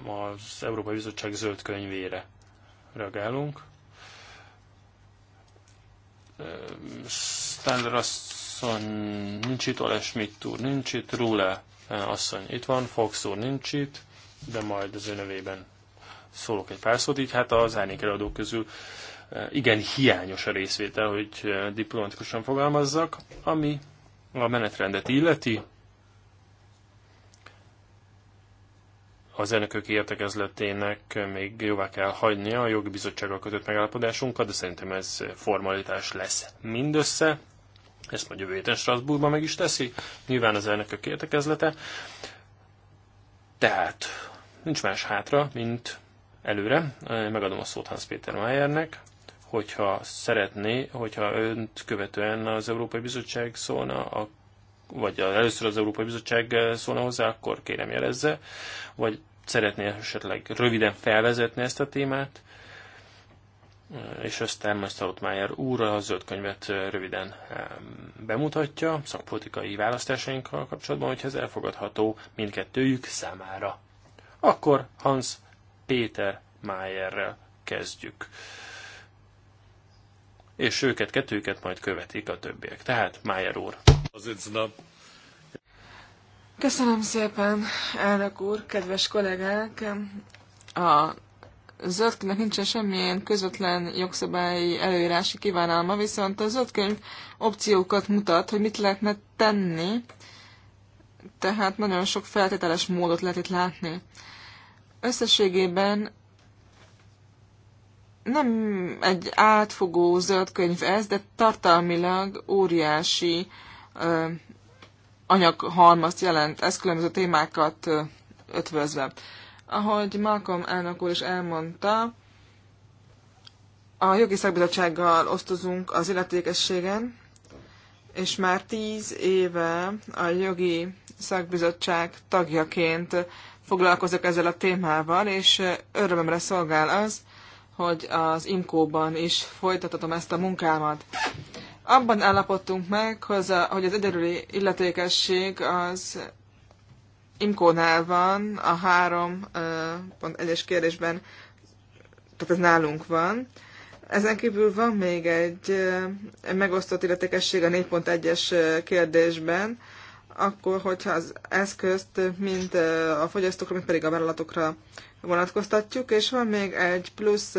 az Európai Bizottság zöld könyvére reagálunk. Steiner asszony nincs itt, Ole Schmidt úr nincs itt, Rule asszony itt van, Fox úr nincs itt, de majd az ő nevében szólok egy pár szót, így hát az árnyékelőadók közül eh, igen hiányos a részvétel, hogy eh, diplomatikusan fogalmazzak, ami a menetrendet illeti, az elnökök értekezletének még jóvá kell hagynia a jogi bizottsággal kötött megállapodásunkat, de szerintem ez formalitás lesz mindössze. Ezt majd jövő héten Strasbourgban meg is teszi, nyilván az elnökök értekezlete. Tehát nincs más hátra, mint előre. Megadom a szót Hans Péter Mayernek, hogyha szeretné, hogyha önt követően az Európai Bizottság szólna, akkor vagy először az Európai Bizottság eh, szólna hozzá, akkor kérem jelezze, vagy szeretné esetleg röviden felvezetni ezt a témát, eh, és aztán majd Stalotmájer úr a zöld könyvet eh, röviden bemutatja szakpolitikai választásainkkal kapcsolatban, hogyha ez elfogadható mindkettőjük számára. Akkor Hans Péter Májerrel kezdjük és őket, kettőket majd követik a többiek. Tehát Májer úr. Köszönöm szépen, elnök úr, kedves kollégák! A zöldkönyvnek nincsen semmilyen közvetlen jogszabályi előírási kívánalma, viszont a zöldkönyv opciókat mutat, hogy mit lehetne tenni, tehát nagyon sok feltételes módot lehet itt látni. Összességében nem egy átfogó zöld könyv ez, de tartalmilag óriási ö, anyaghalmazt jelent, ez különböző témákat ötvözve. Ahogy Malcolm elnök úr is elmondta, a jogi szakbizottsággal osztozunk az illetékességen, és már tíz éve a jogi szakbizottság tagjaként foglalkozok ezzel a témával, és örömömre szolgál az, hogy az Imkóban is folytatatom ezt a munkámat. Abban állapodtunk meg, hogy az egyedüli illetékesség az Imkónál van, a három pont egyes kérdésben, tehát ez nálunk van. Ezen kívül van még egy megosztott illetékesség a 4.1-es kérdésben, akkor, hogyha az eszközt mind a fogyasztókra, mind pedig a vállalatokra vonatkoztatjuk, és van még egy plusz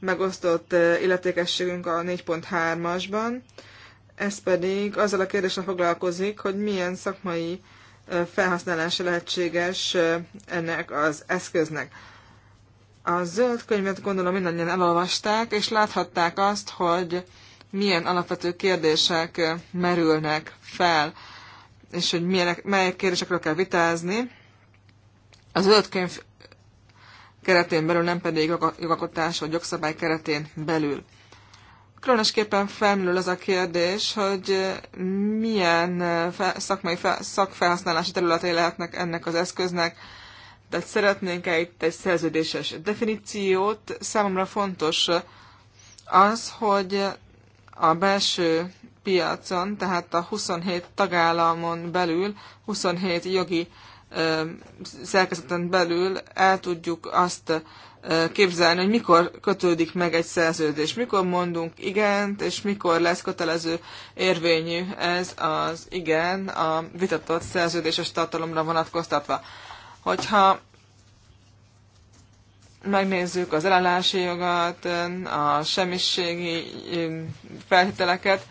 megosztott illetékességünk a 4.3-asban, ez pedig azzal a kérdéssel foglalkozik, hogy milyen szakmai felhasználása lehetséges ennek az eszköznek. A zöld könyvet gondolom mindannyian elolvasták, és láthatták azt, hogy milyen alapvető kérdések merülnek fel és hogy milyenek, melyek kérdésekről kell vitázni. Az öt könyv keretén belül, nem pedig jogalkotás vagy jogszabály keretén belül. Különösképpen felmerül az a kérdés, hogy milyen fel, szakmai fel, szakfelhasználási területei lehetnek ennek az eszköznek, tehát szeretnénk-e itt egy szerződéses definíciót? Számomra fontos az, hogy a belső piacon, tehát a 27 tagállamon belül, 27 jogi szerkezeten belül el tudjuk azt képzelni, hogy mikor kötődik meg egy szerződés, mikor mondunk igent, és mikor lesz kötelező érvényű ez az igen a vitatott szerződéses tartalomra vonatkoztatva. Hogyha megnézzük az elállási jogat, a semmiségi feltételeket,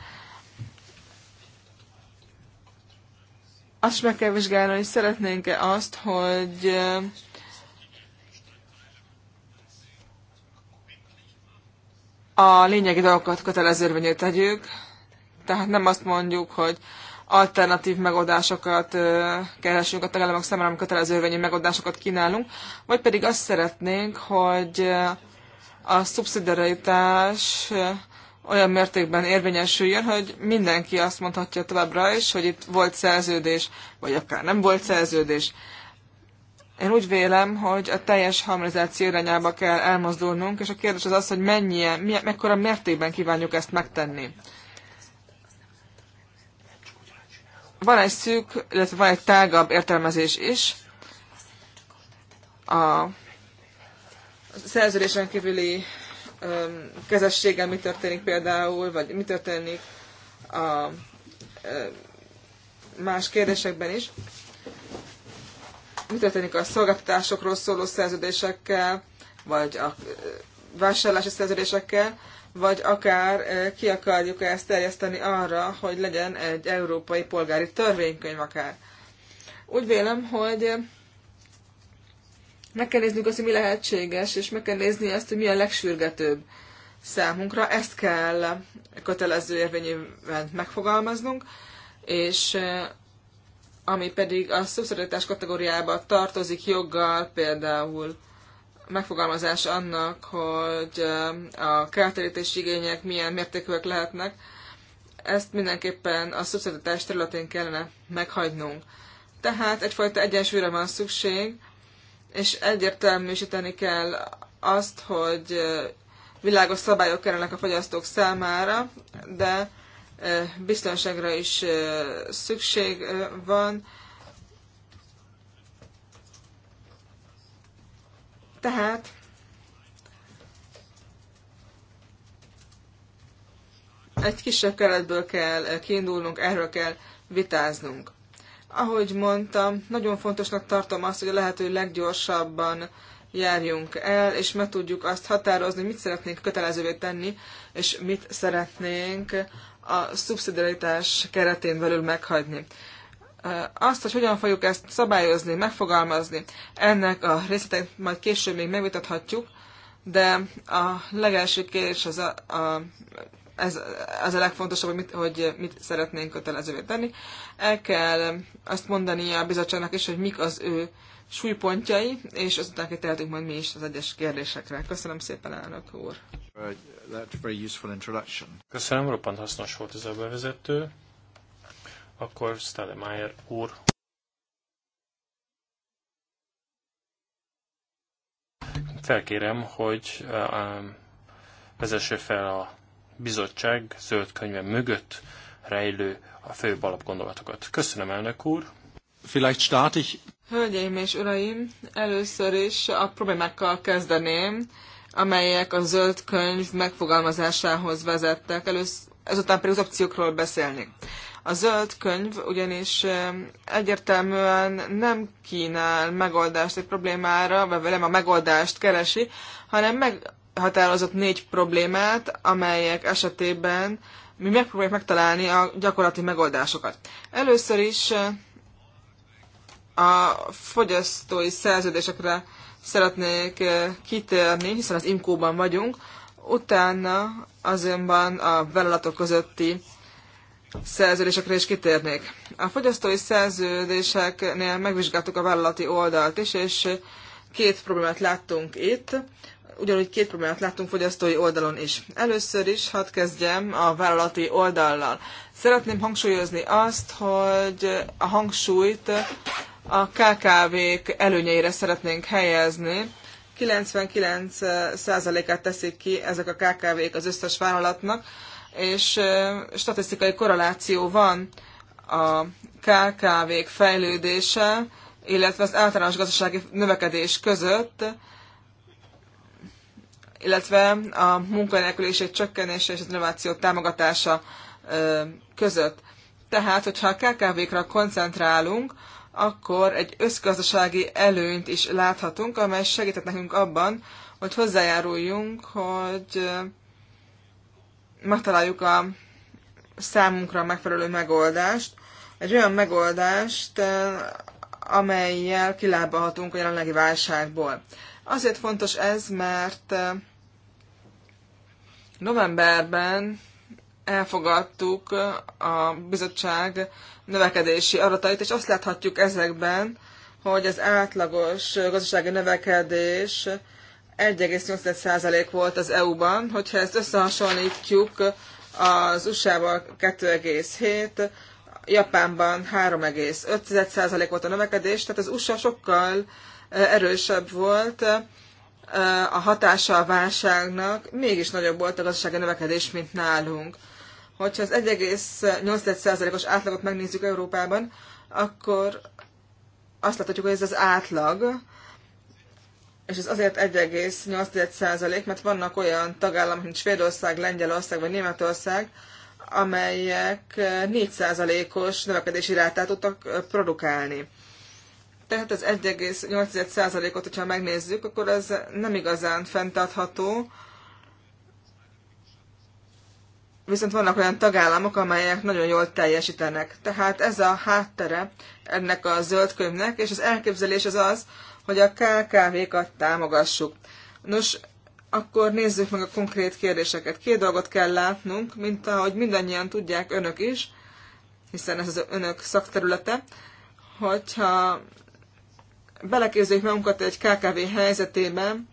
azt meg kell vizsgálni, hogy szeretnénk-e azt, hogy a lényegi dolgokat kötelezővényé tegyük, tehát nem azt mondjuk, hogy alternatív megoldásokat keresünk a tagállamok számára, amikor kötelezővényi megoldásokat kínálunk, vagy pedig azt szeretnénk, hogy a szubszidiaritás olyan mértékben érvényesüljön, hogy mindenki azt mondhatja továbbra is, hogy itt volt szerződés, vagy akár nem volt szerződés. Én úgy vélem, hogy a teljes harmonizáció irányába kell elmozdulnunk, és a kérdés az az, hogy mennyien, milyen, mekkora mértékben kívánjuk ezt megtenni. Van egy szűk, illetve van egy tágabb értelmezés is. A szerződésen kívüli kezességgel mi történik például, vagy mi történik a más kérdésekben is. Mi történik a szolgáltatásokról szóló szerződésekkel, vagy a vásárlási szerződésekkel, vagy akár ki akarjuk ezt terjeszteni arra, hogy legyen egy európai polgári törvénykönyv akár. Úgy vélem, hogy meg kell néznünk azt, hogy mi lehetséges, és meg kell nézni azt, hogy mi a legsürgetőbb számunkra. Ezt kell kötelező érvényében megfogalmaznunk, és eh, ami pedig a szubszidiaritás kategóriába tartozik joggal, például megfogalmazás annak, hogy eh, a kártérítés igények milyen mértékűek lehetnek, ezt mindenképpen a szubszidiaritás területén kellene meghagynunk. Tehát egyfajta egyensúlyra van szükség, és egyértelműsíteni kell azt, hogy világos szabályok kerülnek a fogyasztók számára, de biztonságra is szükség van. Tehát egy kisebb keretből kell kiindulnunk, erről kell vitáznunk. Ahogy mondtam, nagyon fontosnak tartom azt, hogy a lehető leggyorsabban járjunk el, és meg tudjuk azt határozni, mit szeretnénk kötelezővé tenni, és mit szeretnénk a szubszidiaritás keretén belül meghagyni. Azt, hogy hogyan fogjuk ezt szabályozni, megfogalmazni, ennek a részleteit majd később még megvitathatjuk, de a legelső kérdés az a, a ez, ez a legfontosabb, hogy mit, hogy mit szeretnénk kötelezővé tenni. El kell azt mondani a bizottságnak is, hogy mik az ő súlypontjai, és azután kitehetünk majd mi is az egyes kérdésekre. Köszönöm szépen, elnök úr! Köszönöm, roppant hasznos volt ez a bevezető. Akkor Stademeyer úr. Felkérem, hogy eh, vezesse fel a bizottság zöld könyve mögött rejlő a főbb alapgondolatokat. Köszönöm, elnök úr! Vielleicht starte ich. Hölgyeim és uraim, először is a problémákkal kezdeném, amelyek a zöld könyv megfogalmazásához vezettek. Először, ezután pedig az opciókról beszélni. A zöld könyv ugyanis egyértelműen nem kínál megoldást egy problémára, vagy velem a megoldást keresi, hanem meg határozott négy problémát, amelyek esetében mi megpróbáljuk megtalálni a gyakorlati megoldásokat. Először is eh, a fogyasztói szerződésekre szeretnék eh, kitérni, hiszen az imkóban vagyunk, utána azonban a vállalatok közötti szerződésekre is kitérnék. A fogyasztói szerződéseknél megvizsgáltuk a vállalati oldalt is, és két problémát láttunk itt ugyanúgy két problémát láttunk fogyasztói oldalon is. Először is hadd kezdjem a vállalati oldallal. Szeretném hangsúlyozni azt, hogy a hangsúlyt a KKV-k előnyeire szeretnénk helyezni. 99%-át teszik ki ezek a KKV-k az összes vállalatnak, és statisztikai korreláció van a KKV-k fejlődése, illetve az általános gazdasági növekedés között, illetve a munkanélküliség csökkenése és az innováció támogatása között. Tehát, hogyha a KKV-kra koncentrálunk, akkor egy összgazdasági előnyt is láthatunk, amely segített nekünk abban, hogy hozzájáruljunk, hogy megtaláljuk a számunkra megfelelő megoldást, egy olyan megoldást, amelyel kilábalhatunk a jelenlegi válságból. Azért fontos ez, mert novemberben elfogadtuk a bizottság növekedési adatait, és azt láthatjuk ezekben, hogy az átlagos gazdasági növekedés 1,8% volt az EU-ban, hogyha ezt összehasonlítjuk az USA-val 2,7%, Japánban 3,5% volt a növekedés, tehát az USA sokkal erősebb volt a hatása a válságnak, mégis nagyobb volt a gazdasági növekedés, mint nálunk. Hogyha az 1,8%-os átlagot megnézzük Európában, akkor azt láthatjuk, hogy ez az átlag, és ez azért 1,8%, mert vannak olyan tagállamok, mint Svédország, Lengyelország vagy Németország, amelyek 4%-os növekedési rátát tudtak produkálni. Tehát az 1,8%-ot, hogyha megnézzük, akkor ez nem igazán fenntartható. Viszont vannak olyan tagállamok, amelyek nagyon jól teljesítenek. Tehát ez a háttere ennek a zöld és az elképzelés az az, hogy a KKV-kat támogassuk. Nos, akkor nézzük meg a konkrét kérdéseket. Két dolgot kell látnunk, mint ahogy mindannyian tudják önök is, hiszen ez az önök szakterülete, hogyha beleképzeljük magunkat egy KKV helyzetében,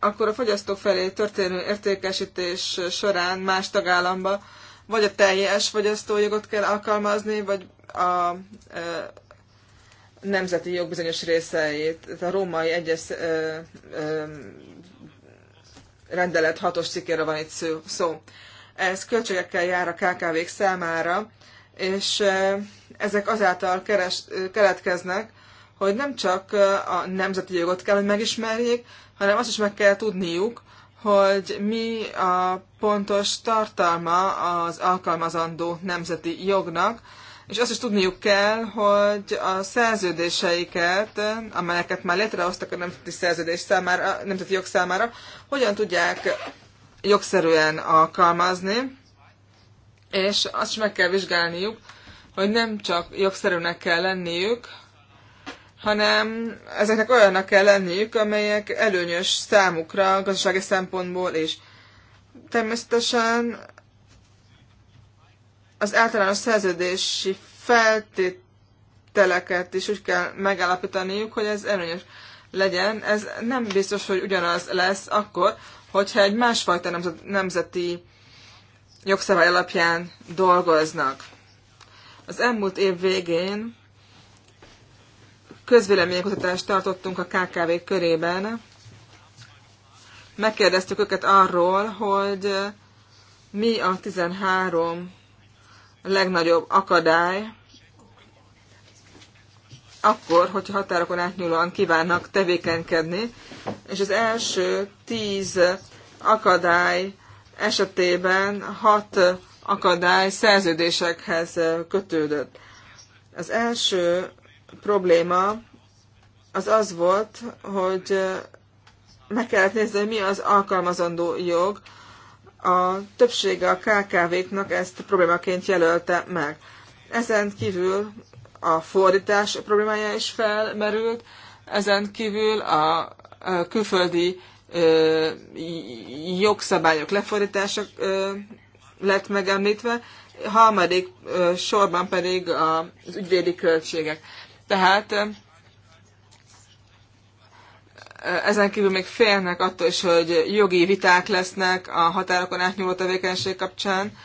akkor a fogyasztók felé történő értékesítés során más tagállamba vagy a teljes fogyasztójogot kell alkalmazni, vagy a e, nemzeti jog bizonyos részeit. A római egyes e, e, rendelet hatos cikkére van itt szó. Ez költségekkel jár a KKV-k számára, és ezek azáltal keres, keletkeznek, hogy nem csak a nemzeti jogot kell, hogy megismerjék, hanem azt is meg kell tudniuk, hogy mi a pontos tartalma az alkalmazandó nemzeti jognak, és azt is tudniuk kell, hogy a szerződéseiket, amelyeket már létrehoztak a nemzeti szerződés számára, a nemzeti jog számára, hogyan tudják jogszerűen alkalmazni, és azt is meg kell vizsgálniuk, hogy nem csak jogszerűnek kell lenniük, hanem ezeknek olyannak kell lenniük, amelyek előnyös számukra gazdasági szempontból is. Természetesen az általános szerződési feltételeket is úgy kell megállapítaniuk, hogy ez előnyös legyen. Ez nem biztos, hogy ugyanaz lesz akkor, hogyha egy másfajta nemzeti jogszabály alapján dolgoznak. Az elmúlt év végén közvéleménykutatást tartottunk a KKV körében. Megkérdeztük őket arról, hogy mi a 13 legnagyobb akadály, akkor, hogyha határokon átnyúlóan kívánnak tevékenykedni, és az első tíz akadály esetében hat akadály szerződésekhez kötődött. Az első probléma az az volt, hogy meg kellett nézni, hogy mi az alkalmazandó jog. A többsége a KKV-knak ezt problémaként jelölte meg. Ezen kívül a fordítás problémája is felmerült, ezen kívül a külföldi jogszabályok lefordítása lett megemlítve, harmadik sorban pedig az ügyvédi költségek. Tehát ezen kívül még félnek attól is, hogy jogi viták lesznek a határokon átnyúló tevékenység kapcsán.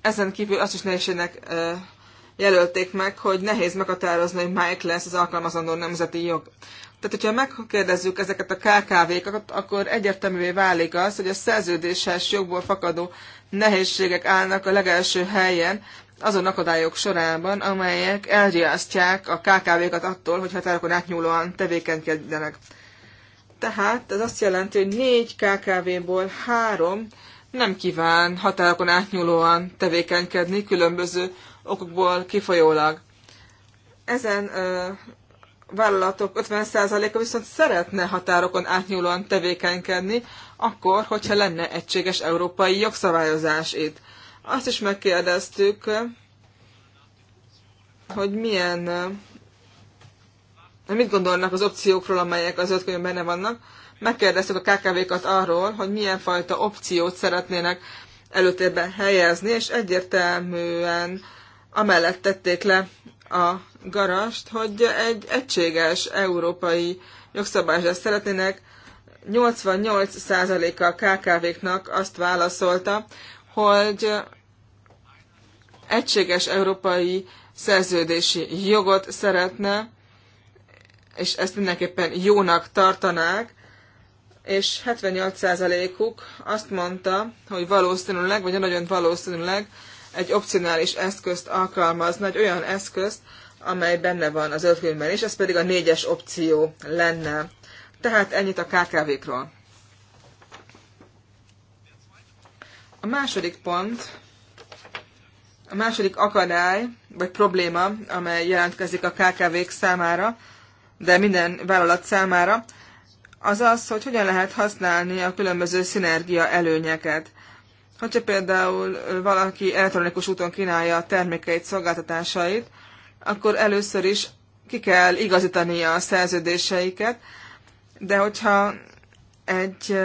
Ezen kívül azt is nehézségnek jelölték meg, hogy nehéz meghatározni, hogy melyik lesz az alkalmazandó nemzeti jog. Tehát, hogyha megkérdezzük ezeket a KKV-kat, akkor egyértelművé válik az, hogy a szerződéses jogból fakadó nehézségek állnak a legelső helyen azon akadályok sorában, amelyek elriasztják a KKV-kat attól, hogy határokon átnyúlóan tevékenykedjenek. Tehát ez azt jelenti, hogy négy KKV-ból három nem kíván határokon átnyúlóan tevékenykedni különböző okokból kifolyólag. Ezen ö, vállalatok 50%-a viszont szeretne határokon átnyúlóan tevékenykedni, akkor, hogyha lenne egységes európai jogszabályozás itt. Azt is megkérdeztük, hogy milyen, mit gondolnak az opciókról, amelyek az öt könyvben benne vannak. Megkérdeztük a KKV-kat arról, hogy milyen fajta opciót szeretnének előtérbe helyezni, és egyértelműen amellett tették le a garast, hogy egy egységes európai jogszabályra szeretnének. 88%-a a KKV-knak azt válaszolta, hogy egységes európai szerződési jogot szeretne, és ezt mindenképpen jónak tartanák, és 78%-uk azt mondta, hogy valószínűleg, vagy nagyon valószínűleg egy opcionális eszközt alkalmazna, egy olyan eszközt, amely benne van az ötkönyvben is, ez pedig a négyes opció lenne. Tehát ennyit a KKV-król. A második pont, a második akadály, vagy probléma, amely jelentkezik a KKV-k számára, de minden vállalat számára, az az, hogy hogyan lehet használni a különböző szinergia előnyeket. Hogyha például valaki elektronikus úton kínálja a termékeit, szolgáltatásait, akkor először is ki kell igazítania a szerződéseiket, de hogyha egy,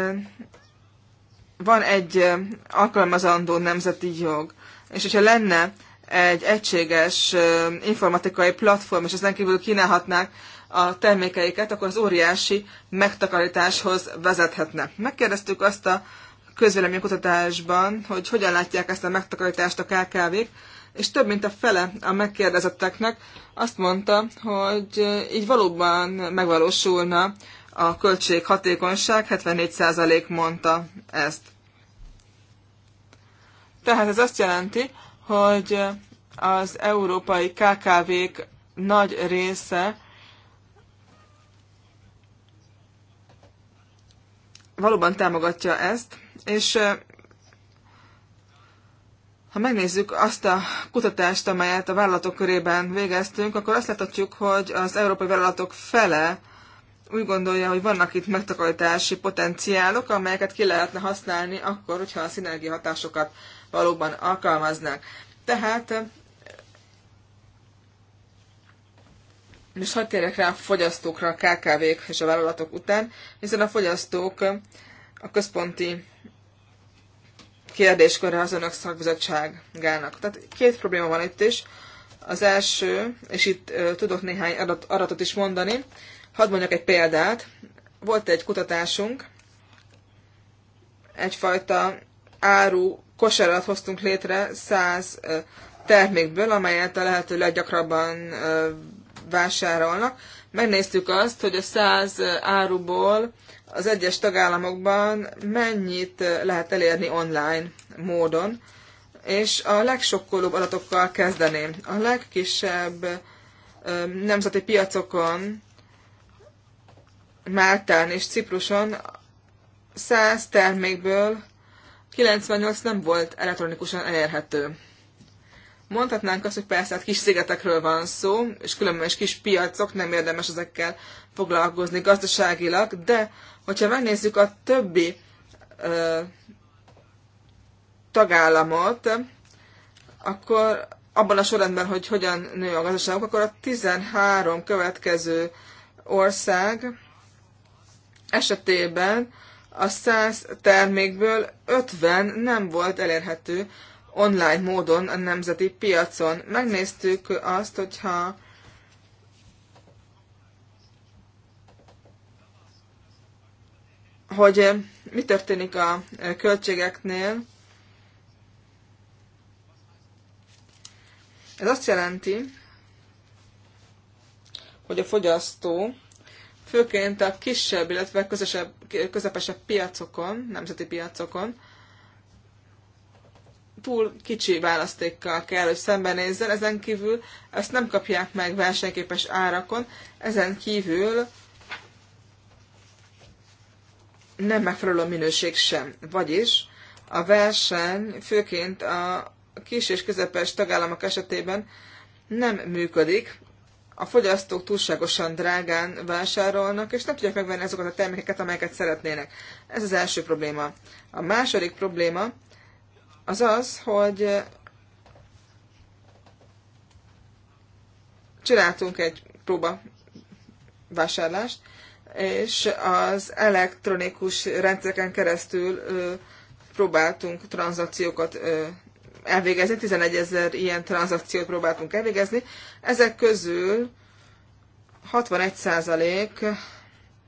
van egy alkalmazandó nemzeti jog, és hogyha lenne egy egységes informatikai platform, és ezen kívül kínálhatnák a termékeiket, akkor az óriási megtakarításhoz vezethetne. Megkérdeztük azt a közvéleménykutatásban, hogy hogyan látják ezt a megtakarítást a KKV-k, és több mint a fele a megkérdezetteknek azt mondta, hogy így valóban megvalósulna a költség hatékonyság, 74% mondta ezt. Tehát ez azt jelenti, hogy az európai KKV-k nagy része valóban támogatja ezt, és ha megnézzük azt a kutatást, amelyet a vállalatok körében végeztünk, akkor azt láthatjuk, hogy az európai vállalatok fele úgy gondolja, hogy vannak itt megtakarítási potenciálok, amelyeket ki lehetne használni akkor, hogyha a szinergia hatásokat valóban alkalmaznak. Tehát, és hadd térjek rá a fogyasztókra, a KKV-k és a vállalatok után, hiszen a fogyasztók a központi kérdésköre az önök szakbizottságának. Tehát két probléma van itt is. Az első, és itt tudok néhány adat, adatot is mondani, hadd mondjak egy példát. Volt egy kutatásunk, egyfajta áru kosarat hoztunk létre 100 termékből, amelyet a lehető leggyakrabban vásárolnak. Megnéztük azt, hogy a 100 áruból az egyes tagállamokban mennyit eh, lehet elérni online módon, és a legsokkolóbb adatokkal kezdeném. A legkisebb eh, nemzeti piacokon, Máltán és Cipruson 100 termékből 98 nem volt elektronikusan elérhető. Mondhatnánk azt, hogy persze hát kis szigetekről van szó, és különböző kis piacok, nem érdemes ezekkel foglalkozni gazdaságilag, de Hogyha megnézzük a többi ö, tagállamot, akkor abban a sorrendben, hogy hogyan nő a gazdaságok, akkor a 13 következő ország esetében a 100 termékből 50 nem volt elérhető online módon a nemzeti piacon. Megnéztük azt, hogyha hogy eh, mi történik a eh, költségeknél. Ez azt jelenti, hogy a fogyasztó főként a kisebb, illetve közösebb, közepesebb piacokon, nemzeti piacokon túl kicsi választékkal kell, hogy szembenézzen, ezen kívül ezt nem kapják meg versenyképes árakon, ezen kívül nem megfelelő minőség sem. Vagyis a verseny főként a kis és közepes tagállamok esetében nem működik, a fogyasztók túlságosan drágán vásárolnak, és nem tudják megvenni azokat a termékeket, amelyeket szeretnének. Ez az első probléma. A második probléma az az, hogy csináltunk egy próba vásárlást, és az elektronikus rendszereken keresztül próbáltunk tranzakciókat elvégezni, 11 ezer ilyen tranzakciót próbáltunk elvégezni. Ezek közül 61%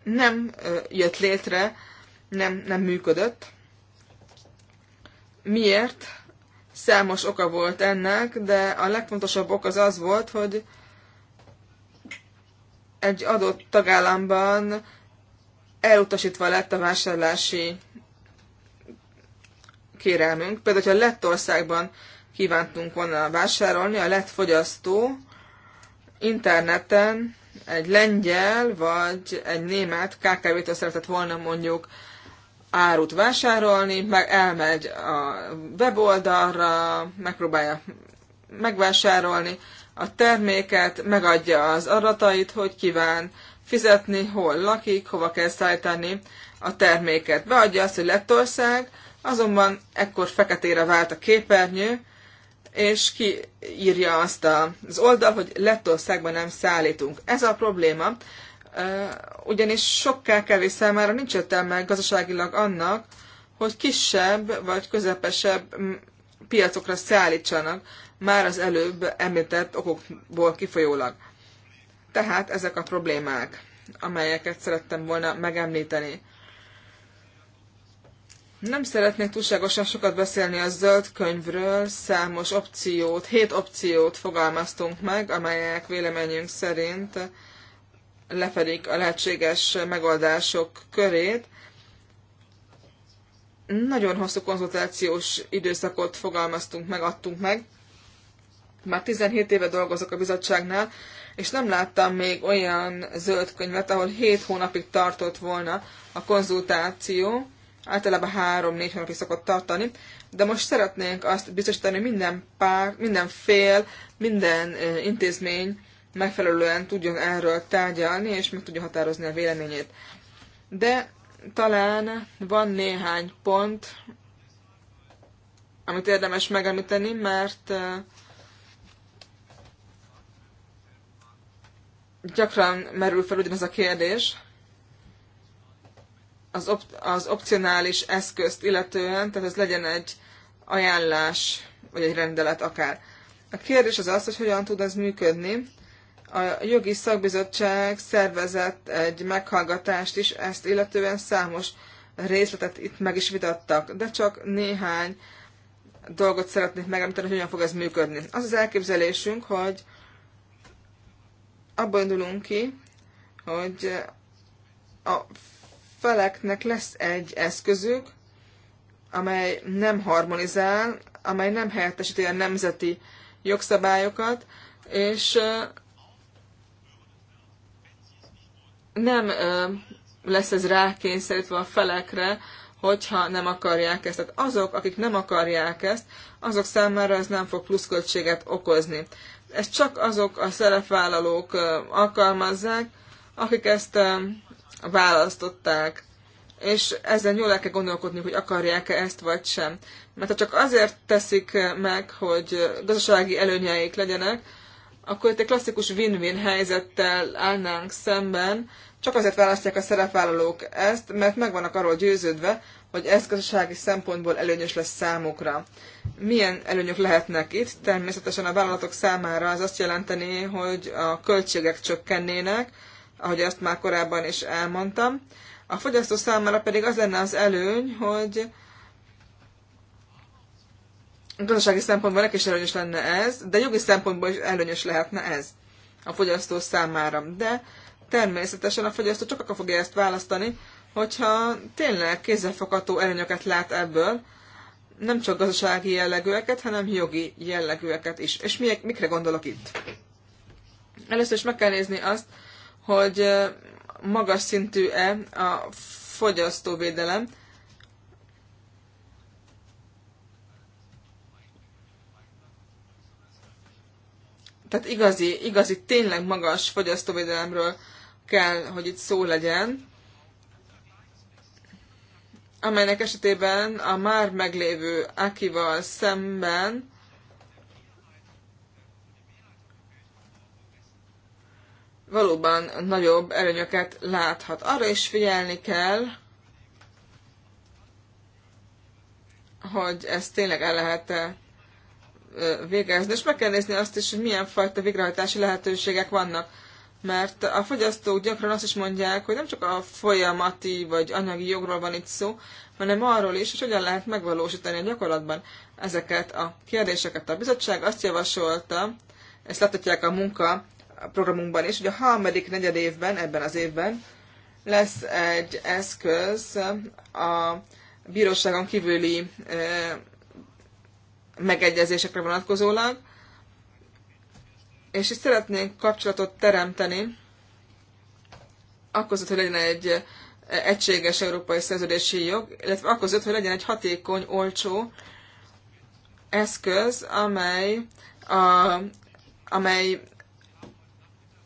nem jött létre, nem, nem működött. Miért? Számos oka volt ennek, de a legfontosabb ok az az volt, hogy egy adott tagállamban elutasítva lett a vásárlási kérelmünk. Például, hogyha Lettországban kívántunk volna vásárolni, a lett fogyasztó interneten egy lengyel vagy egy német KKV-től szeretett volna mondjuk árut vásárolni, meg elmegy a weboldalra, megpróbálja megvásárolni, a terméket, megadja az adatait, hogy kíván fizetni, hol lakik, hova kell szállítani a terméket. Beadja azt, hogy Lettország, azonban ekkor feketére vált a képernyő, és kiírja azt az oldal, hogy Lettországban nem szállítunk. Ez a probléma, ugyanis sokkal kevés számára nincs értelme gazdaságilag annak, hogy kisebb vagy közepesebb piacokra szállítsanak már az előbb említett okokból kifolyólag. Tehát ezek a problémák, amelyeket szerettem volna megemlíteni. Nem szeretnék túlságosan sokat beszélni a zöld könyvről, számos opciót, hét opciót fogalmaztunk meg, amelyek véleményünk szerint lefedik a lehetséges megoldások körét. Nagyon hosszú konzultációs időszakot fogalmaztunk meg, adtunk meg, már 17 éve dolgozok a bizottságnál, és nem láttam még olyan zöld könyvet, ahol 7 hónapig tartott volna a konzultáció, általában 3-4 hónapig szokott tartani, de most szeretnénk azt biztosítani, minden pár, minden fél, minden intézmény megfelelően tudjon erről tárgyalni, és meg tudja határozni a véleményét. De talán van néhány pont, amit érdemes megemlíteni, mert gyakran merül fel ugyanaz a kérdés az, op- az opcionális eszközt illetően, tehát ez legyen egy ajánlás, vagy egy rendelet akár. A kérdés az az, hogy hogyan tud ez működni. A jogi szakbizottság szervezett egy meghallgatást is, ezt illetően számos részletet itt meg is vitattak, de csak néhány dolgot szeretnék megemlíteni, hogy hogyan fog ez működni. Az az elképzelésünk, hogy abban indulunk ki, hogy a feleknek lesz egy eszközük, amely nem harmonizál, amely nem helyettesíti a nemzeti jogszabályokat, és nem lesz ez rákényszerítve a felekre, hogyha nem akarják ezt. Tehát azok, akik nem akarják ezt, azok számára ez nem fog pluszköltséget okozni. Ezt csak azok a szerepvállalók alkalmazzák, akik ezt választották. És ezen jól el kell gondolkodni, hogy akarják-e ezt vagy sem. Mert ha csak azért teszik meg, hogy gazdasági előnyeik legyenek, akkor itt egy klasszikus win-win helyzettel állnánk szemben, csak azért választják a szerepvállalók ezt, mert meg vannak arról győződve, hogy ez gazdasági szempontból előnyös lesz számukra. Milyen előnyök lehetnek itt? Természetesen a vállalatok számára az azt jelenteni, hogy a költségek csökkennének, ahogy ezt már korábban is elmondtam. A fogyasztó számára pedig az lenne az előny, hogy gazdasági szempontból neki is előnyös lenne ez, de jogi szempontból is előnyös lehetne ez a fogyasztó számára. De természetesen a fogyasztó csak akkor fogja ezt választani, hogyha tényleg kézzelfogható előnyöket lát ebből, nem csak gazdasági jellegűeket, hanem jogi jellegűeket is. És miek, mikre gondolok itt? Először is meg kell nézni azt, hogy magas szintű-e a fogyasztóvédelem, tehát igazi, igazi, tényleg magas fogyasztóvédelemről kell, hogy itt szó legyen amelynek esetében a már meglévő Akival szemben valóban nagyobb előnyöket láthat. Arra is figyelni kell, hogy ezt tényleg el lehet -e végezni, és meg kell nézni azt is, hogy milyen fajta végrehajtási lehetőségek vannak mert a fogyasztók gyakran azt is mondják, hogy nem csak a folyamati vagy anyagi jogról van itt szó, hanem arról is, hogy hogyan lehet megvalósítani a gyakorlatban ezeket a kérdéseket. A bizottság azt javasolta, ezt láthatják a munka programunkban is, hogy a harmadik negyed évben, ebben az évben lesz egy eszköz a bíróságon kívüli eh, megegyezésekre vonatkozólag, és itt szeretnénk kapcsolatot teremteni, akkor hogy legyen egy eh, egységes európai szerződési jog, illetve akkor hogy legyen egy hatékony, olcsó eszköz, amely, a, amely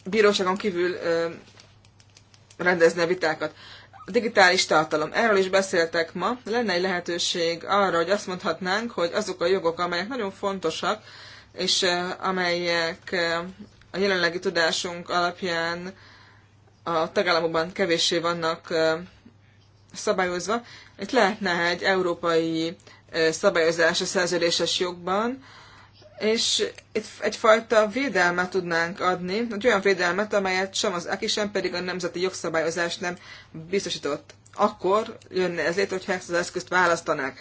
bíróságon kívül ö, rendezne vitákat. A digitális tartalom. Erről is beszéltek ma. Lenne egy lehetőség arra, hogy azt mondhatnánk, hogy azok a jogok, amelyek nagyon fontosak, és amelyek a jelenlegi tudásunk alapján a tagállamokban kevéssé vannak szabályozva. Itt lehetne egy európai szabályozás a szerződéses jogban, és itt egyfajta védelmet tudnánk adni, egy olyan védelmet, amelyet sem az aki sem pedig a nemzeti jogszabályozás nem biztosított. Akkor jönne ez hogyha ezt az eszközt választanák.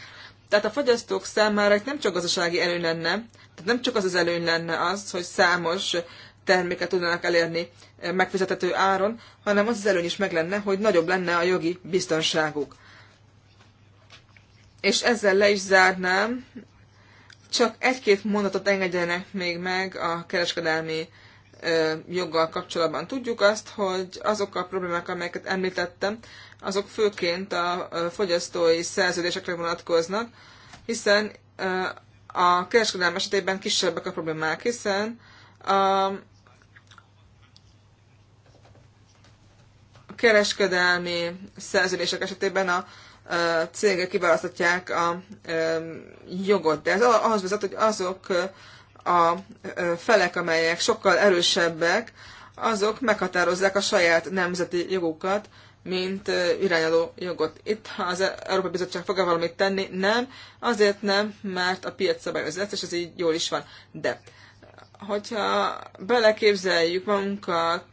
Tehát a fogyasztók számára itt nem csak gazdasági előny lenne, tehát nem csak az az előny lenne az, hogy számos terméket tudnának elérni megfizethető áron, hanem az az előny is meg lenne, hogy nagyobb lenne a jogi biztonságuk. És ezzel le is zárnám, csak egy-két mondatot engedjenek még meg a kereskedelmi joggal kapcsolatban. Tudjuk azt, hogy azok a problémák, amelyeket említettem, azok főként a fogyasztói szerződésekre vonatkoznak, hiszen a kereskedelem esetében kisebbek a problémák, hiszen a kereskedelmi szerződések esetében a cégek kiválasztatják a jogot. De ez ahhoz vezet, hogy azok a felek, amelyek sokkal erősebbek, azok meghatározzák a saját nemzeti jogukat, mint irányadó jogot. Itt, ha az Európai Bizottság fog -e valamit tenni, nem, azért nem, mert a piac szabályozza ezt, és ez így jól is van. De hogyha beleképzeljük magunkat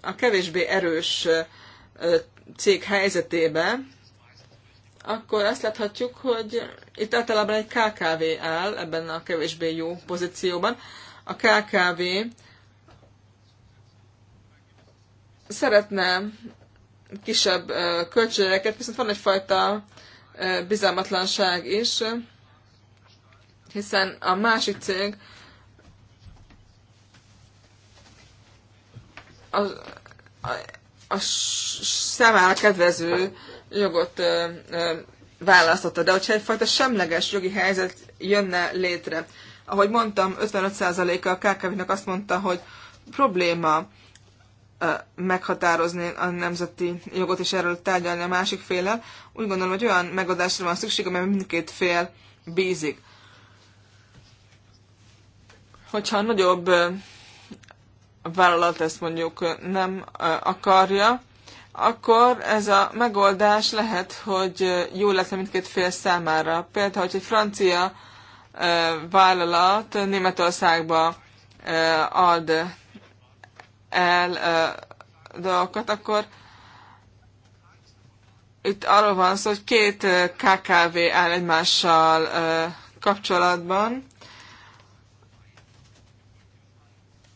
a kevésbé erős cég helyzetébe, akkor azt láthatjuk, hogy itt általában egy KKV áll ebben a kevésbé jó pozícióban. A KKV szeretne kisebb költségeket, viszont van egyfajta bizalmatlanság is, hiszen a másik cég a, a, a számára kedvező jogot választotta. De hogyha egyfajta semleges jogi helyzet jönne létre, ahogy mondtam, 55%-a a KKV-nak azt mondta, hogy probléma meghatározni a nemzeti jogot és erről tárgyalni a másik félel. Úgy gondolom, hogy olyan megoldásra van szükség, amely mindkét fél bízik. Hogyha nagyobb vállalat ezt mondjuk nem akarja, akkor ez a megoldás lehet, hogy jó lesz mindkét fél számára. Például, hogy egy francia vállalat Németországba ad el dolgokat, akkor itt arról van szó, hogy két KKV áll egymással kapcsolatban.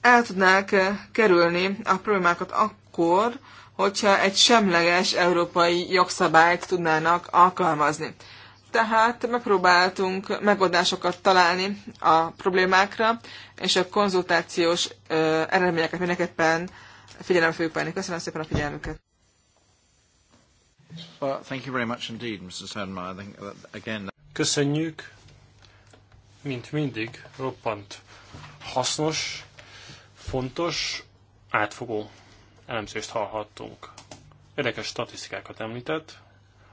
El tudnák kerülni a problémákat akkor, hogyha egy semleges európai jogszabályt tudnának alkalmazni. Tehát megpróbáltunk megoldásokat találni a problémákra, és a konzultációs ö, eredményeket mindenképpen figyelem fogjuk venni. Köszönöm szépen a figyelmüket. Köszönjük, mint mindig, roppant hasznos, fontos, átfogó elemzést hallhattunk. Érdekes statisztikákat említett,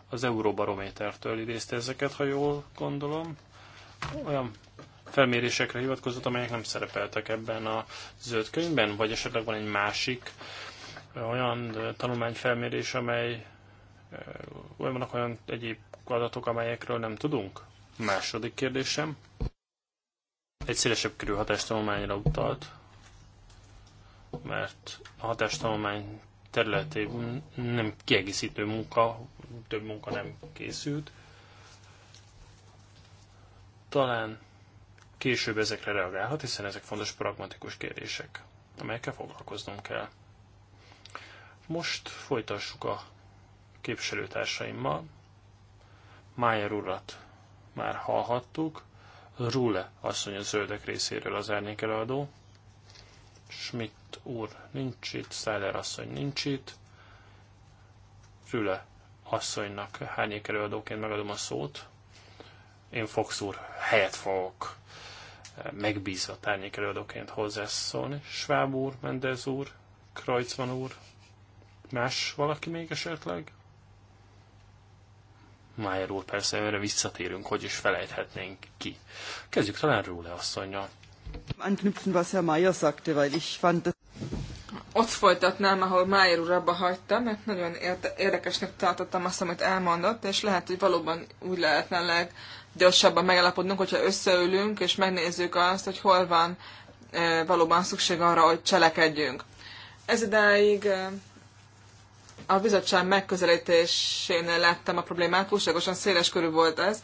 az Euróbarométertől idézte ezeket, ha jól gondolom. Olyan felmérésekre hivatkozott, amelyek nem szerepeltek ebben a zöld könyvben, vagy esetleg van egy másik olyan tanulmányfelmérés, amely olyan vannak olyan egyéb adatok, amelyekről nem tudunk? Második kérdésem. Egy szélesebb körű hatástanulmányra utalt mert a hatástanulmány területében nem kiegészítő munka, több munka nem készült. Talán később ezekre reagálhat, hiszen ezek fontos pragmatikus kérdések, amelyekkel foglalkoznom kell. Most folytassuk a képviselőtársaimmal. Májer urat már hallhattuk, Rule asszony a zöldek részéről az árnyék előadó. Schmidt úr nincs itt, Szeller asszony nincs itt, Füle asszonynak hányék előadóként megadom a szót. Én Fox úr helyet fogok megbízva tárnyék előadóként hozzászólni. Schwab úr, Mendez úr, Kreutzmann úr, más valaki még esetleg? Májer úr, persze erre visszatérünk, hogy is felejthetnénk ki. Kezdjük talán Rúle asszonynal. Anknüpfen, was Herr Mayer sagte, weil ich fand Ott folytatnám, ahol Mayer úr abba hagyta, mert nagyon érdekesnek tartottam azt, amit elmondott, és lehet, hogy valóban úgy lehetne leggyorsabban megállapodnunk, hogyha összeülünk, és megnézzük azt, hogy hol van e, valóban szükség arra, hogy cselekedjünk. Ez idáig e, a bizottság megközelítésénél láttam a problémát, túlságosan széles körű volt ez,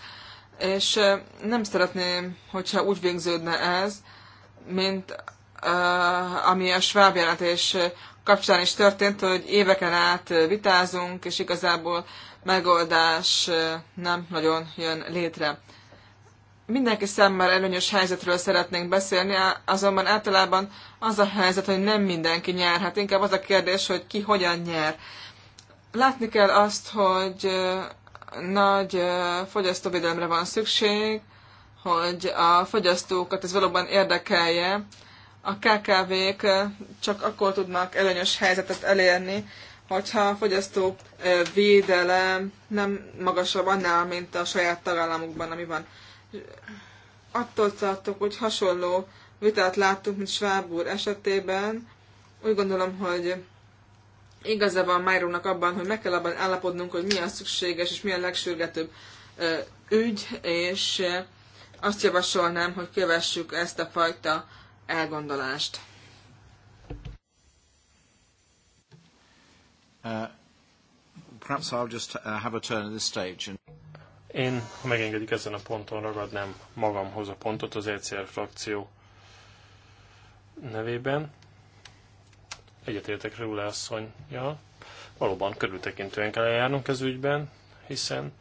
és e, nem szeretném, hogyha úgy végződne ez, mint uh, ami a sváb jelentés kapcsán is történt, hogy éveken át vitázunk, és igazából megoldás nem nagyon jön létre. Mindenki szemmel előnyös helyzetről szeretnénk beszélni, azonban általában az a helyzet, hogy nem mindenki nyer. Hát inkább az a kérdés, hogy ki hogyan nyer. Látni kell azt, hogy nagy fogyasztóvédelemre van szükség, hogy a fogyasztókat ez valóban érdekelje. A KKV-k csak akkor tudnak előnyös helyzetet elérni, hogyha a fogyasztó védelem nem magasabb annál, mint a saját tagállamukban, ami van. Attól tartok, hogy hasonló vitát láttunk, mint Schwab úr esetében. Úgy gondolom, hogy igazából Májrónak abban, hogy meg kell abban állapodnunk, hogy mi a szükséges és mi a legsürgetőbb ügy, és azt javasolnám, hogy kövessük ezt a fajta elgondolást. Uh, uh, Én, ha megengedik ezen a ponton, ragadnám magamhoz a pontot az ECR frakció nevében. Egyetértek Rúle asszonyjal. Valóban körültekintően kell eljárnunk ez ügyben, hiszen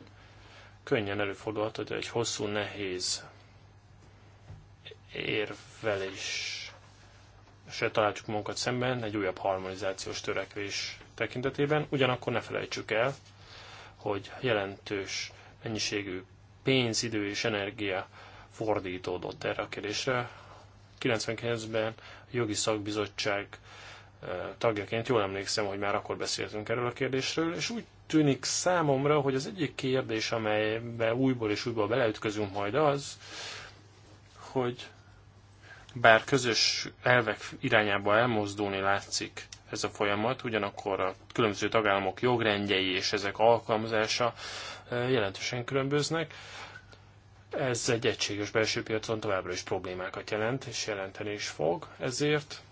könnyen előfordulhat, hogy egy hosszú, nehéz érvelés se találjuk magunkat szemben egy újabb harmonizációs törekvés tekintetében. Ugyanakkor ne felejtsük el, hogy jelentős mennyiségű pénz, idő és energia fordítódott erre a kérdésre. 99-ben a jogi szakbizottság eh, tagjaként jól emlékszem, hogy már akkor beszéltünk erről a kérdésről, és úgy tűnik számomra, hogy az egyik kérdés, amelybe újból és újból beleütközünk majd az, hogy bár közös elvek irányába elmozdulni látszik ez a folyamat, ugyanakkor a különböző tagállamok jogrendjei és ezek alkalmazása jelentősen különböznek. Ez egy egységes belső piacon továbbra is problémákat jelent, és jelenteni is fog, ezért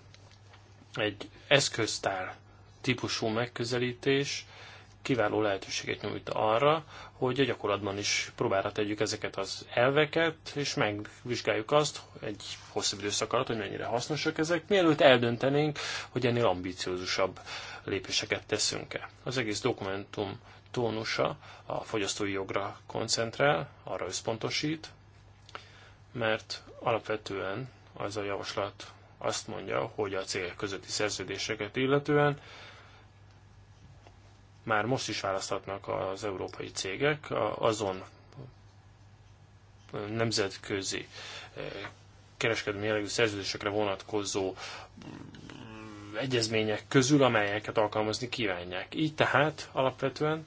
egy eszköztár típusú megközelítés kiváló lehetőséget nyújt arra, hogy a gyakorlatban is próbára tegyük ezeket az elveket, és megvizsgáljuk azt egy hosszabb időszak alatt, hogy mennyire hasznosak ezek, mielőtt eldöntenénk, hogy ennél ambiciózusabb lépéseket teszünk-e. Az egész dokumentum tónusa a fogyasztói jogra koncentrál, arra összpontosít, mert alapvetően az a javaslat azt mondja, hogy a cél közötti szerződéseket illetően már most is választhatnak az európai cégek azon nemzetközi eh, kereskedelmi jellegű szerződésekre vonatkozó mm, egyezmények közül, amelyeket alkalmazni kívánják. Így tehát alapvetően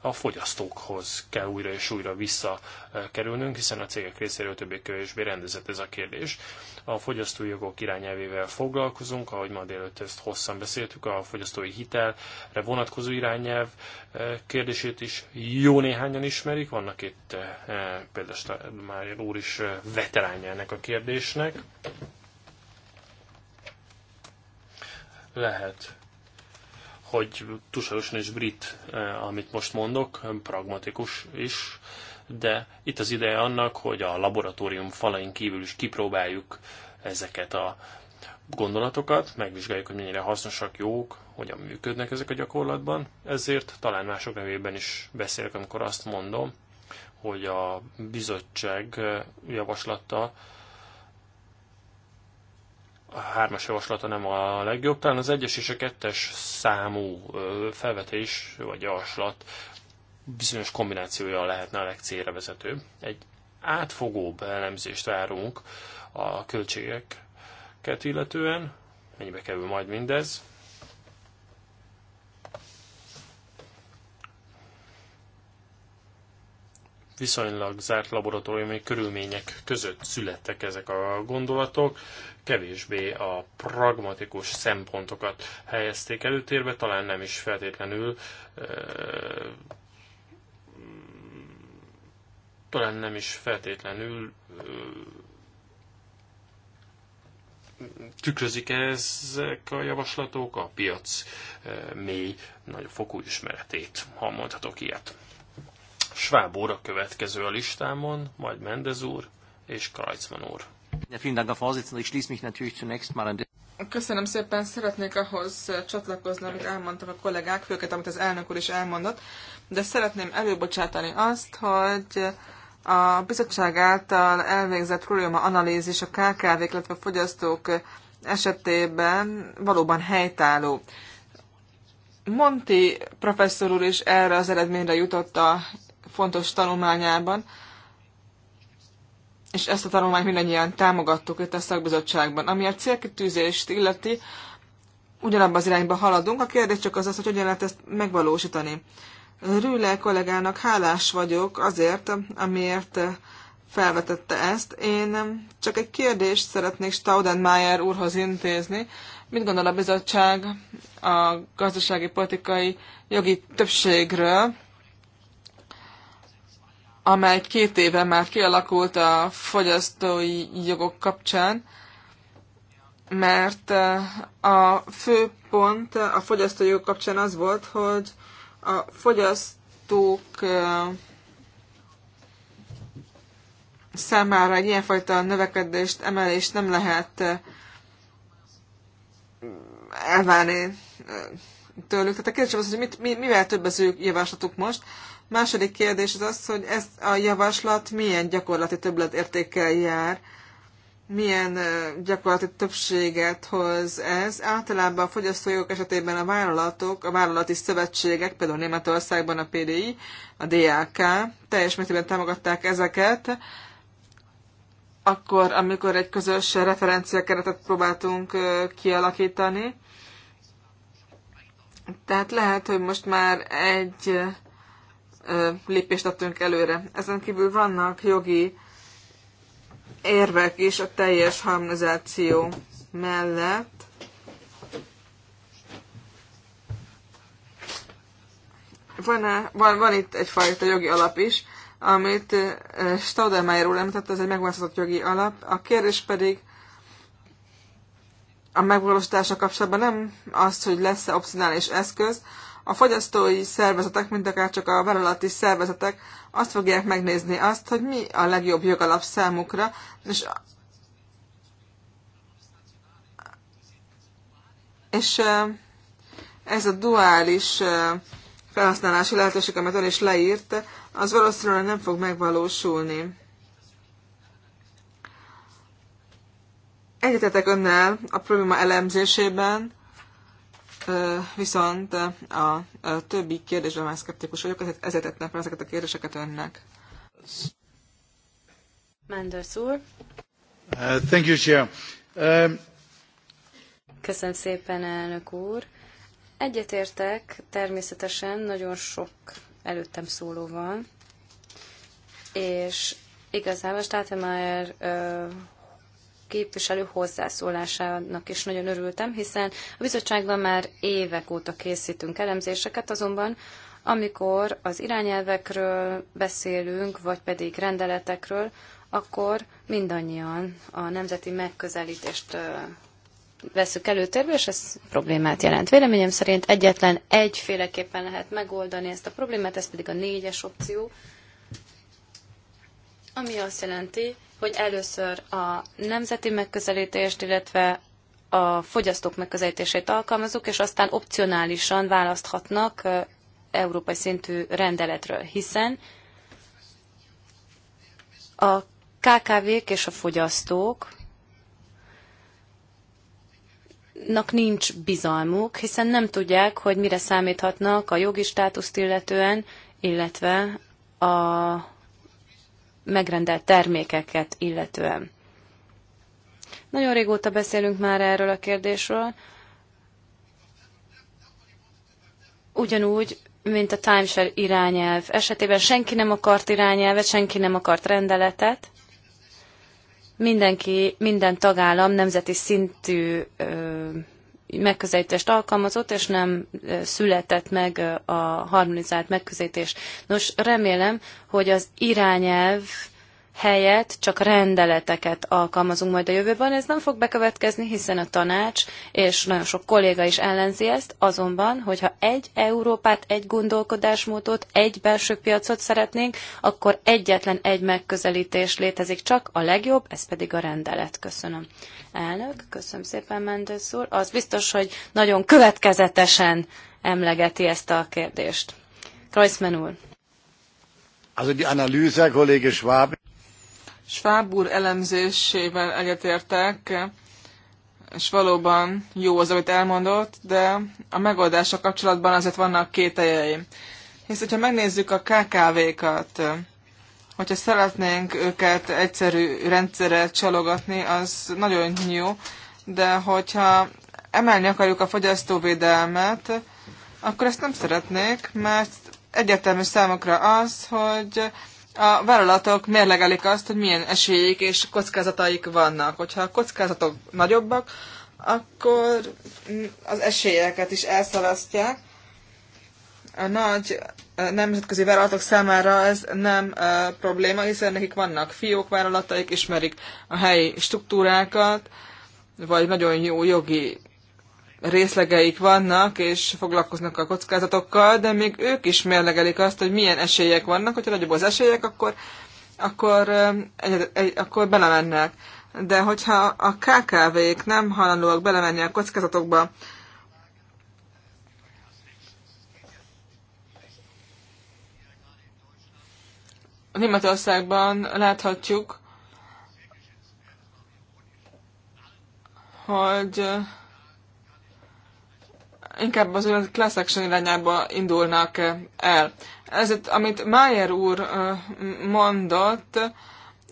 a fogyasztókhoz kell újra és újra visszakerülnünk, hiszen a cégek részéről többé-kevésbé rendezett ez a kérdés. A fogyasztói jogok irányelvével foglalkozunk, ahogy ma délőtt ezt hosszan beszéltük, a fogyasztói hitelre vonatkozó irányelv eh, kérdését is jó néhányan ismerik, vannak itt eh, például már úr is eh, veteránja ennek a kérdésnek. Lehet hogy túlságosan is brit, eh, amit most mondok, pragmatikus is, de itt az ideje annak, hogy a laboratórium falain kívül is kipróbáljuk ezeket a gondolatokat, megvizsgáljuk, hogy mennyire hasznosak, jók, hogyan működnek ezek a gyakorlatban. Ezért talán mások nevében is beszélek, amikor azt mondom, hogy a bizottság eh, javaslata a hármas javaslata nem a legjobb, talán az egyes és a kettes számú felvetés vagy javaslat bizonyos kombinációja lehetne a legcélre vezető. Egy átfogóbb elemzést várunk a költségeket illetően, mennyibe kerül majd mindez. Viszonylag zárt laboratóriumi körülmények között születtek ezek a gondolatok kevésbé a pragmatikus szempontokat helyezték előtérbe, talán nem is feltétlenül talán nem is feltétlenül tükrözik -e ezek a javaslatok a piac mély, nagy fokú ismeretét, ha mondhatok ilyet. Schwab úr a következő a listámon, majd Mendez úr és Kreitzmann úr. Köszönöm szépen, szeretnék ahhoz eh, csatlakozni, amit elmondtak a kollégák, főket, amit az elnök úr is elmondott, de szeretném előbocsátani azt, hogy a bizottság által elvégzett probléma analízis a KKV-k, illetve a fogyasztók esetében valóban helytálló. Monti professzor úr is erre az eredményre jutott a fontos tanulmányában, és ezt a tanulmányt mindannyian támogattuk itt a szakbizottságban. Ami a célkitűzést illeti, ugyanabban az irányba haladunk. A kérdés csak az az, hogy hogyan lehet ezt megvalósítani. Rüle kollégának hálás vagyok azért, amiért felvetette ezt. Én csak egy kérdést szeretnék Staudenmayer úrhoz intézni. Mit gondol a bizottság a gazdasági politikai jogi többségről, amely két éve már kialakult a fogyasztói jogok kapcsán, mert eh, a fő pont a fogyasztói jogok kapcsán az volt, hogy a fogyasztók eh, számára egy ilyenfajta növekedést, emelést nem lehet eh, elvárni tőlük. Tehát a kérdésem az, hogy mit, mi, mivel több az ő javaslatuk most, Második kérdés az az, hogy ez a javaslat milyen gyakorlati többletértékkel jár, milyen gyakorlati többséget hoz ez. Általában a fogyasztójogok esetében a vállalatok, a vállalati szövetségek, például Németországban a PDI, a DAK teljes mértékben támogatták ezeket, akkor, amikor egy közös referenciakeretet próbáltunk kialakítani. Tehát lehet, hogy most már egy lépést tettünk előre. Ezen kívül vannak jogi érvek is a teljes harmonizáció mellett. Van, -e, van, van itt egyfajta jogi alap is, amit Staudemeyer úr említett, ez egy megválasztott jogi alap. A kérdés pedig a megvalósítása kapcsolatban nem az, hogy lesz-e opcionális eszköz, a fogyasztói szervezetek, mint akár csak a vállalati szervezetek azt fogják megnézni azt, hogy mi a legjobb jogalap számukra, és és ez a duális felhasználási lehetőség, amit ön is leírt, az valószínűleg nem fog megvalósulni. Egyetetek önnel a probléma elemzésében, viszont a, a többi kérdésben már szkeptikus vagyok, ezért, ezért tettem fel ezeket a kérdéseket önnek. Manders úr. Uh, thank you, Chair. Um... Köszönöm szépen, elnök úr. Egyetértek természetesen nagyon sok előttem szóló van, és igazából Statemeyer képviselő hozzászólásának is nagyon örültem, hiszen a bizottságban már évek óta készítünk elemzéseket, azonban amikor az irányelvekről beszélünk, vagy pedig rendeletekről, akkor mindannyian a nemzeti megközelítést veszük előtérbe, és ez problémát jelent. Véleményem szerint egyetlen egyféleképpen lehet megoldani ezt a problémát, ez pedig a négyes opció, ami azt jelenti, hogy először a nemzeti megközelítést, illetve a fogyasztók megközelítését alkalmazunk, és aztán opcionálisan választhatnak európai szintű rendeletről, hiszen a KKV-k és a fogyasztók nak nincs bizalmuk, hiszen nem tudják, hogy mire számíthatnak a jogi státuszt illetően, illetve a megrendelt termékeket illetően. Nagyon régóta beszélünk már erről a kérdésről. Ugyanúgy, mint a timeshare irányelv esetében senki nem akart irányelvet, senki nem akart rendeletet. Mindenki, minden tagállam nemzeti szintű ö, megközelítést alkalmazott, és nem született meg a harmonizált megközelítés. Nos, remélem, hogy az irányelv helyett csak rendeleteket alkalmazunk majd a jövőben. Ez nem fog bekövetkezni, hiszen a tanács és nagyon sok kolléga is ellenzi ezt, azonban, hogyha egy Európát, egy gondolkodásmódot, egy belső piacot szeretnénk, akkor egyetlen egy megközelítés létezik csak, a legjobb, ez pedig a rendelet. Köszönöm. Elnök, köszönöm szépen, Mendes úr. Az biztos, hogy nagyon következetesen emlegeti ezt a kérdést. Kreuzmann úr. Also die Analyse, Kollege Schwab. Schwab úr elemzésével egyetértek, és valóban jó az, amit elmondott, de a megoldása kapcsolatban azért vannak kételjeim. Hisz, hogyha megnézzük a KKV-kat, hogyha szeretnénk őket egyszerű rendszerre csalogatni, az nagyon jó, de hogyha emelni akarjuk a fogyasztóvédelmet, akkor ezt nem szeretnék, mert egyetemű számokra az, hogy a vállalatok mérlegelik azt, hogy milyen esélyik és kockázataik vannak. Hogyha a kockázatok nagyobbak, akkor az esélyeket is elszalasztják. A nagy eh, nemzetközi vállalatok számára ez nem eh, probléma, hiszen nekik vannak fiók vállalataik, ismerik a helyi struktúrákat, vagy nagyon jó jogi részlegeik vannak, és foglalkoznak a kockázatokkal, de még ők is mérlegelik azt, hogy milyen esélyek vannak, hogyha nagyobb az esélyek, akkor, akkor, egy, egy, akkor belemennek. De hogyha a KKV-k nem hajlandóak belemenni a kockázatokba, Németországban láthatjuk, hogy inkább az olyan class action irányába indulnak eh, el. Ezért, amit Mayer úr eh, mondott,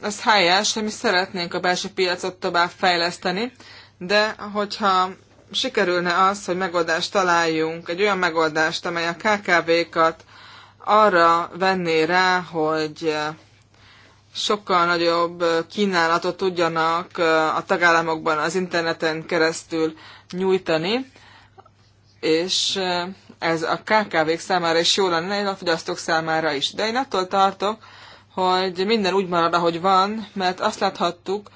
az helyes, mi szeretnénk a belső piacot tovább fejleszteni, de hogyha sikerülne az, hogy megoldást találjunk, egy olyan megoldást, amely a KKV-kat arra venné rá, hogy eh, sokkal nagyobb kínálatot tudjanak a tagállamokban az interneten keresztül nyújtani, és ez a KKV-k számára is jó lenne, a fogyasztók számára is. De én attól tartok, hogy minden úgy marad, ahogy van, mert azt láthattuk,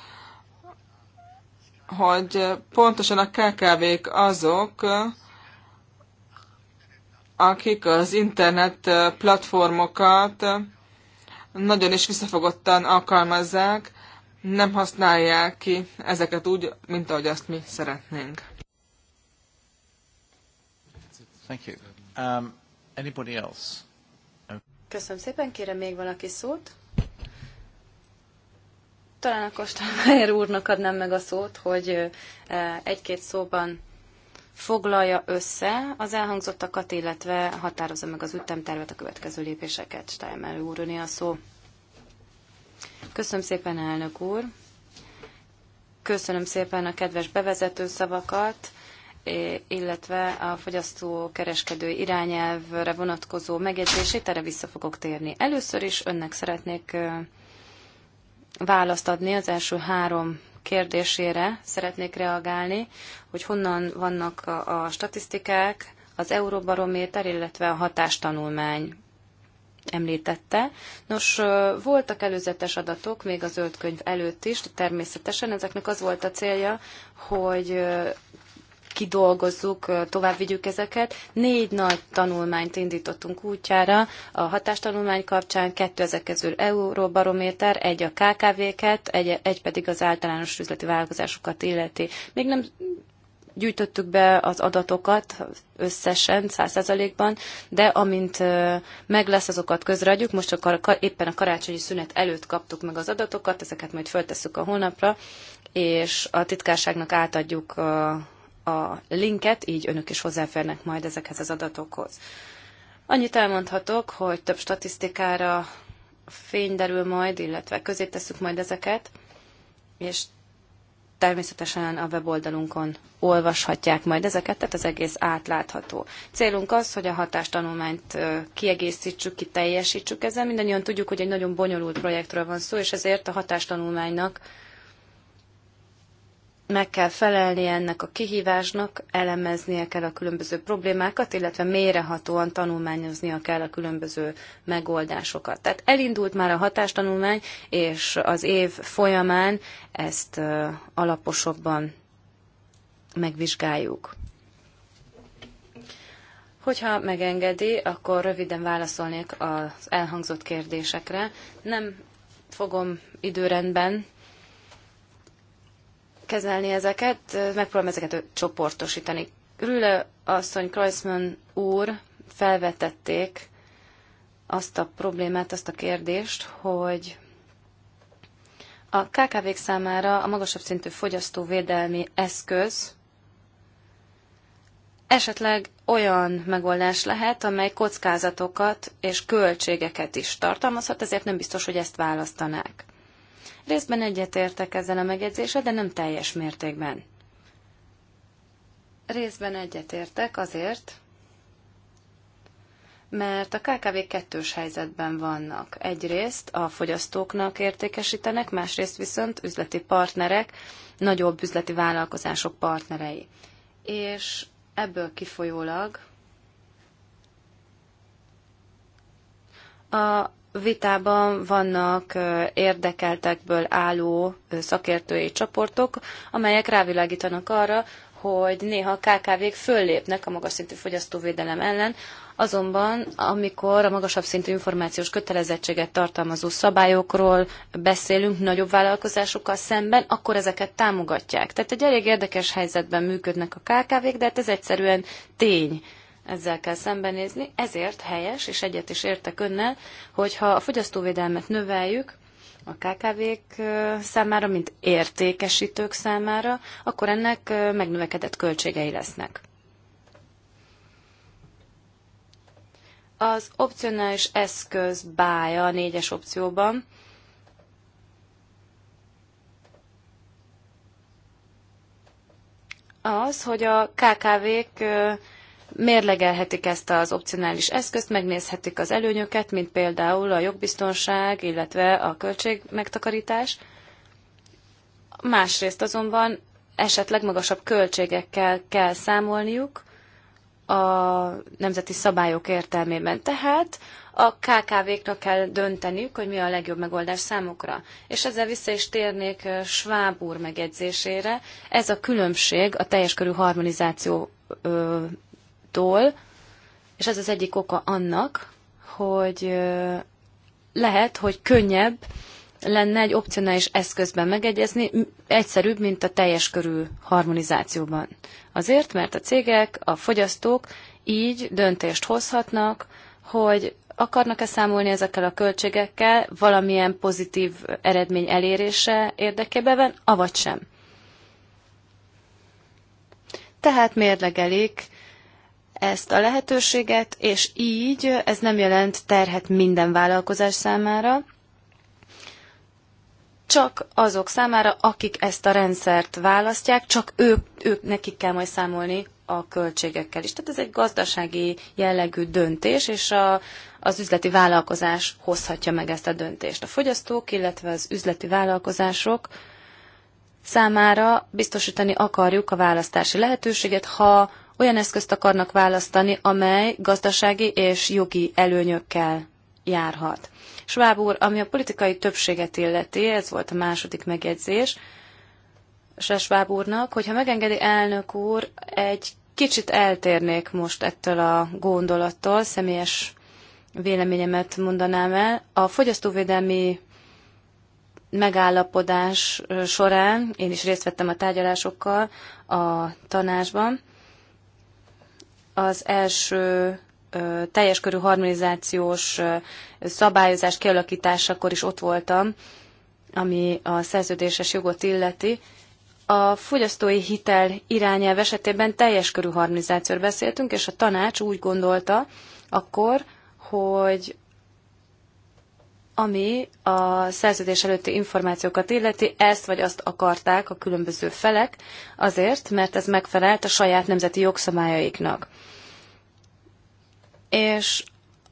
hogy pontosan a KKV-k azok, akik az internet platformokat nagyon is visszafogottan alkalmazzák, nem használják ki ezeket úgy, mint ahogy azt mi szeretnénk. Thank you. Um, anybody else? Köszönöm szépen, kérem még valaki szót. Talán akkor Stalmeyer úrnak adnám meg a szót, hogy e, egy-két szóban foglalja össze az elhangzottakat, illetve határozza meg az ütemtervet, a következő lépéseket. Steinmeier úr, a szó. Köszönöm szépen, elnök úr. Köszönöm szépen a kedves bevezető szavakat illetve a fogyasztó-kereskedő irányelvre vonatkozó megjegyzését, erre vissza fogok térni. Először is önnek szeretnék választ adni az első három kérdésére, szeretnék reagálni, hogy honnan vannak a, a statisztikák, az Euróbarométer, illetve a hatástanulmány említette. Nos, voltak előzetes adatok még a zöld könyv előtt is, természetesen ezeknek az volt a célja, hogy kidolgozzuk, tovább vigyük ezeket. Négy nagy tanulmányt indítottunk útjára. A hatástanulmány kapcsán kettő ezek közül euróbarométer, egy a KKV-ket, egy, egy pedig az általános üzleti vállalkozásokat illeti. Még nem gyűjtöttük be az adatokat összesen, 100%-ban, de amint meg lesz, azokat közreadjuk. Most csak a, éppen a karácsonyi szünet előtt kaptuk meg az adatokat, ezeket majd föltesszük a honlapra, és a titkárságnak átadjuk a linket, így önök is hozzáférnek majd ezekhez az adatokhoz. Annyit elmondhatok, hogy több statisztikára fény derül majd, illetve közé tesszük majd ezeket, és természetesen a weboldalunkon olvashatják majd ezeket, tehát az egész átlátható. Célunk az, hogy a hatástanulmányt kiegészítsük, ki teljesítsük ezzel. Mindannyian tudjuk, hogy egy nagyon bonyolult projektről van szó, és ezért a hatástanulmánynak meg kell felelni ennek a kihívásnak, elemeznie kell a különböző problémákat, illetve mélyrehatóan tanulmányoznia kell a különböző megoldásokat. Tehát elindult már a hatástanulmány, és az év folyamán ezt alaposabban megvizsgáljuk. Hogyha megengedi, akkor röviden válaszolnék az elhangzott kérdésekre. Nem fogom időrendben kezelni ezeket, megpróbálom ezeket csoportosítani. Rüle asszony, Kreuzmann úr felvetették azt a problémát, azt a kérdést, hogy a kkv számára a magasabb szintű fogyasztóvédelmi eszköz esetleg olyan megoldás lehet, amely kockázatokat és költségeket is tartalmazhat, ezért nem biztos, hogy ezt választanák. Részben egyetértek ezzel a megjegyzéssel, de nem teljes mértékben. Részben egyetértek azért, mert a KKV kettős helyzetben vannak. Egyrészt a fogyasztóknak értékesítenek, másrészt viszont üzleti partnerek, nagyobb üzleti vállalkozások partnerei. És ebből kifolyólag a vitában vannak érdekeltekből álló szakértői csoportok, amelyek rávilágítanak arra, hogy néha a KKV-k föllépnek a magas szintű fogyasztóvédelem ellen, azonban amikor a magasabb szintű információs kötelezettséget tartalmazó szabályokról beszélünk nagyobb vállalkozásokkal szemben, akkor ezeket támogatják. Tehát egy elég érdekes helyzetben működnek a KKV-k, de hát ez egyszerűen tény ezzel kell szembenézni, ezért helyes, és egyet is értek önnel, hogyha a fogyasztóvédelmet növeljük, a KKV-k számára, mint értékesítők számára, akkor ennek megnövekedett költségei lesznek. Az opcionális eszköz bája a négyes opcióban az, hogy a KKV-k mérlegelhetik ezt az opcionális eszközt, megnézhetik az előnyöket, mint például a jogbiztonság, illetve a költségmegtakarítás. Másrészt azonban esetleg magasabb költségekkel kell számolniuk a nemzeti szabályok értelmében. Tehát a KKV-knak kell dönteniük, hogy mi a legjobb megoldás számukra. És ezzel vissza is térnék eh, Schwab úr megjegyzésére. Ez a különbség a teljes körű harmonizáció attól, és ez az egyik oka annak, hogy lehet, hogy könnyebb lenne egy opcionális eszközben megegyezni, egyszerűbb, mint a teljes körű harmonizációban. Azért, mert a cégek, a fogyasztók így döntést hozhatnak, hogy akarnak-e számolni ezekkel a költségekkel valamilyen pozitív eredmény elérése érdekében, avagy sem. Tehát mérlegelik ezt a lehetőséget, és így ez nem jelent terhet minden vállalkozás számára, csak azok számára, akik ezt a rendszert választják, csak ők, ők nekik kell majd számolni a költségekkel is. Tehát ez egy gazdasági jellegű döntés, és a, az üzleti vállalkozás hozhatja meg ezt a döntést. A fogyasztók, illetve az üzleti vállalkozások számára biztosítani akarjuk a választási lehetőséget, ha olyan eszközt akarnak választani, amely gazdasági és jogi előnyökkel járhat. Schwab úr, ami a politikai többséget illeti, ez volt a második megjegyzés, se Schwab úrnak, hogyha megengedi elnök úr, egy kicsit eltérnék most ettől a gondolattól, személyes véleményemet mondanám el. A fogyasztóvédelmi megállapodás során én is részt vettem a tárgyalásokkal a tanácsban az első teljes körű harmonizációs szabályozás kialakításakor is ott voltam, ami a szerződéses jogot illeti. A fogyasztói hitel irányelv esetében teljes körű harmonizációról beszéltünk, és a tanács úgy gondolta akkor, hogy ami a szerződés előtti információkat illeti, ezt vagy azt akarták a különböző felek, azért, mert ez megfelelt a saját nemzeti jogszabályaiknak. És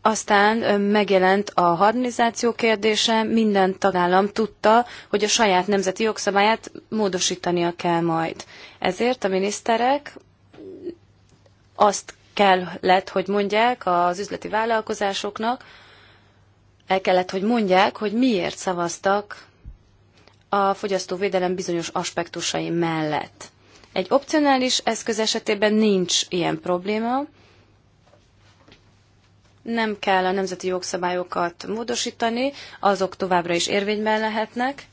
aztán megjelent a harmonizáció kérdése, minden tagállam tudta, hogy a saját nemzeti jogszabályát módosítania kell majd. Ezért a miniszterek azt kellett, hogy mondják az üzleti vállalkozásoknak, el kellett, hogy mondják, hogy miért szavaztak a fogyasztóvédelem bizonyos aspektusai mellett. Egy opcionális eszköz esetében nincs ilyen probléma, nem kell a nemzeti jogszabályokat módosítani, azok továbbra is érvényben lehetnek,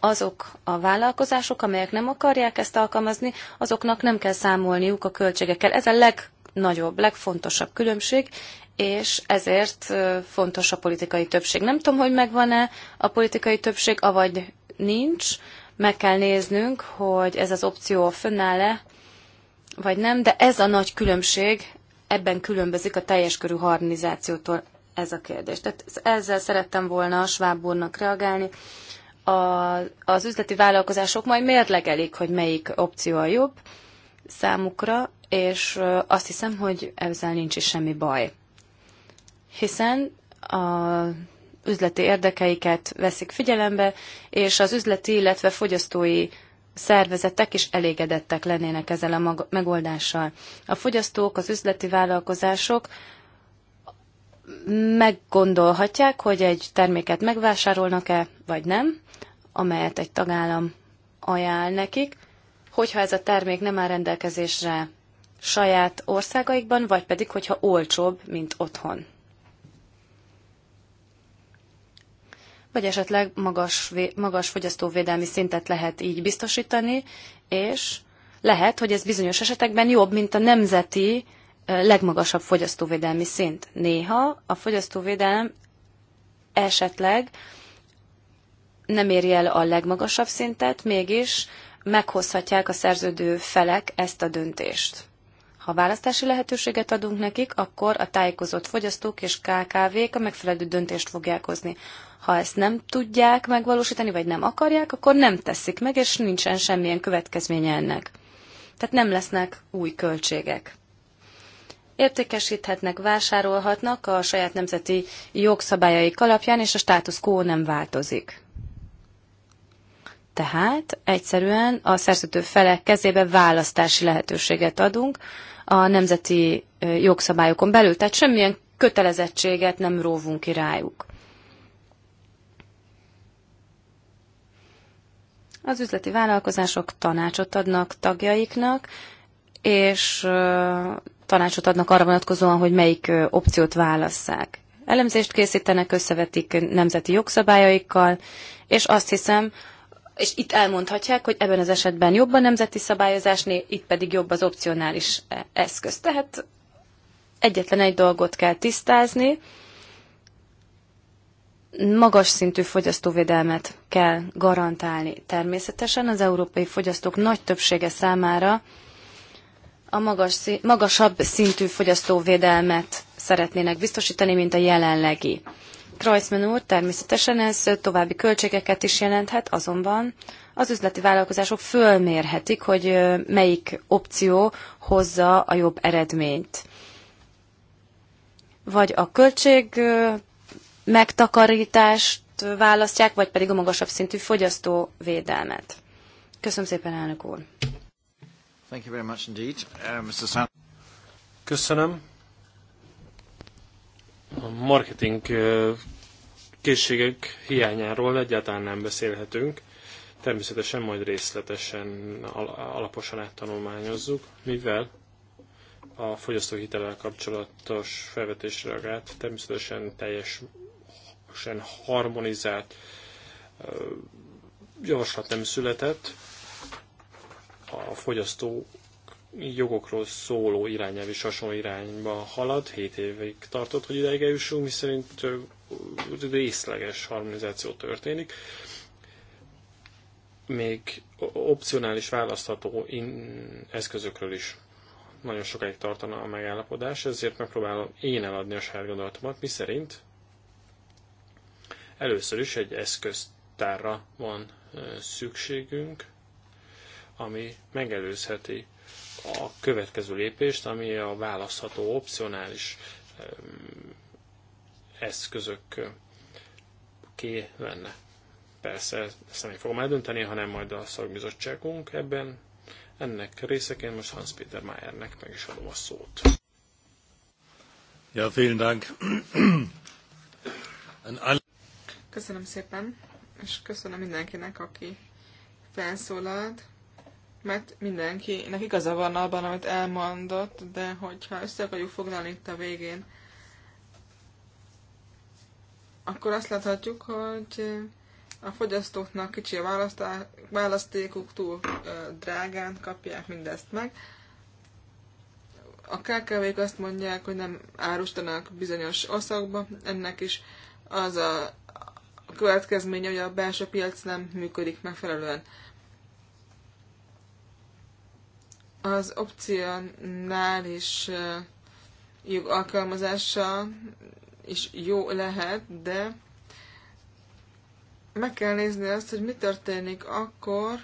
azok a vállalkozások, amelyek nem akarják ezt alkalmazni, azoknak nem kell számolniuk a költségekkel. Ez a legnagyobb, legfontosabb különbség, és ezért fontos a politikai többség. Nem tudom, hogy megvan-e a politikai többség, avagy nincs. Meg kell néznünk, hogy ez az opció fönnáll-e, vagy nem, de ez a nagy különbség, ebben különbözik a teljes körű harmonizációtól ez a kérdés. Tehát ezzel szerettem volna a Schwab úrnak reagálni. A, az üzleti vállalkozások majd mérlegelik, hogy melyik opció a jobb számukra, és azt hiszem, hogy ezzel nincs is semmi baj hiszen a üzleti érdekeiket veszik figyelembe, és az üzleti, illetve fogyasztói szervezetek is elégedettek lennének ezzel a megoldással. A fogyasztók, az üzleti vállalkozások meggondolhatják, hogy egy terméket megvásárolnak-e, vagy nem, amelyet egy tagállam ajánl nekik, hogyha ez a termék nem áll rendelkezésre saját országaikban, vagy pedig, hogyha olcsóbb, mint otthon. vagy esetleg magas, magas fogyasztóvédelmi szintet lehet így biztosítani, és lehet, hogy ez bizonyos esetekben jobb, mint a nemzeti legmagasabb fogyasztóvédelmi szint. Néha a fogyasztóvédelem esetleg nem éri el a legmagasabb szintet, mégis meghozhatják a szerződő felek ezt a döntést. Ha választási lehetőséget adunk nekik, akkor a tájékozott fogyasztók és KKV-k a megfelelő döntést fogják hozni. Ha ezt nem tudják megvalósítani, vagy nem akarják, akkor nem teszik meg, és nincsen semmilyen következménye ennek. Tehát nem lesznek új költségek. Értékesíthetnek, vásárolhatnak a saját nemzeti jogszabályaik alapján, és a status quo nem változik. Tehát egyszerűen a szerződő felek kezébe választási lehetőséget adunk a nemzeti jogszabályokon belül, tehát semmilyen kötelezettséget nem róvunk ki rájuk. Az üzleti vállalkozások tanácsot adnak tagjaiknak, és tanácsot adnak arra vonatkozóan, hogy melyik opciót válasszák. Elemzést készítenek, összevetik nemzeti jogszabályaikkal, és azt hiszem, és itt elmondhatják, hogy ebben az esetben jobb a nemzeti szabályozásné, itt pedig jobb az opcionális e, eszköz. Tehát egyetlen egy dolgot kell tisztázni, magas szintű fogyasztóvédelmet kell garantálni. Természetesen az európai fogyasztók nagy többsége számára a magas, magasabb szintű fogyasztóvédelmet szeretnének biztosítani, mint a jelenlegi. Kreuzmann úr, természetesen ez további költségeket is jelenthet, azonban az üzleti vállalkozások fölmérhetik, hogy melyik opció hozza a jobb eredményt. Vagy a költség megtakarítást választják, vagy pedig a magasabb szintű fogyasztóvédelmet. Köszönöm szépen, elnök úr! Thank you very much indeed, uh, Mr. San- Köszönöm. A marketing uh, készségek hiányáról egyáltalán nem beszélhetünk. Természetesen majd részletesen, alaposan áttanulmányozzuk, mivel a fogyasztóhitelel kapcsolatos felvetésre reagált természetesen teljes teljesen harmonizált javaslat nem született. A fogyasztó jogokról szóló irányelv is hasonló irányba halad. 7 évig tartott, hogy ideig eljussunk, mi szerint részleges harmonizáció történik. Még opcionális választható eszközökről is nagyon sokáig tartana a megállapodás, ezért megpróbálom én eladni a sárgondolatomat, miszerint mi szerint Először is egy eszköztárra van szükségünk, ami megelőzheti a következő lépést, ami a választható opcionális eszközök ki lenne. Persze ezt nem fogom eldönteni, hanem majd a szakbizottságunk ebben. Ennek részeként most Hans Peter Mayernek meg is adom a szót. Ja, vielen Dank. Köszönöm szépen, és köszönöm mindenkinek, aki felszólalt, mert mindenkinek igaza van abban, amit elmondott, de hogyha össze akarjuk foglalni itt a végén, akkor azt láthatjuk, hogy a fogyasztóknak kicsi a választékuk, túl drágán kapják mindezt meg. A kkv azt mondják, hogy nem árustanak bizonyos országban, ennek is az a a következménye, hogy a belső piac nem működik megfelelően. Az opcionális eh, jog alkalmazása is jó lehet, de meg kell nézni azt, hogy mi történik akkor,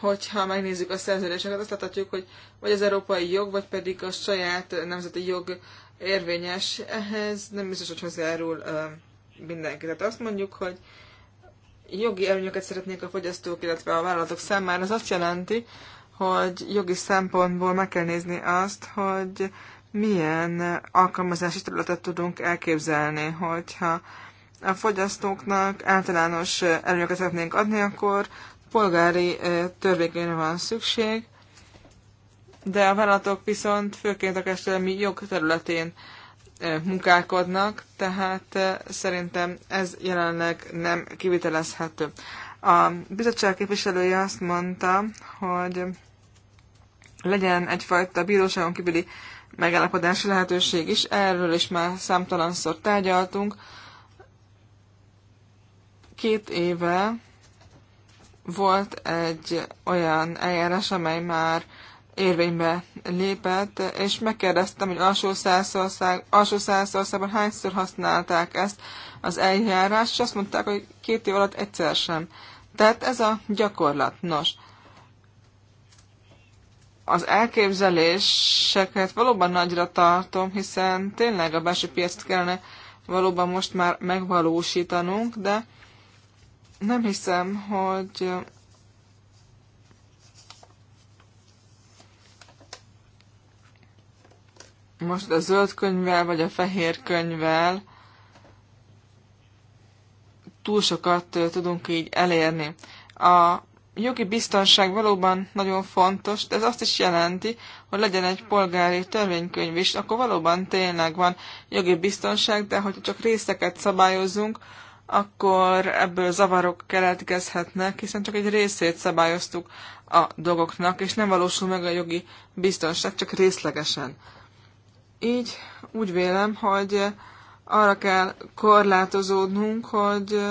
hogyha megnézzük a szerződéseket, azt láthatjuk, hogy vagy az európai jog, vagy pedig a saját nemzeti jog érvényes ehhez, nem biztos, hogy hozzájárul mindenki. Tehát azt mondjuk, hogy jogi előnyöket szeretnék a fogyasztók, illetve a vállalatok számára, az azt jelenti, hogy jogi szempontból meg kell nézni azt, hogy milyen alkalmazási területet tudunk elképzelni, hogyha a fogyasztóknak általános előnyöket szeretnénk adni, akkor polgári törvényre van szükség, de a vállalatok viszont főként a kereskedelmi jog területén munkálkodnak, tehát szerintem ez jelenleg nem kivitelezhető. A bizottság képviselője azt mondta, hogy legyen egyfajta bíróságon kívüli megállapodási lehetőség is, erről is már számtalanszor tárgyaltunk. Két éve volt egy olyan eljárás, amely már érvénybe lépett, és megkérdeztem, hogy alsó százszországban alsó hányszor használták ezt az eljárást, és azt mondták, hogy két év alatt egyszer sem. Tehát ez a gyakorlat. Nos, az elképzeléseket valóban nagyra tartom, hiszen tényleg a belső piacot kellene valóban most már megvalósítanunk, de nem hiszem, hogy most a zöld könyvvel vagy a fehér könyvvel túl sokat tudunk így elérni. A jogi biztonság valóban nagyon fontos, de ez azt is jelenti, hogy legyen egy polgári törvénykönyv is, akkor valóban tényleg van jogi biztonság, de hogyha csak részeket szabályozunk, akkor ebből zavarok keletkezhetnek, hiszen csak egy részét szabályoztuk a dolgoknak, és nem valósul meg a jogi biztonság, csak részlegesen. Így úgy vélem, hogy arra kell korlátozódnunk, hogy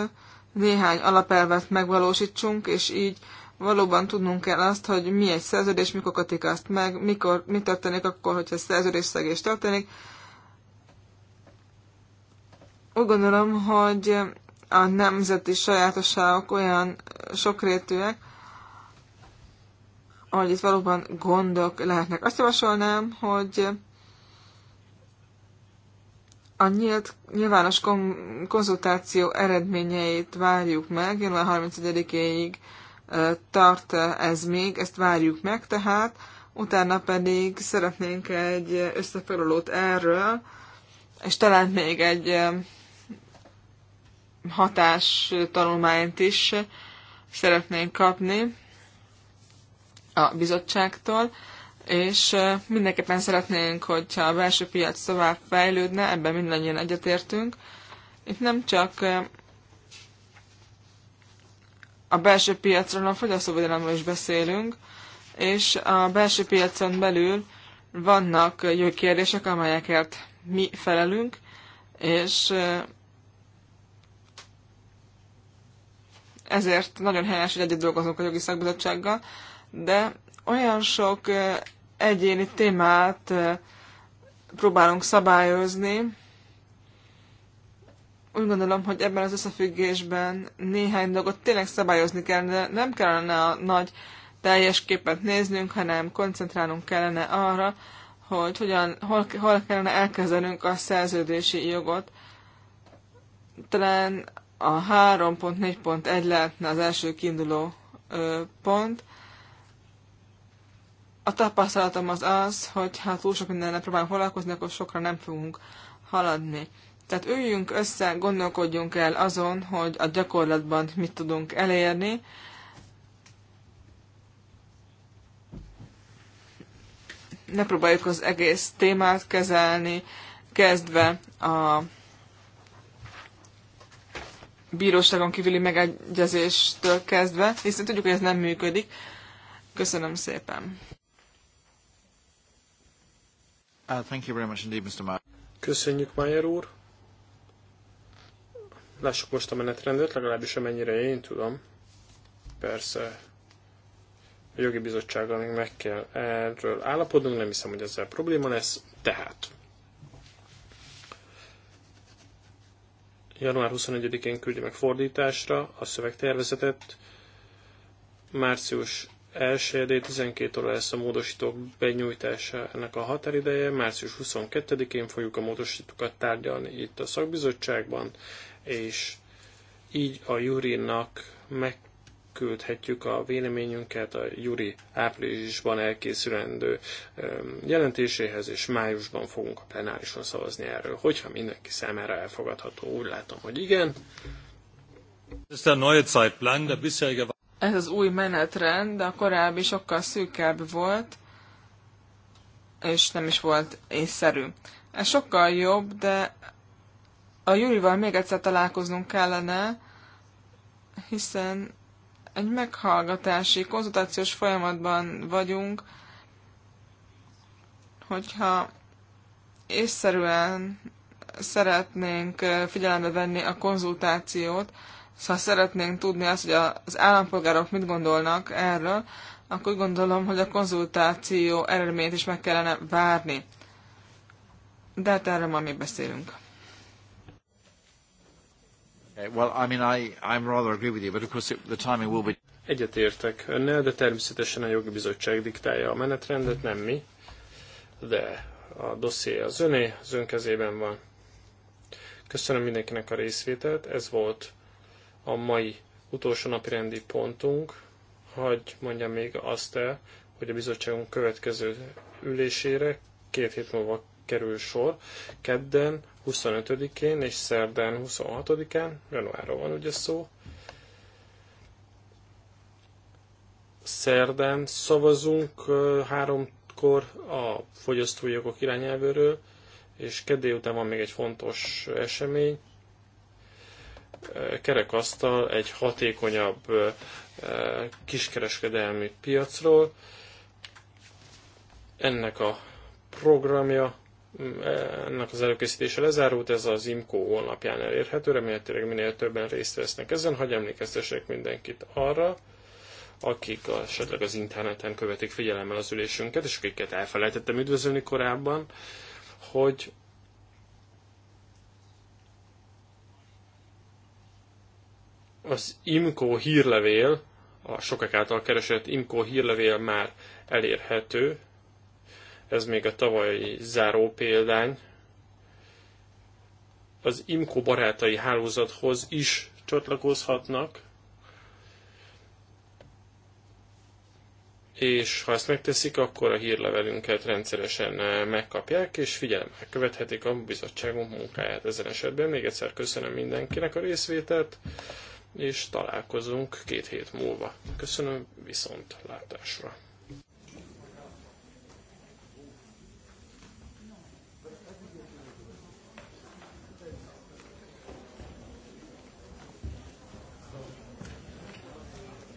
néhány alapelvet megvalósítsunk, és így valóban tudnunk kell azt, hogy mi egy szerződés, mikor kötik azt meg, mikor, mi történik akkor, hogyha szerződésszegés történik. Úgy gondolom, hogy a nemzeti sajátosságok olyan sokrétűek, ahogy itt valóban gondok lehetnek. Azt javasolnám, hogy a nyílt, nyilvános kom- konzultáció eredményeit várjuk meg, január 31-éig tart ez még, ezt várjuk meg, tehát utána pedig szeretnénk egy összefoglalót erről, és talán még egy hatás tanulmányt is szeretnénk kapni a bizottságtól, és mindenképpen szeretnénk, hogyha a belső piac tovább fejlődne, ebben mindannyian egyetértünk. Itt nem csak a belső piacról, hanem a fogyasztóvédelemről is beszélünk, és a belső piacon belül vannak jó kérdések, amelyekért mi felelünk, és ezért nagyon helyes, hogy együtt dolgozunk a jogi szakbizottsággal, de olyan sok egyéni témát próbálunk szabályozni, úgy gondolom, hogy ebben az összefüggésben néhány dolgot tényleg szabályozni kell, de nem kellene a nagy teljes képet néznünk, hanem koncentrálnunk kellene arra, hogy hogyan, hol, hol kellene elkezdenünk a szerződési jogot. Talán a 3.4.1 lehetne az első kiinduló pont. A tapasztalatom az az, hogy ha túl sok mindenre próbálunk foglalkozni, akkor sokra nem fogunk haladni. Tehát üljünk össze, gondolkodjunk el azon, hogy a gyakorlatban mit tudunk elérni, ne próbáljuk az egész témát kezelni, kezdve a bíróságon kívüli megegyezéstől kezdve, hiszen tudjuk, hogy ez nem működik. Köszönöm szépen. Uh, thank you very much indeed, Mr. Meyer. Köszönjük, Mayer úr. Lássuk most a menetrendet, legalábbis amennyire én tudom. Persze, a jogi bizottsággal még meg kell erről állapodnunk, nem hiszem, hogy ezzel probléma lesz, tehát január 21-én küldi meg fordításra a szövegtervezetet, március 1 12 óra lesz a módosítók benyújtásának a határideje, március 22-én fogjuk a módosítókat tárgyalni itt a szakbizottságban, és így a Jurinak meg küldhetjük a véleményünket a Juri áprilisban elkészülendő jelentéséhez, és májusban fogunk a plenárison szavazni erről, hogyha mindenki számára elfogadható. Úgy látom, hogy igen. Ez az új menetrend, de a korábbi sokkal szűkebb volt, és nem is volt észszerű. Ez sokkal jobb, de a Jurival még egyszer találkoznunk kellene, hiszen egy meghallgatási, konzultációs folyamatban vagyunk, hogyha észszerűen szeretnénk figyelembe venni a konzultációt, szóval szeretnénk tudni azt, hogy az állampolgárok mit gondolnak erről, akkor úgy gondolom, hogy a konzultáció eredményét is meg kellene várni. De hát erről ma mi beszélünk. Uh, well, I mean, I, I'm rather agree with you, but of course it, the timing will be... Egyetértek önnel, de természetesen a jogi bizottság diktálja a menetrendet, nem mi. De a dosszié az öné, az ön kezében van. Köszönöm mindenkinek a részvételt, ez volt a mai utolsó napi rendi pontunk. Hagy mondjam még azt el, hogy a bizottságunk következő ülésére két hét múlva kerül sor. Kedden, 25-én és szerdán 26-án, januárról van ugye szó, szerdán szavazunk háromkor a fogyasztói jogok irányelvőről, és kedély után van még egy fontos esemény, kerekasztal egy hatékonyabb kiskereskedelmi piacról. Ennek a programja ennek az előkészítése lezárult, ez az IMCO honlapján elérhető, remélhetőleg minél többen részt vesznek ezen, hogy emlékeztesek mindenkit arra, akik esetleg az interneten követik figyelemmel az ülésünket, és akiket elfelejtettem üdvözölni korábban, hogy az IMCO hírlevél, a sokak által keresett IMCO hírlevél már elérhető, ez még a tavalyi záró példány, az IMCO barátai hálózathoz is csatlakozhatnak, és ha ezt megteszik, akkor a hírlevelünket rendszeresen eh, megkapják, és figyelemmel követhetik a bizottságunk munkáját ezen esetben. Még egyszer köszönöm mindenkinek a részvételt, és találkozunk két hét múlva. Köszönöm viszont látásra!